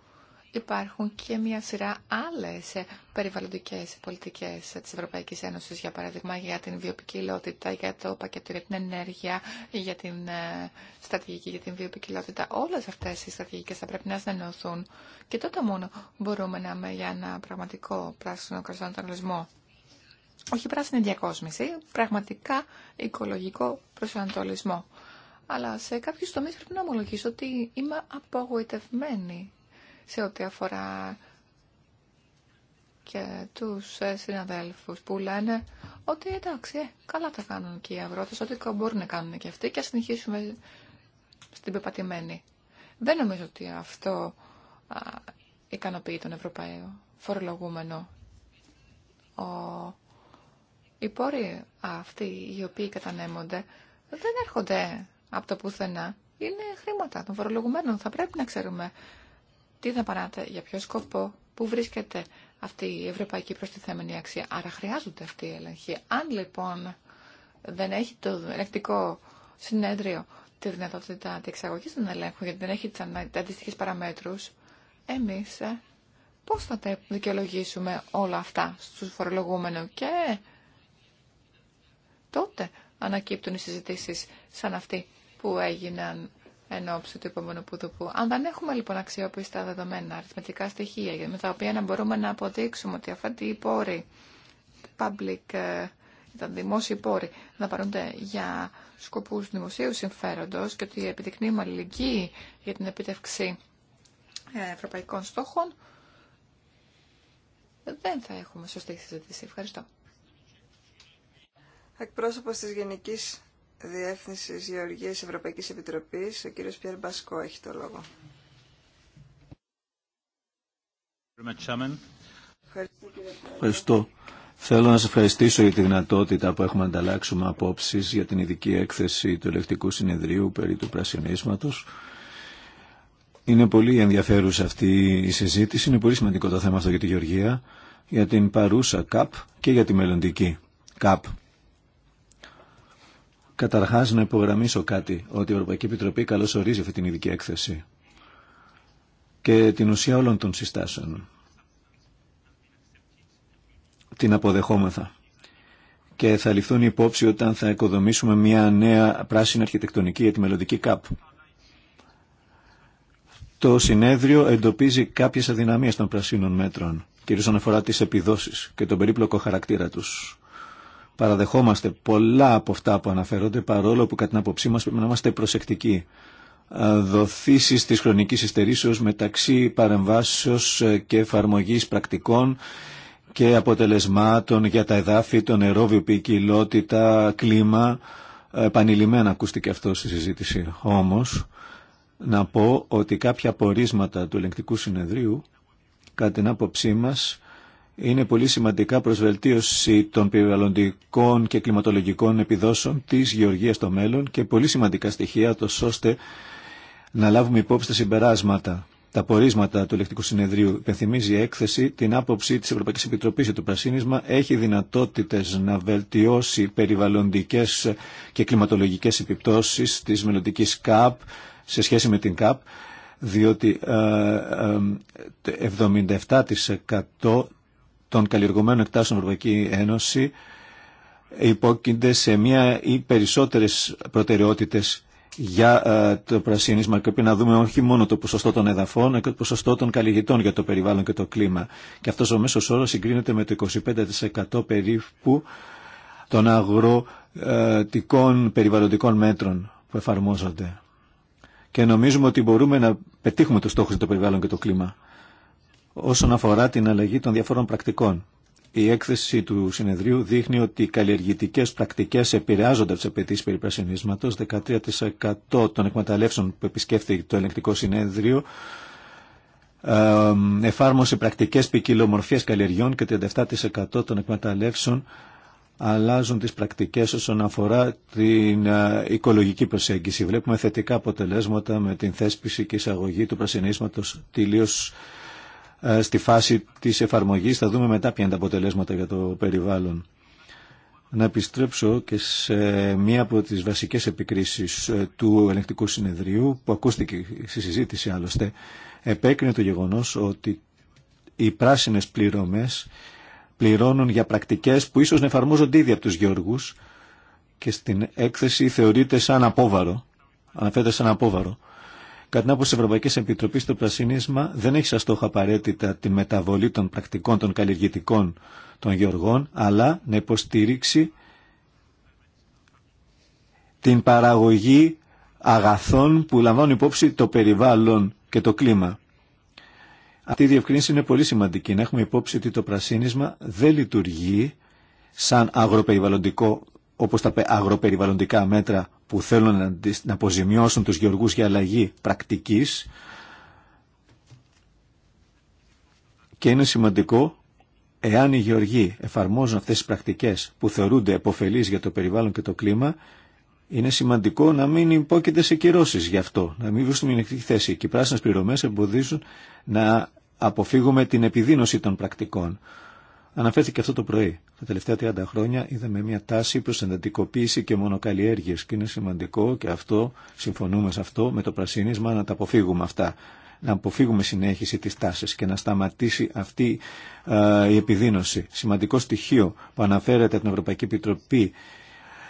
υπάρχουν και μια σειρά άλλες περιβαλλοντικές πολιτικές της Ευρωπαϊκής Ένωσης, για παράδειγμα για την βιοπικιλότητα, για το πακέτο για την ενέργεια, για την ε, στρατηγική για την βιοπικιλότητα. Όλες αυτές οι στρατηγικές θα πρέπει να συνενωθούν και τότε μόνο μπορούμε να είμαι για ένα πραγματικό πράσινο προσανατολισμό. Όχι πράσινη διακόσμηση, πραγματικά οικολογικό προσανατολισμό. Αλλά σε κάποιους τομείς πρέπει να ομολογήσω ότι είμαι απογοητευμένη σε ό,τι αφορά και τους ε, συναδέλφους που λένε ότι εντάξει, ε, καλά τα κάνουν και οι αγρότες, ό,τι μπορούν να κάνουν και αυτοί και ας συνεχίσουμε στην πεπατημένη. Δεν νομίζω ότι αυτό α, ικανοποιεί τον Ευρωπαίο φορολογούμενο. Ο... Οι πόροι αυτοί οι οποίοι κατανέμονται δεν έρχονται από το πουθενά. Είναι χρήματα των φορολογουμένων. Θα πρέπει να ξέρουμε τι θα παράτε, για ποιο σκοπό, πού βρίσκεται αυτή η ευρωπαϊκή προστιθέμενη αξία. Άρα χρειάζονται αυτοί οι έλεγχοι. Αν λοιπόν δεν έχει το ελεκτικό συνέδριο τη δυνατότητα εξαγωγη των ελέγχων, γιατί δεν έχει τι αντίστοιχε παραμέτρου, εμεί ε, πώ θα τα δικαιολογήσουμε όλα αυτά στου φορολογούμενου και τότε ανακύπτουν οι συζητήσεις σαν αυτή που έγιναν εν ώψη του επόμενου που Αν δεν έχουμε λοιπόν τα δεδομένα, αριθμητικά στοιχεία, με τα οποία να μπορούμε να αποδείξουμε ότι αυτά οι πόροι, public, ε, τα δημόσιοι πόροι, να παρούνται για σκοπούς δημοσίου συμφέροντό και ότι επιδεικνύουμε αλληλεγγύη για την επίτευξη ε, ευρωπαϊκών στόχων, δεν θα έχουμε σωστή συζήτηση. Ευχαριστώ. Εκπρόσωπος της Γενικής Διεύθυνση Γεωργία Ευρωπαϊκή Επιτροπή, ο κύριο Πιέρ Μπασκό έχει το λόγο. Ευχαριστώ. Θέλω να σας ευχαριστήσω για τη δυνατότητα που έχουμε ανταλλάξουμε απόψεις για την ειδική έκθεση του ελεκτικού συνεδρίου περί του πρασινίσματος. Είναι πολύ ενδιαφέρουσα αυτή η συζήτηση, είναι πολύ σημαντικό το θέμα αυτό για τη Γεωργία, για την παρούσα ΚΑΠ και για τη μελλοντική ΚΑΠ. Καταρχά να υπογραμμίσω κάτι, ότι η Ευρωπαϊκή Επιτροπή ορίζει αυτή την ειδική έκθεση και την ουσία όλων των συστάσεων. Την αποδεχόμεθα και θα ληφθούν υπόψη όταν θα οικοδομήσουμε μια νέα πράσινη αρχιτεκτονική για τη μελλοντική ΚΑΠ. Το συνέδριο εντοπίζει κάποιες αδυναμίες των πρασίνων μέτρων, κυρίως αν αφορά τις επιδόσεις και τον περίπλοκο χαρακτήρα τους. Παραδεχόμαστε πολλά από αυτά που αναφέρονται, παρόλο που κατά την άποψή μας πρέπει να είμαστε προσεκτικοί. Δοθήσεις της χρονικής ειστερήσεως μεταξύ παρεμβάσεως ε, και εφαρμογή πρακτικών και αποτελεσμάτων για τα εδάφη, το νερό, βιοποικιλότητα, κλίμα. Ε, επανειλημμένα ακούστηκε αυτό στη συζήτηση. Όμως, να πω ότι κάποια πορίσματα του ελεγκτικού συνεδρίου, κατά την άποψή μας, είναι πολύ σημαντικά προς βελτίωση των περιβαλλοντικών και κλιματολογικών επιδόσεων της γεωργίας στο μέλλον και πολύ σημαντικά στοιχεία τόσο ώστε να λάβουμε υπόψη τα συμπεράσματα, τα πορίσματα του ελεκτικού συνεδρίου. Υπενθυμίζει η έκθεση την άποψη της Ευρωπαϊκής Επιτροπής για το πρασίνισμα έχει δυνατότητες να βελτιώσει περιβαλλοντικές και κλιματολογικές επιπτώσεις της μελλοντική ΚΑΠ σε σχέση με την ΚΑΠ διότι ε, 77% ε, ε, των καλλιεργουμένων εκτάσεων στην Ευρωπαϊκή Ένωση υπόκεινται σε μία ή περισσότερες προτεραιότητες για ε, το πρασίνισμα και πρέπει να δούμε όχι μόνο το ποσοστό των εδαφών, αλλά και το ποσοστό των καλλιεργητών για το περιβάλλον και το κλίμα. Και αυτός ο μέσος όρος συγκρίνεται με το 25% περίπου των αγροτικών ε, περιβαλλοντικών μέτρων που εφαρμόζονται. Και νομίζουμε ότι μπορούμε να πετύχουμε το στόχο για το περιβάλλον και το κλίμα όσον αφορά την αλλαγή των διαφόρων πρακτικών. Η έκθεση του συνεδρίου δείχνει ότι οι καλλιεργητικέ πρακτικέ επηρεάζονται από τι απαιτήσει περιπρασινίσματο. 13% των εκμεταλλεύσεων που επισκέφθηκε το ελεγκτικό συνέδριο εφάρμοσε πρακτικέ ποικιλομορφία καλλιεργιών και 37% των εκμεταλλεύσεων αλλάζουν τις πρακτικές όσον αφορά την ε, οικολογική προσέγγιση. Βλέπουμε θετικά αποτελέσματα με την θέσπιση και εισαγωγή του πρασινίσματος ε, στη φάση της εφαρμογής. Θα δούμε μετά ποια είναι τα αποτελέσματα για το περιβάλλον. Να επιστρέψω και σε μία από τις βασικές επικρίσεις ε, του ελεγκτικού συνεδρίου που ακούστηκε στη συζήτηση άλλωστε. Επέκρινε το γεγονός ότι οι πράσινες πληρωμές πληρώνουν για πρακτικές που ίσως να εφαρμόζονται ήδη από τους γεωργούς και στην έκθεση θεωρείται σαν απόβαρο, αναφέρεται σαν απόβαρο. Κατά την άποψη τη Ευρωπαϊκή Επιτροπή, το πρασίνισμα δεν έχει σαν στόχο απαραίτητα τη μεταβολή των πρακτικών των καλλιεργητικών των γεωργών, αλλά να υποστηρίξει την παραγωγή αγαθών που λαμβάνουν υπόψη το περιβάλλον και το κλίμα. Αυτή η διευκρίνηση είναι πολύ σημαντική. Να έχουμε υπόψη ότι το πρασίνισμα δεν λειτουργεί σαν αγροπεριβαλλοντικό όπως τα αγροπεριβαλλοντικά μέτρα που θέλουν να αποζημιώσουν τους γεωργούς για αλλαγή πρακτικής και είναι σημαντικό εάν οι γεωργοί εφαρμόζουν αυτές τις πρακτικές που θεωρούνται εποφελείς για το περιβάλλον και το κλίμα είναι σημαντικό να μην υπόκειται σε κυρώσει γι' αυτό, να μην βρίσκουν την θέση. Και οι πράσινε πληρωμέ εμποδίζουν να αποφύγουμε την επιδείνωση των πρακτικών. Αναφέρθηκε αυτό το πρωί. Τα τελευταία 30 χρόνια είδαμε μια τάση προς εντατικοποίηση και μονοκαλλιέργειες και είναι σημαντικό και αυτό, συμφωνούμε σε αυτό, με το πρασίνισμα να τα αποφύγουμε αυτά. Να αποφύγουμε συνέχιση της τάσης και να σταματήσει αυτή ε, η επιδείνωση. Σημαντικό στοιχείο που αναφέρεται από την Ευρωπαϊκή Επιτροπή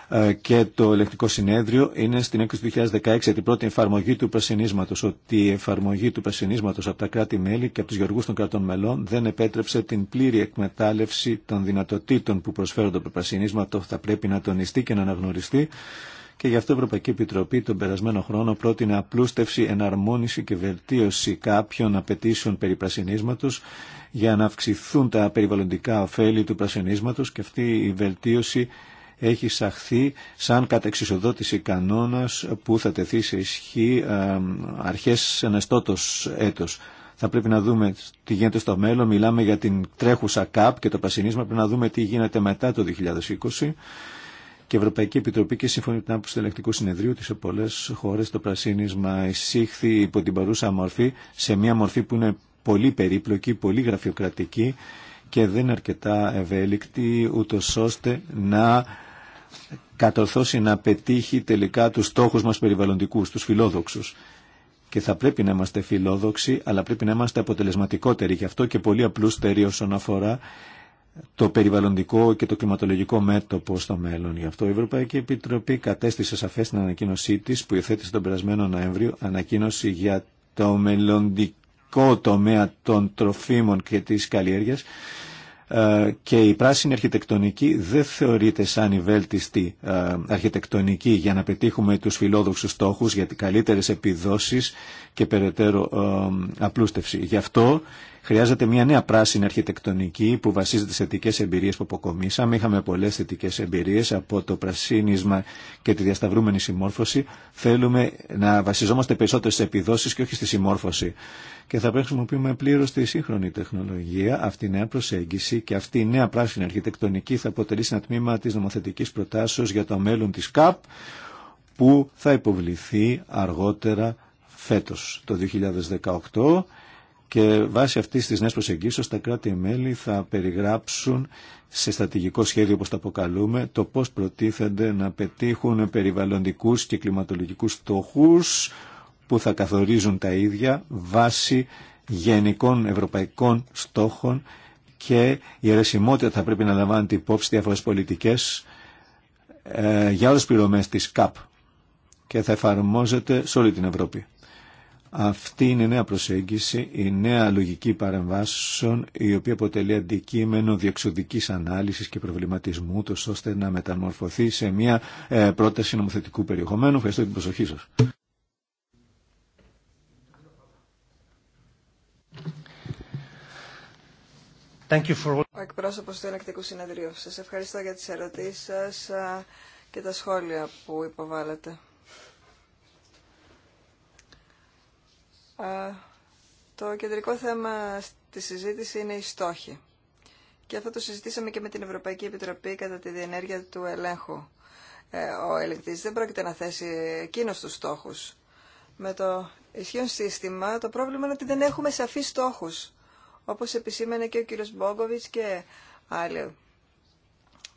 ε, και το ελεκτικό συνέδριο είναι στην έκθεση του 2016 για την πρώτη εφαρμογή του πρασινίσματος ότι η εφαρμογή του πρασινίσματος από τα κράτη-μέλη και από τους γεωργούς των κρατών μελών δεν επέτρεψε την πλήρη εκμετάλλευση των δυνατοτήτων που προσφέρονται από το πρασινίσματο θα πρέπει να τονιστεί και να αναγνωριστεί και γι' αυτό η Ευρωπαϊκή Επιτροπή τον περασμένο χρόνο πρότεινε απλούστευση, εναρμόνιση και βελτίωση κάποιων απαιτήσεων περί πρασινίσματος για να αυξηθούν τα περιβαλλοντικά ωφέλη του πρασινίσματος και αυτή η βελτίωση έχει σαχθεί σαν κατεξισοδότηση κανόνας που θα τεθεί σε ισχύ ε, αρχές ενεστώτος έτος. Θα πρέπει να δούμε τι γίνεται στο μέλλον. Μιλάμε για την τρέχουσα ΚΑΠ και το πασινίσμα. Πρέπει να δούμε τι γίνεται μετά το 2020. Και η Ευρωπαϊκή Επιτροπή και σύμφωνη την άποψη του Ελεκτικού Συνεδρίου ότι σε πολλέ χώρε το πρασίνισμα εισήχθη υπό την παρούσα μορφή σε μια μορφή που είναι πολύ περίπλοκη, πολύ γραφειοκρατική και δεν είναι αρκετά ευέλικτη ούτω ώστε να κατορθώσει να πετύχει τελικά τους στόχους μας περιβαλλοντικούς, τους φιλόδοξους. Και θα πρέπει να είμαστε φιλόδοξοι, αλλά πρέπει να είμαστε αποτελεσματικότεροι. Γι' αυτό και πολύ απλούστεροι όσον αφορά το περιβαλλοντικό και το κλιματολογικό μέτωπο στο μέλλον. Γι' αυτό η Ευρωπαϊκή Επιτροπή κατέστησε σαφέ την ανακοίνωσή τη που υιοθέτησε τον περασμένο Νοέμβριο ανακοίνωση για το μελλοντικό τομέα των τροφίμων και τη καλλιέργεια ε, και η πράσινη αρχιτεκτονική δεν θεωρείται σαν η βέλτιστη ε, αρχιτεκτονική για να πετύχουμε τους φιλόδοξους στόχους για τις καλύτερες επιδόσεις και περαιτέρω ε, απλούστευση. Γι' αυτό Χρειάζεται μια νέα πράσινη αρχιτεκτονική που βασίζεται σε θετικέ εμπειρίε που αποκομίσαμε. Είχαμε πολλέ θετικέ εμπειρίε από το πρασίνισμα και τη διασταυρούμενη συμμόρφωση. Θέλουμε να βασιζόμαστε περισσότερο στι επιδόσει και όχι στη συμμόρφωση. Και θα χρησιμοποιούμε πλήρω τη σύγχρονη τεχνολογία. Αυτή η νέα προσέγγιση και αυτή η νέα πράσινη αρχιτεκτονική θα αποτελεί ένα τμήμα τη νομοθετική προτάσεω για το μέλλον τη ΚΑΠ που θα υποβληθεί αργότερα φέτος το 2018 και βάσει αυτή τη νέα προσεγγίσεω, τα κράτη-μέλη θα περιγράψουν σε στρατηγικό σχέδιο, όπω το αποκαλούμε, το πώ προτίθενται να πετύχουν περιβαλλοντικού και κλιματολογικού στόχου που θα καθορίζουν τα ίδια βάσει γενικών ευρωπαϊκών στόχων και η αιρεσιμότητα θα πρέπει να λαμβάνεται υπόψη διάφορε πολιτικέ ε, για όλε τι πληρωμέ τη ΚΑΠ και θα εφαρμόζεται σε όλη την Ευρώπη. Αυτή είναι η νέα προσέγγιση, η νέα λογική παρεμβάσεων, η οποία αποτελεί αντικείμενο διεξοδική ανάλυσης και προβληματισμού, τόσο ώστε να μεταμορφωθεί σε μια ε, πρόταση νομοθετικού περιεχομένου. Ευχαριστώ την προσοχή σα. Ο του Ενεκτικού Συνεδρίου. Σας ευχαριστώ για τις ερωτήσεις σας ε, και τα σχόλια που υποβάλλατε. Ε, το κεντρικό θέμα στη συζήτηση είναι οι στόχοι. Και αυτό το συζητήσαμε και με την Ευρωπαϊκή Επιτροπή κατά τη διενέργεια του ελέγχου. Ε, ο ελεγκτής δεν πρόκειται να θέσει εκείνο τους στόχους. Με το ισχύον σύστημα το πρόβλημα είναι ότι δεν έχουμε σαφείς στόχους. Όπως επισήμανε και ο κύριος Μπόγκοβιτς και άλλοι.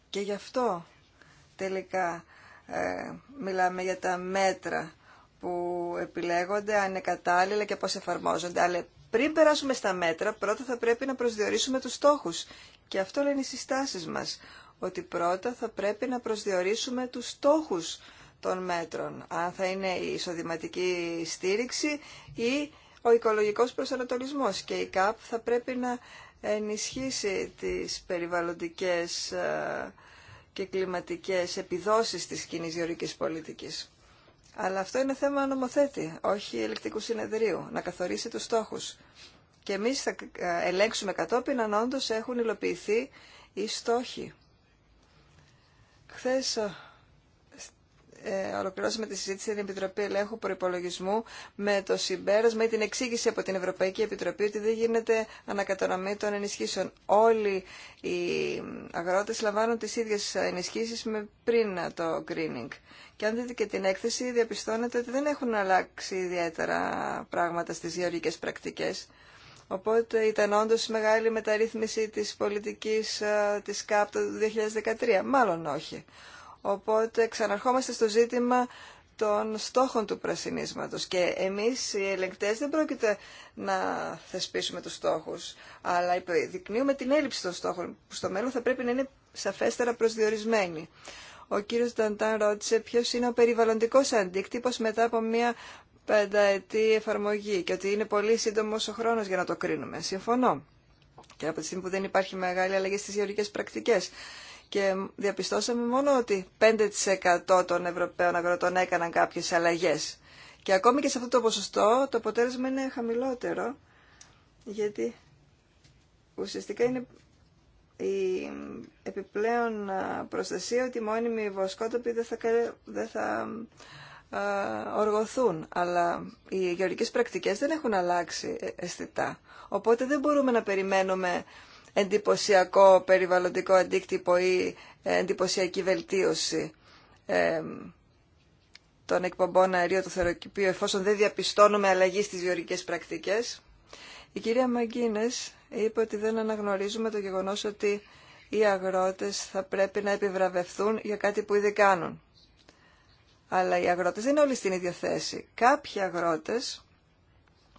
Και γι' αυτό τελικά ε, μιλάμε για τα μέτρα που επιλέγονται, αν είναι κατάλληλα και πώς εφαρμόζονται. Αλλά πριν περάσουμε στα μέτρα, πρώτα θα πρέπει να προσδιορίσουμε τους στόχους. Και αυτό λένε οι συστάσεις μας, ότι πρώτα θα πρέπει να προσδιορίσουμε τους στόχους των μέτρων, αν θα είναι η εισοδηματική στήριξη ή ο οικολογικός προσανατολισμός. Και η ΚΑΠ θα πρέπει να ενισχύσει τις περιβαλλοντικές ε, και κλιματικές επιδόσεις της κοινής γεωρικής πολιτικής. Αλλά αυτό είναι θέμα νομοθέτη, όχι ελεκτικού συνεδρίου, να καθορίσει τους στόχους. Και εμείς θα ε, ελέγξουμε κατόπιν αν όντως έχουν υλοποιηθεί οι στόχοι. Χθες ε, ε, ολοκληρώσαμε τη συζήτηση στην Επιτροπή Ελέγχου Προπολογισμού με το συμπέρασμα ή την εξήγηση από την Ευρωπαϊκή Επιτροπή ότι δεν γίνεται ανακατανομή των ενισχύσεων. Όλοι οι αγρότε λαμβάνουν τι ίδιε ενισχύσει με πριν το greening. Και αν δείτε και την έκθεση, διαπιστώνετε ότι δεν έχουν αλλάξει ιδιαίτερα πράγματα στι γεωργικέ πρακτικέ. Οπότε ήταν όντω μεγάλη μεταρρύθμιση της πολιτικής ε, της ΚΑΠ το 2013. Μάλλον όχι. Οπότε ξαναρχόμαστε στο ζήτημα των στόχων του πρασινίσματος και εμείς οι ελεγκτές δεν πρόκειται να θεσπίσουμε τους στόχους, αλλά δεικνύουμε την έλλειψη των στόχων που στο μέλλον θα πρέπει να είναι σαφέστερα προσδιορισμένοι. Ο κύριος Νταντάν ρώτησε ποιος είναι ο περιβαλλοντικός αντίκτυπος μετά από μια πενταετή εφαρμογή και ότι είναι πολύ σύντομος ο χρόνος για να το κρίνουμε. Συμφωνώ. Και από τη στιγμή που δεν υπάρχει μεγάλη αλλαγή στις γεωργικές πρακτικές και διαπιστώσαμε μόνο ότι 5% των Ευρωπαίων αγροτών έκαναν κάποιες αλλαγές. Και ακόμη και σε αυτό το ποσοστό το αποτέλεσμα είναι χαμηλότερο, γιατί ουσιαστικά είναι η επιπλέον προστασία ότι οι μόνιμοι βοσκότοποι δεν θα, δεν οργωθούν, αλλά οι γεωργικές πρακτικές δεν έχουν αλλάξει ε, αισθητά. Οπότε δεν μπορούμε να περιμένουμε εντυπωσιακό περιβαλλοντικό αντίκτυπο ή ε, εντυπωσιακή βελτίωση ε, των εκπομπών αερίου του θεροκηπίου εφόσον δεν διαπιστώνουμε αλλαγή στις γεωργικές πρακτικές. Η κυρία Μαγκίνες είπε ότι δεν αναγνωρίζουμε το γεγονός ότι οι θα πρέπει πρέπει να επιβραβευθούν για κάτι που ήδη κάνουν. Αλλά οι αγρότες δεν είναι όλοι στην ίδια θέση. Κάποιοι αγρότες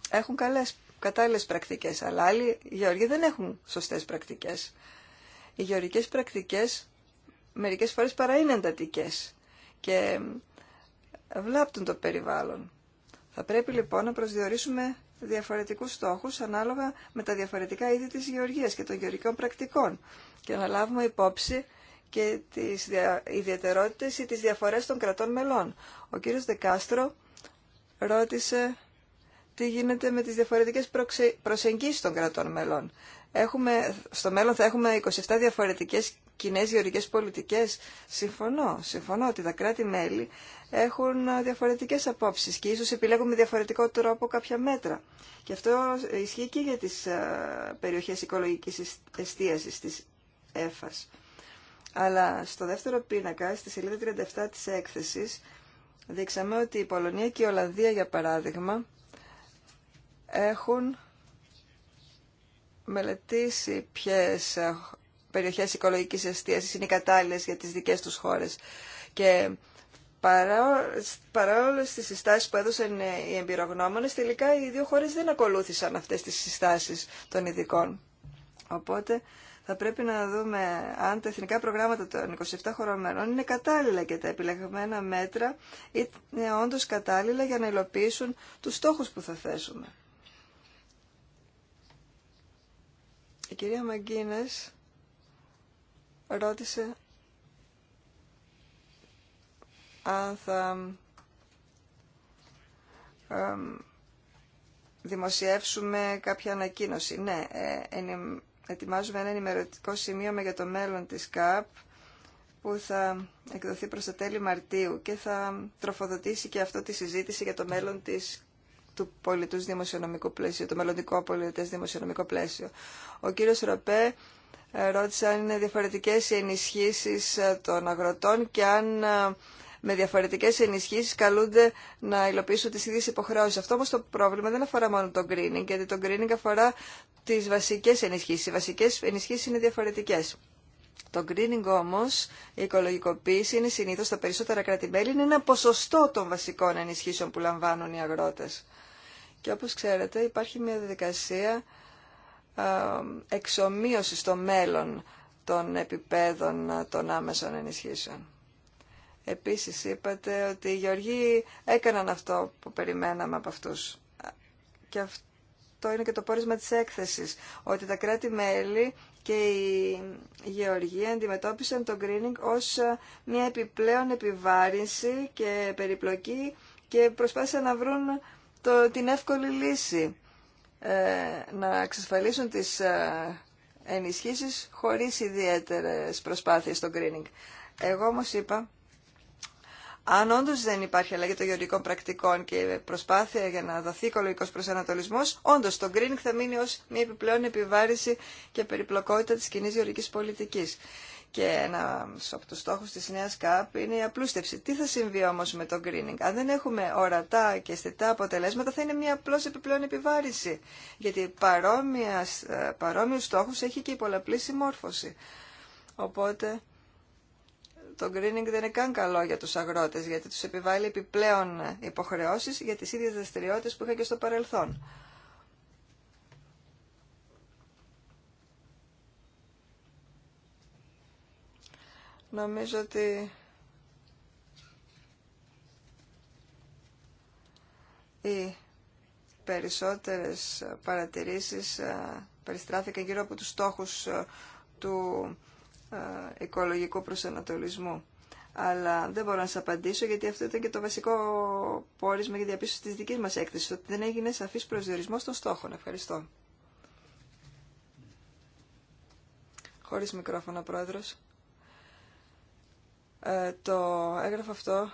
έχουν καλές κατάλληλες πρακτικές, αλλά άλλοι γεωργοί δεν έχουν σωστές πρακτικές. Οι γεωργικές πρακτικές μερικές φορές παρά είναι εντατικέ και βλάπτουν το περιβάλλον. Θα πρέπει λοιπόν να προσδιορίσουμε διαφορετικούς στόχους ανάλογα με τα διαφορετικά είδη της γεωργίας και των γεωργικών πρακτικών και να λάβουμε υπόψη και τις ιδιαιτερότητες ή τις διαφορές των κρατών μελών. Ο κύριος Δεκάστρο ρώτησε τι γίνεται με τις διαφορετικές προσεγγίσεις των κρατών μελών. Έχουμε, στο μέλλον θα έχουμε 27 διαφορετικές κοινέ γεωργικές πολιτικές. Συμφωνώ, συμφωνώ ότι τα κράτη-μέλη έχουν διαφορετικές απόψεις και ίσως επιλέγουμε διαφορετικό τρόπο κάποια μέτρα. Και αυτό ισχύει και για τις ε, περιοχές οικολογικής εστίασης της ΕΦΑΣ. Αλλά στο δεύτερο πίνακα, στη σελίδα 37 της έκθεσης, δείξαμε ότι η Πολωνία και η Ολλανδία, για παράδειγμα, έχουν μελετήσει ποιες ε, περιοχές οικολογικής εστίασης είναι οι κατάλληλες για τις δικές τους χώρες. Και παρά όλε τις συστάσεις που έδωσαν οι εμπειρογνώμονες, τελικά οι δύο χώρες δεν ακολούθησαν αυτές τις συστάσεις των ειδικών. Οπότε θα πρέπει να δούμε αν τα εθνικά προγράμματα των 27 χωρών είναι κατάλληλα και τα επιλεγμένα μέτρα είναι όντως κατάλληλα για να υλοποιήσουν τους στόχους που θα θέσουμε. Η κυρία Μαγκίνες ρώτησε αν θα δημοσιεύσουμε κάποια ανακοίνωση. Ναι, ε, ετοιμάζουμε ένα ενημερωτικό σημείο για το μέλλον της ΚΑΠ που θα εκδοθεί προς τα τέλη Μαρτίου και θα τροφοδοτήσει και αυτό τη συζήτηση για το μέλλον της του πολιτού δημοσιονομικού πλαίσιο, το μελλοντικό πολιτέ δημοσιονομικό πλαίσιο. Ο κύριο Ροπέ ε, ρώτησε αν είναι διαφορετικέ οι ενισχύσεις ε, των αγροτών και αν ε, με διαφορετικές ενισχύσεις καλούνται να υλοποιήσουν τις ίδιες υποχρεώσεις. Αυτό όμως το πρόβλημα δεν αφορά μόνο το greening, γιατί το greening αφορά τις βασικές ενισχύσεις. Οι βασικές ενισχύσεις είναι διαφορετικές. Το greening όμως, η οικολογικοποίηση είναι συνήθως στα περισσότερα κράτη-μέλη, είναι ένα ποσοστό των βασικών ενισχύσεων που λαμβάνουν οι αγρότες. Και όπως ξέρετε υπάρχει μια διαδικασία εξομοίωση στο μέλλον των επιπέδων των άμεσων ενισχύσεων. Επίσης είπατε ότι οι Γεωργοί έκαναν αυτό που περιμέναμε από αυτούς. Και αυτό είναι και το πόρισμα της έκθεσης, ότι τα κράτη-μέλη και οι Γεωργοί αντιμετώπισαν το greening ως μια επιπλέον επιβάρυνση και περιπλοκή και προσπάθησαν να βρουν το, την εύκολη λύση ε, να εξασφαλίσουν τις ε, ενισχύσεις χωρίς ιδιαίτερες προσπάθειες στο greening. Εγώ όμως είπα, αν όντω δεν υπάρχει αλλαγή των γεωργικών πρακτικών και προσπάθεια για να δοθεί οικολογικό προσανατολισμό, όντω το greening θα μείνει ω μια επιπλέον επιβάρηση και περιπλοκότητα τη κοινή γεωργική πολιτική. Και ένα από του στόχου τη νέα ΚΑΠ είναι η απλούστευση. Τι θα συμβεί όμω με το greening. Αν δεν έχουμε ορατά και αισθητά αποτελέσματα, θα είναι μια απλώ επιπλέον επιβάρηση. Γιατί ε, παρόμοιου στόχου έχει και η πολλαπλή συμμόρφωση. Οπότε το greening δεν είναι καν καλό για τους αγρότες, γιατί τους επιβάλλει επιπλέον υποχρεώσεις για τις ίδιες δραστηριότητε που είχαν και στο παρελθόν. Νομίζω ότι οι περισσότερες παρατηρήσεις ε, περιστράφηκαν γύρω από τους στόχους ε, του ε, οικολογικού προσανατολισμού. Αλλά δεν μπορώ να σα απαντήσω γιατί αυτό ήταν και το βασικό πόρισμα για διαπίστωση τη δική μα έκθεση. ότι δεν έγινε σαφή προσδιορισμός των στόχων. Ευχαριστώ. Χωρίς μικρόφωνο, Πρόεδρος. Ε, το έγγραφο αυτό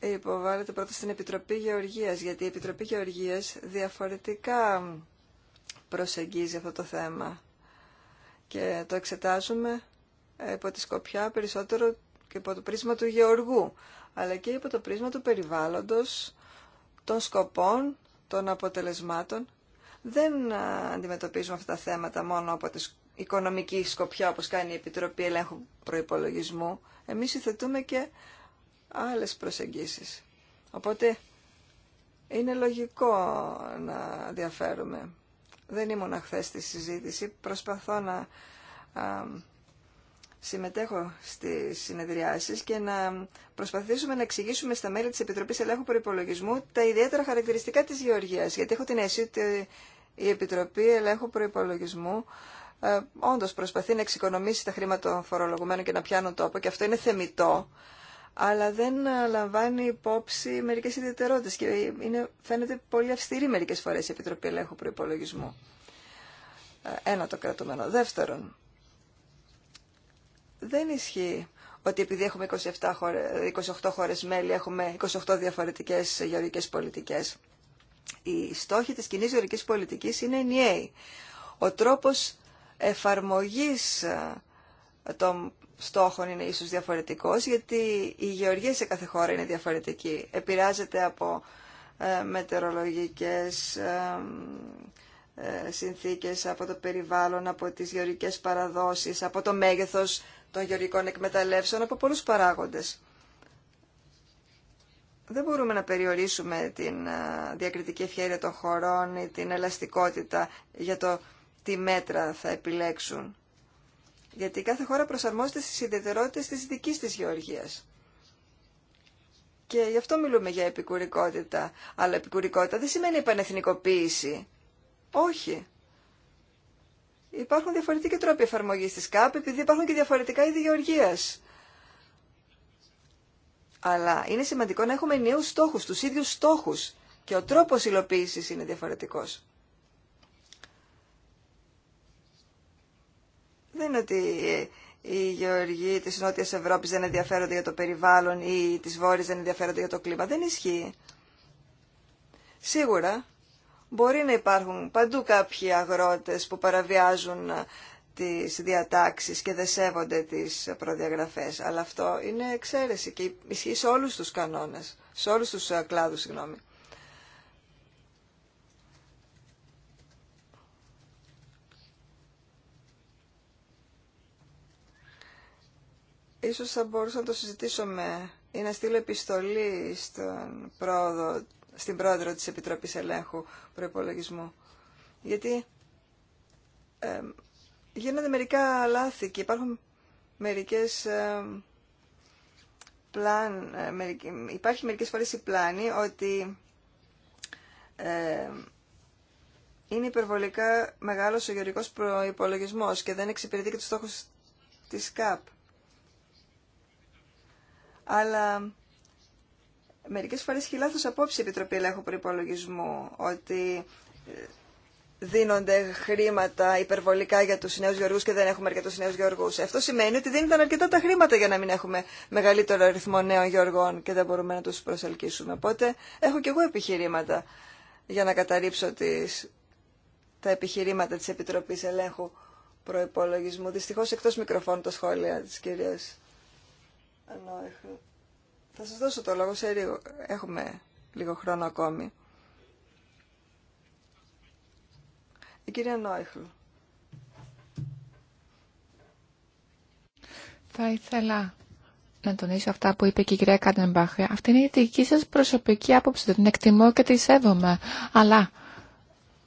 υποβάλλεται πρώτα στην Επιτροπή Γεωργίας, γιατί η Επιτροπή Γεωργίας διαφορετικά προσεγγίζει αυτό το θέμα και το εξετάζουμε υπό τη σκοπιά περισσότερο και υπό το πρίσμα του γεωργού, αλλά και υπό το πρίσμα του περιβάλλοντος, των σκοπών, των αποτελεσμάτων. Δεν ε, αντιμετωπίζουμε αυτά τα θέματα μόνο από τη οικονομική σκοπιά όπως κάνει η Επιτροπή Ελέγχου Προϋπολογισμού, εμείς υθετούμε και άλλες προσεγγίσεις. Οπότε είναι λογικό να διαφέρουμε. Δεν ήμουν χθε στη συζήτηση, προσπαθώ να συμμετέχω στις συνεδριάσεις και να προσπαθήσουμε να εξηγήσουμε στα μέλη της Επιτροπής Ελέγχου Προϋπολογισμού τα ιδιαίτερα χαρακτηριστικά της Γεωργίας, γιατί έχω την αίσθηση ότι η Επιτροπή Ελέγχου Προϋπολογισμού ε, όντως προσπαθεί να εξοικονομήσει τα χρήματα των φορολογουμένων και να πιάνουν τόπο και αυτό είναι θεμητό, αλλά δεν ε, λαμβάνει υπόψη μερικές ιδιαιτερότητες και είναι, φαίνεται πολύ αυστηρή μερικές φορές η Επιτροπή Ελέγχου Προϋπολογισμού. Ε, ένα το κρατούμενο. Δεύτερον, δεν ισχύει ότι επειδή έχουμε 27 28 χώρες μέλη έχουμε 28 διαφορετικές γεωργικές πολιτικές. Οι στόχοι της κοινή γεωργικής πολιτικής είναι ενιαίοι. Ο τρόπος εφαρμογής ε, των στόχων είναι ίσως διαφορετικός, γιατί η γεωργία σε κάθε χώρα είναι διαφορετική. Επηρεάζεται από ε, μετερολογικές ε, ε, συνθήκες, από το περιβάλλον, από τις γεωργικές παραδόσεις, από το μέγεθος των γεωργικών εκμεταλλεύσεων, από πολλούς παράγοντες. Δεν μπορούμε να περιορίσουμε την διακριτική ευχαίρεια των χωρών ή την ελαστικότητα για το τι μέτρα θα επιλέξουν. Γιατί κάθε χώρα προσαρμόζεται στις ιδιαιτερότητες της δικής της γεωργίας. Και γι' αυτό μιλούμε για επικουρικότητα. Αλλά επικουρικότητα δεν σημαίνει επανεθνικοποίηση. Όχι. Υπάρχουν διαφορετικοί τρόποι εφαρμογής της ΚΑΠ, επειδή υπάρχουν και διαφορετικά είδη γεωργίας. Αλλά είναι σημαντικό να έχουμε νέους στόχους, τους ίδιους στόχους. Και ο τρόπος υλοποίησης είναι διαφορετικός. Δεν είναι ότι οι γεωργοί της νότια Ευρώπη δεν ενδιαφέρονται για το περιβάλλον ή τη Βόρεια δεν ενδιαφέρονται για το κλίμα. Δεν ισχύει. Σίγουρα μπορεί να υπάρχουν παντού κάποιοι αγρότες που παραβιάζουν τις διατάξεις και δεν σέβονται τις προδιαγραφές. Αλλά αυτό είναι εξαίρεση και ισχύει σε όλους τους κανόνε, σε όλου του κλάδου, συγγνώμη. Ίσως θα μπορούσα να το με η πλάνη της επιτροπης ελεγχου προυπολογισμου γιατι γινονται μερικα λαθη και υπαρχουν μερικες πλαν υπαρχει μερικες φορες μεγάλος ο γεωρικός προϋπολογισμός και δεν εξυπηρετεί και τους στόχους της ΚΑΠ αλλά μερικές φορές έχει λάθος απόψη η Επιτροπή Ελέγχου Προϋπολογισμού ότι ε, δίνονται χρήματα υπερβολικά για τους νέους γεωργούς και δεν έχουμε αρκετούς νέους γεωργούς. Αυτό σημαίνει ότι δεν ήταν αρκετά τα χρήματα για να μην έχουμε μεγαλύτερο αριθμό νέων γεωργών και δεν μπορούμε να τους προσελκύσουμε. Οπότε έχω και εγώ επιχειρήματα για να καταρρύψω τις, τα επιχειρήματα της Επιτροπής Ελέγχου Προϋπολογισμού. Δυστυχώς εκτός μικροφώνου τα σχόλια της κυρίας θα σας δώσω το λόγο σε λίγο. Έχουμε λίγο χρόνο ακόμη. Η κυρία Νόιχλ. Θα ήθελα να τονίσω αυτά που είπε και η κυρία Κάντεμπαχ. Αυτή είναι η δική σας προσωπική άποψη. Την εκτιμώ και τη σέβομαι. Αλλά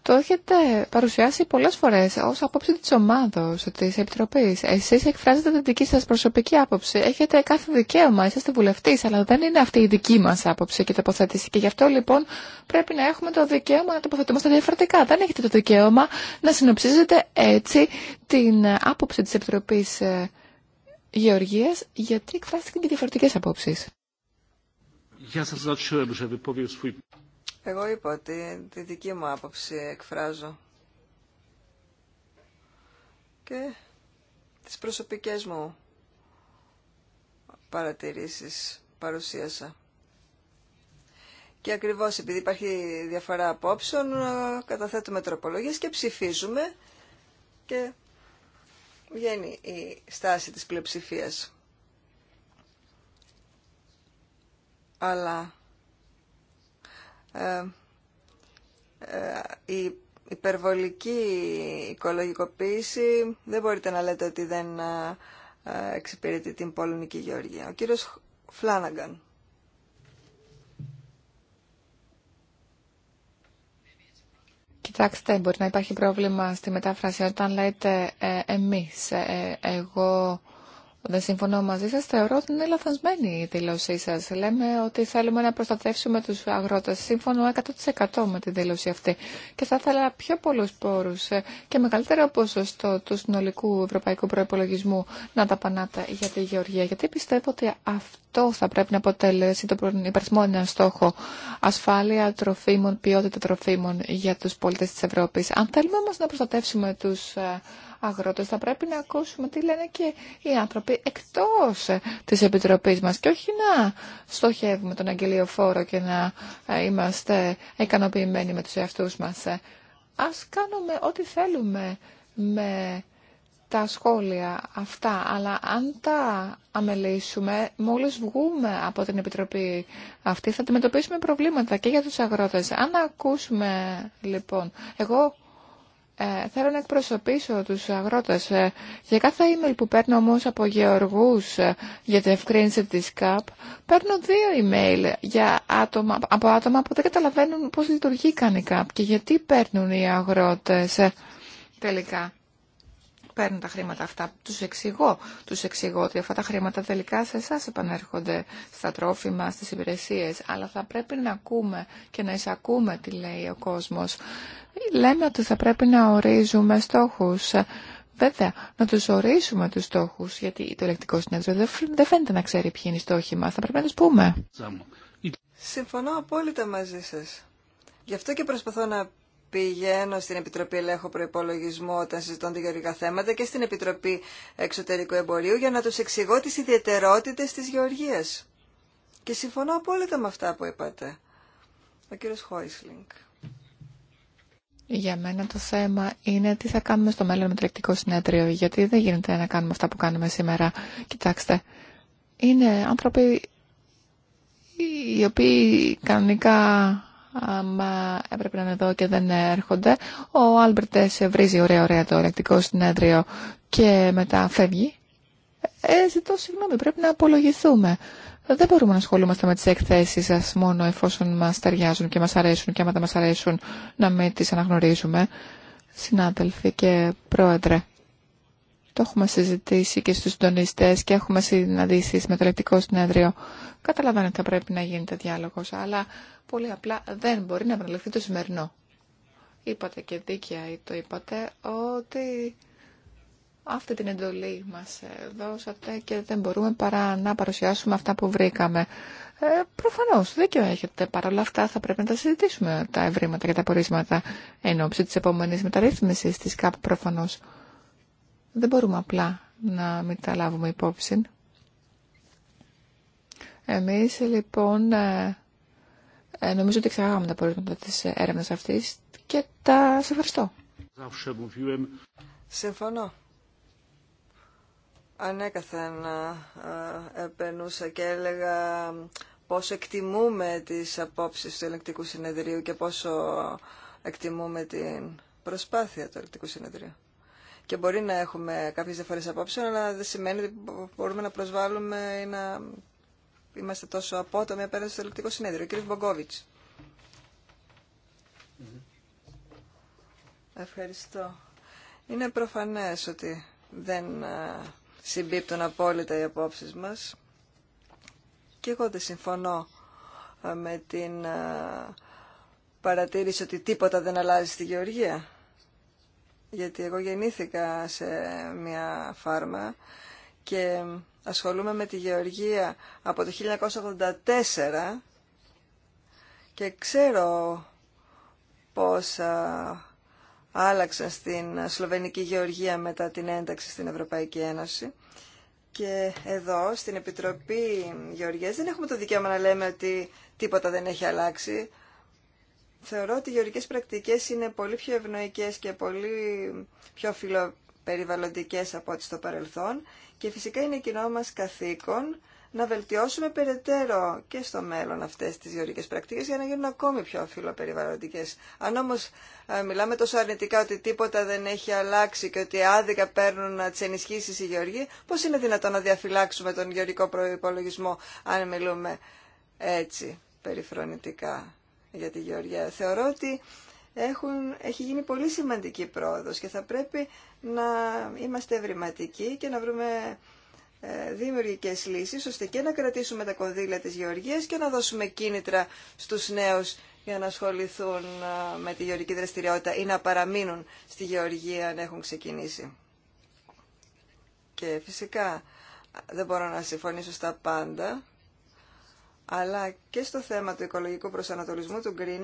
το έχετε παρουσιάσει πολλές φορές ως απόψη της ομάδος, της Επιτροπής. Εσείς εκφράζετε την δική σας προσωπική άποψη. Έχετε κάθε δικαίωμα, είσαστε βουλευτής, αλλά δεν είναι αυτή η δική μας άποψη και τοποθέτηση. Και γι' αυτό λοιπόν πρέπει να έχουμε το δικαίωμα να τοποθετούμαστε διαφορετικά. Δεν έχετε το δικαίωμα να συνοψίζετε έτσι την άποψη της Επιτροπής ε, Γεωργίας, γιατί εκφράστηκαν και διαφορετικές απόψεις. Εγώ είπα ότι τη δική μου άποψη εκφράζω και τις προσωπικές μου παρατηρήσεις παρουσίασα. Και ακριβώς επειδή υπάρχει διαφορά απόψεων, καταθέτουμε τροπολογίες και ψηφίζουμε και βγαίνει η στάση της πλειοψηφίας. Αλλά ε, ε, η υπερβολική οικολογικοποίηση δεν μπορείτε να λέτε ότι δεν ε, εξυπηρετεί την πολωνική γεωργία. Ο κύριος Φλάναγκαν. Κοιτάξτε, μπορεί να υπάρχει πρόβλημα στη μετάφραση όταν λέτε ε, εμείς. εγώ δεν συμφωνώ μαζί σας. Θεωρώ ότι είναι λαθασμένη η δήλωσή σας. Λέμε ότι θέλουμε να προστατεύσουμε τους αγρότες. Σύμφωνο 100% με τη δήλωση αυτή. Και θα ήθελα πιο πολλούς πόρους και μεγαλύτερο ποσοστό του συνολικού ευρωπαϊκού προϋπολογισμού να τα πανάτε για τη Γεωργία. Γιατί πιστεύω ότι αυτό θα πρέπει να αποτελέσει τον υπερσμό στόχο. Ασφάλεια τροφίμων, ποιότητα τροφίμων για τους πολίτες της Ευρώπης. Αν θέλουμε όμως να προστατεύσουμε τους ε, αγρότες, θα πρέπει να ακούσουμε τι λένε και οι άνθρωποι εκτός ε, της Επιτροπής μας και όχι να στοχεύουμε τον αγγελιοφόρο και να ε, είμαστε ικανοποιημένοι με τους εαυτούς μας. Ε. Ας κάνουμε ό,τι θέλουμε με τα σχόλια αυτά, αλλά αν τα αμελήσουμε, μόλις βγούμε από την Επιτροπή αυτή, θα αντιμετωπίσουμε προβλήματα και για τους αγρότες. Αν ακούσουμε, λοιπόν, εγώ ε, θέλω να εκπροσωπήσω τους αγρότες. Ε, για κάθε email που παίρνω όμως από γεωργούς ε, για την ευκρίνηση της ΚΑΠ, παίρνω δύο email για άτομα, από άτομα που δεν καταλαβαίνουν πώς λειτουργεί καν ΚΑΠ και γιατί παίρνουν οι αγρότες τελικά παίρνουν τα χρήματα αυτά. Τους εξηγώ, τους εξηγώ ότι αυτά τα χρήματα τελικά σε εσά επανέρχονται στα τρόφιμα, στις υπηρεσίες. Αλλά θα πρέπει να ακούμε και να εισακούμε τι λέει ο κόσμος. Λέμε ότι θα πρέπει να ορίζουμε στόχους. Βέβαια, να του ορίσουμε τους στόχους, γιατί το ελεκτικό συνέδριο δεν φαίνεται να ξέρει ποιοι είναι οι στόχοι μα. Θα πρέπει να του πούμε. Συμφωνώ απόλυτα μαζί σα. Γι' αυτό και προσπαθώ να πηγαίνω στην Επιτροπή Ελέγχου Προπολογισμού όταν συζητώνται γεωργικά θέματα και στην Επιτροπή Εξωτερικού Εμπορίου για να τους εξηγώ τι ιδιαιτερότητε τη γεωργία. Και συμφωνώ απόλυτα με αυτά που είπατε. Ο κύριο Χόισλινγκ. Για μένα το θέμα είναι τι θα κάνουμε στο μέλλον με το ελεκτικό συνέδριο, γιατί δεν γίνεται να κάνουμε αυτά που κάνουμε σήμερα. Κοιτάξτε, είναι άνθρωποι οι οποίοι κανονικά άμα έπρεπε να είναι εδώ και δεν έρχονται. Ο Άλμπερτ βρίζει ωραία ωραία το ελεκτικό συνέδριο και μετά φεύγει. Ε, ζητώ συγγνώμη, πρέπει να απολογηθούμε. Δεν μπορούμε να ασχολούμαστε με τις εκθέσεις σας μόνο εφόσον μας ταιριάζουν και μας αρέσουν και άμα δεν μας αρέσουν να μην τις αναγνωρίζουμε. Συνάδελφοι και πρόεδρε, το έχουμε συζητήσει και στους συντονιστέ και έχουμε συναντήσει με το ελεκτικό συνέδριο. Καταλαβαίνω ότι θα πρέπει να γίνεται διάλογο, αλλά πολύ απλά δεν μπορεί να επαναληφθεί το σημερινό. Είπατε και δίκαια ή το είπατε ότι αυτή την εντολή μας δώσατε και δεν μπορούμε παρά να παρουσιάσουμε αυτά που βρήκαμε. Ε, προφανώς, δίκιο έχετε. Παρ' όλα αυτά θα πρέπει να τα συζητήσουμε τα ευρήματα και τα πορίσματα εν ώψη της επόμενης μεταρρύθμισης της ΚΑΠ προφανώς. Δεν μπορούμε απλά να μην τα λάβουμε υπόψη. Εμείς λοιπόν ε, ε, νομίζω ότι ξεχάσαμε τα πορίσματα της έρευνας αυτής και τα σε ευχαριστώ. Συμφωνώ. Ανέκαθεν ε, επενούσα και έλεγα πόσο εκτιμούμε τις απόψεις του ελεκτικού συνεδρίου και πόσο εκτιμούμε την προσπάθεια του ελεκτικού συνεδρίου. Και μπορεί να έχουμε κάποιες διαφορές απόψεων, αλλά δεν σημαίνει ότι μπορούμε να προσβάλλουμε ή να είμαστε τόσο απότομοι απέναντι στο ελεκτικό συνέδριο. Κύριε Μπογκόβιτς. Ευχαριστώ. Είναι προφανές ότι δεν συμπίπτουν απόλυτα οι απόψεις μας. Και εγώ δεν συμφωνώ με την παρατήρηση ότι τίποτα δεν αλλάζει στη Γεωργία γιατί εγώ γεννήθηκα σε μια φάρμα και ασχολούμαι με τη γεωργία από το 1984 και ξέρω πόσα άλλαξαν στην Σλοβενική Γεωργία μετά την ένταξη στην Ευρωπαϊκή Ένωση. Και εδώ, στην Επιτροπή Γεωργίας, δεν έχουμε το δικαίωμα να λέμε ότι τίποτα δεν έχει αλλάξει. Θεωρώ ότι οι γεωργικές πρακτικές είναι πολύ πιο ευνοϊκές και πολύ πιο φιλοπεριβαλλοντικές από ό,τι στο παρελθόν και φυσικά είναι κοινό μας καθήκον να βελτιώσουμε περαιτέρω και στο μέλλον αυτές τις γεωργικές πρακτικές για να γίνουν ακόμη πιο φιλοπεριβαλλοντικές. Αν όμως ε, μιλάμε τόσο αρνητικά ότι τίποτα δεν έχει αλλάξει και ότι άδικα παίρνουν τι ενισχύσει οι γεωργοί, πώς είναι δυνατόν να διαφυλάξουμε τον γεωργικό προϋπολογισμό αν μιλούμε έτσι περιφρονητικά για τη Γεωργία. Θεωρώ ότι έχουν, έχει γίνει πολύ σημαντική πρόοδος και θα πρέπει να είμαστε ευρηματικοί και να βρούμε ε, δημιουργικές λύσεις, ώστε και να κρατήσουμε τα κονδύλια της γεωργίας και να δώσουμε κίνητρα στους νέους για να ασχοληθούν ε, με τη γεωργική δραστηριότητα ή να παραμείνουν στη γεωργία αν έχουν ξεκινήσει. Και φυσικά δεν μπορώ να συμφωνήσω στα πάντα, αλλά και στο θέμα του οικολογικού προσανατολισμού του Greening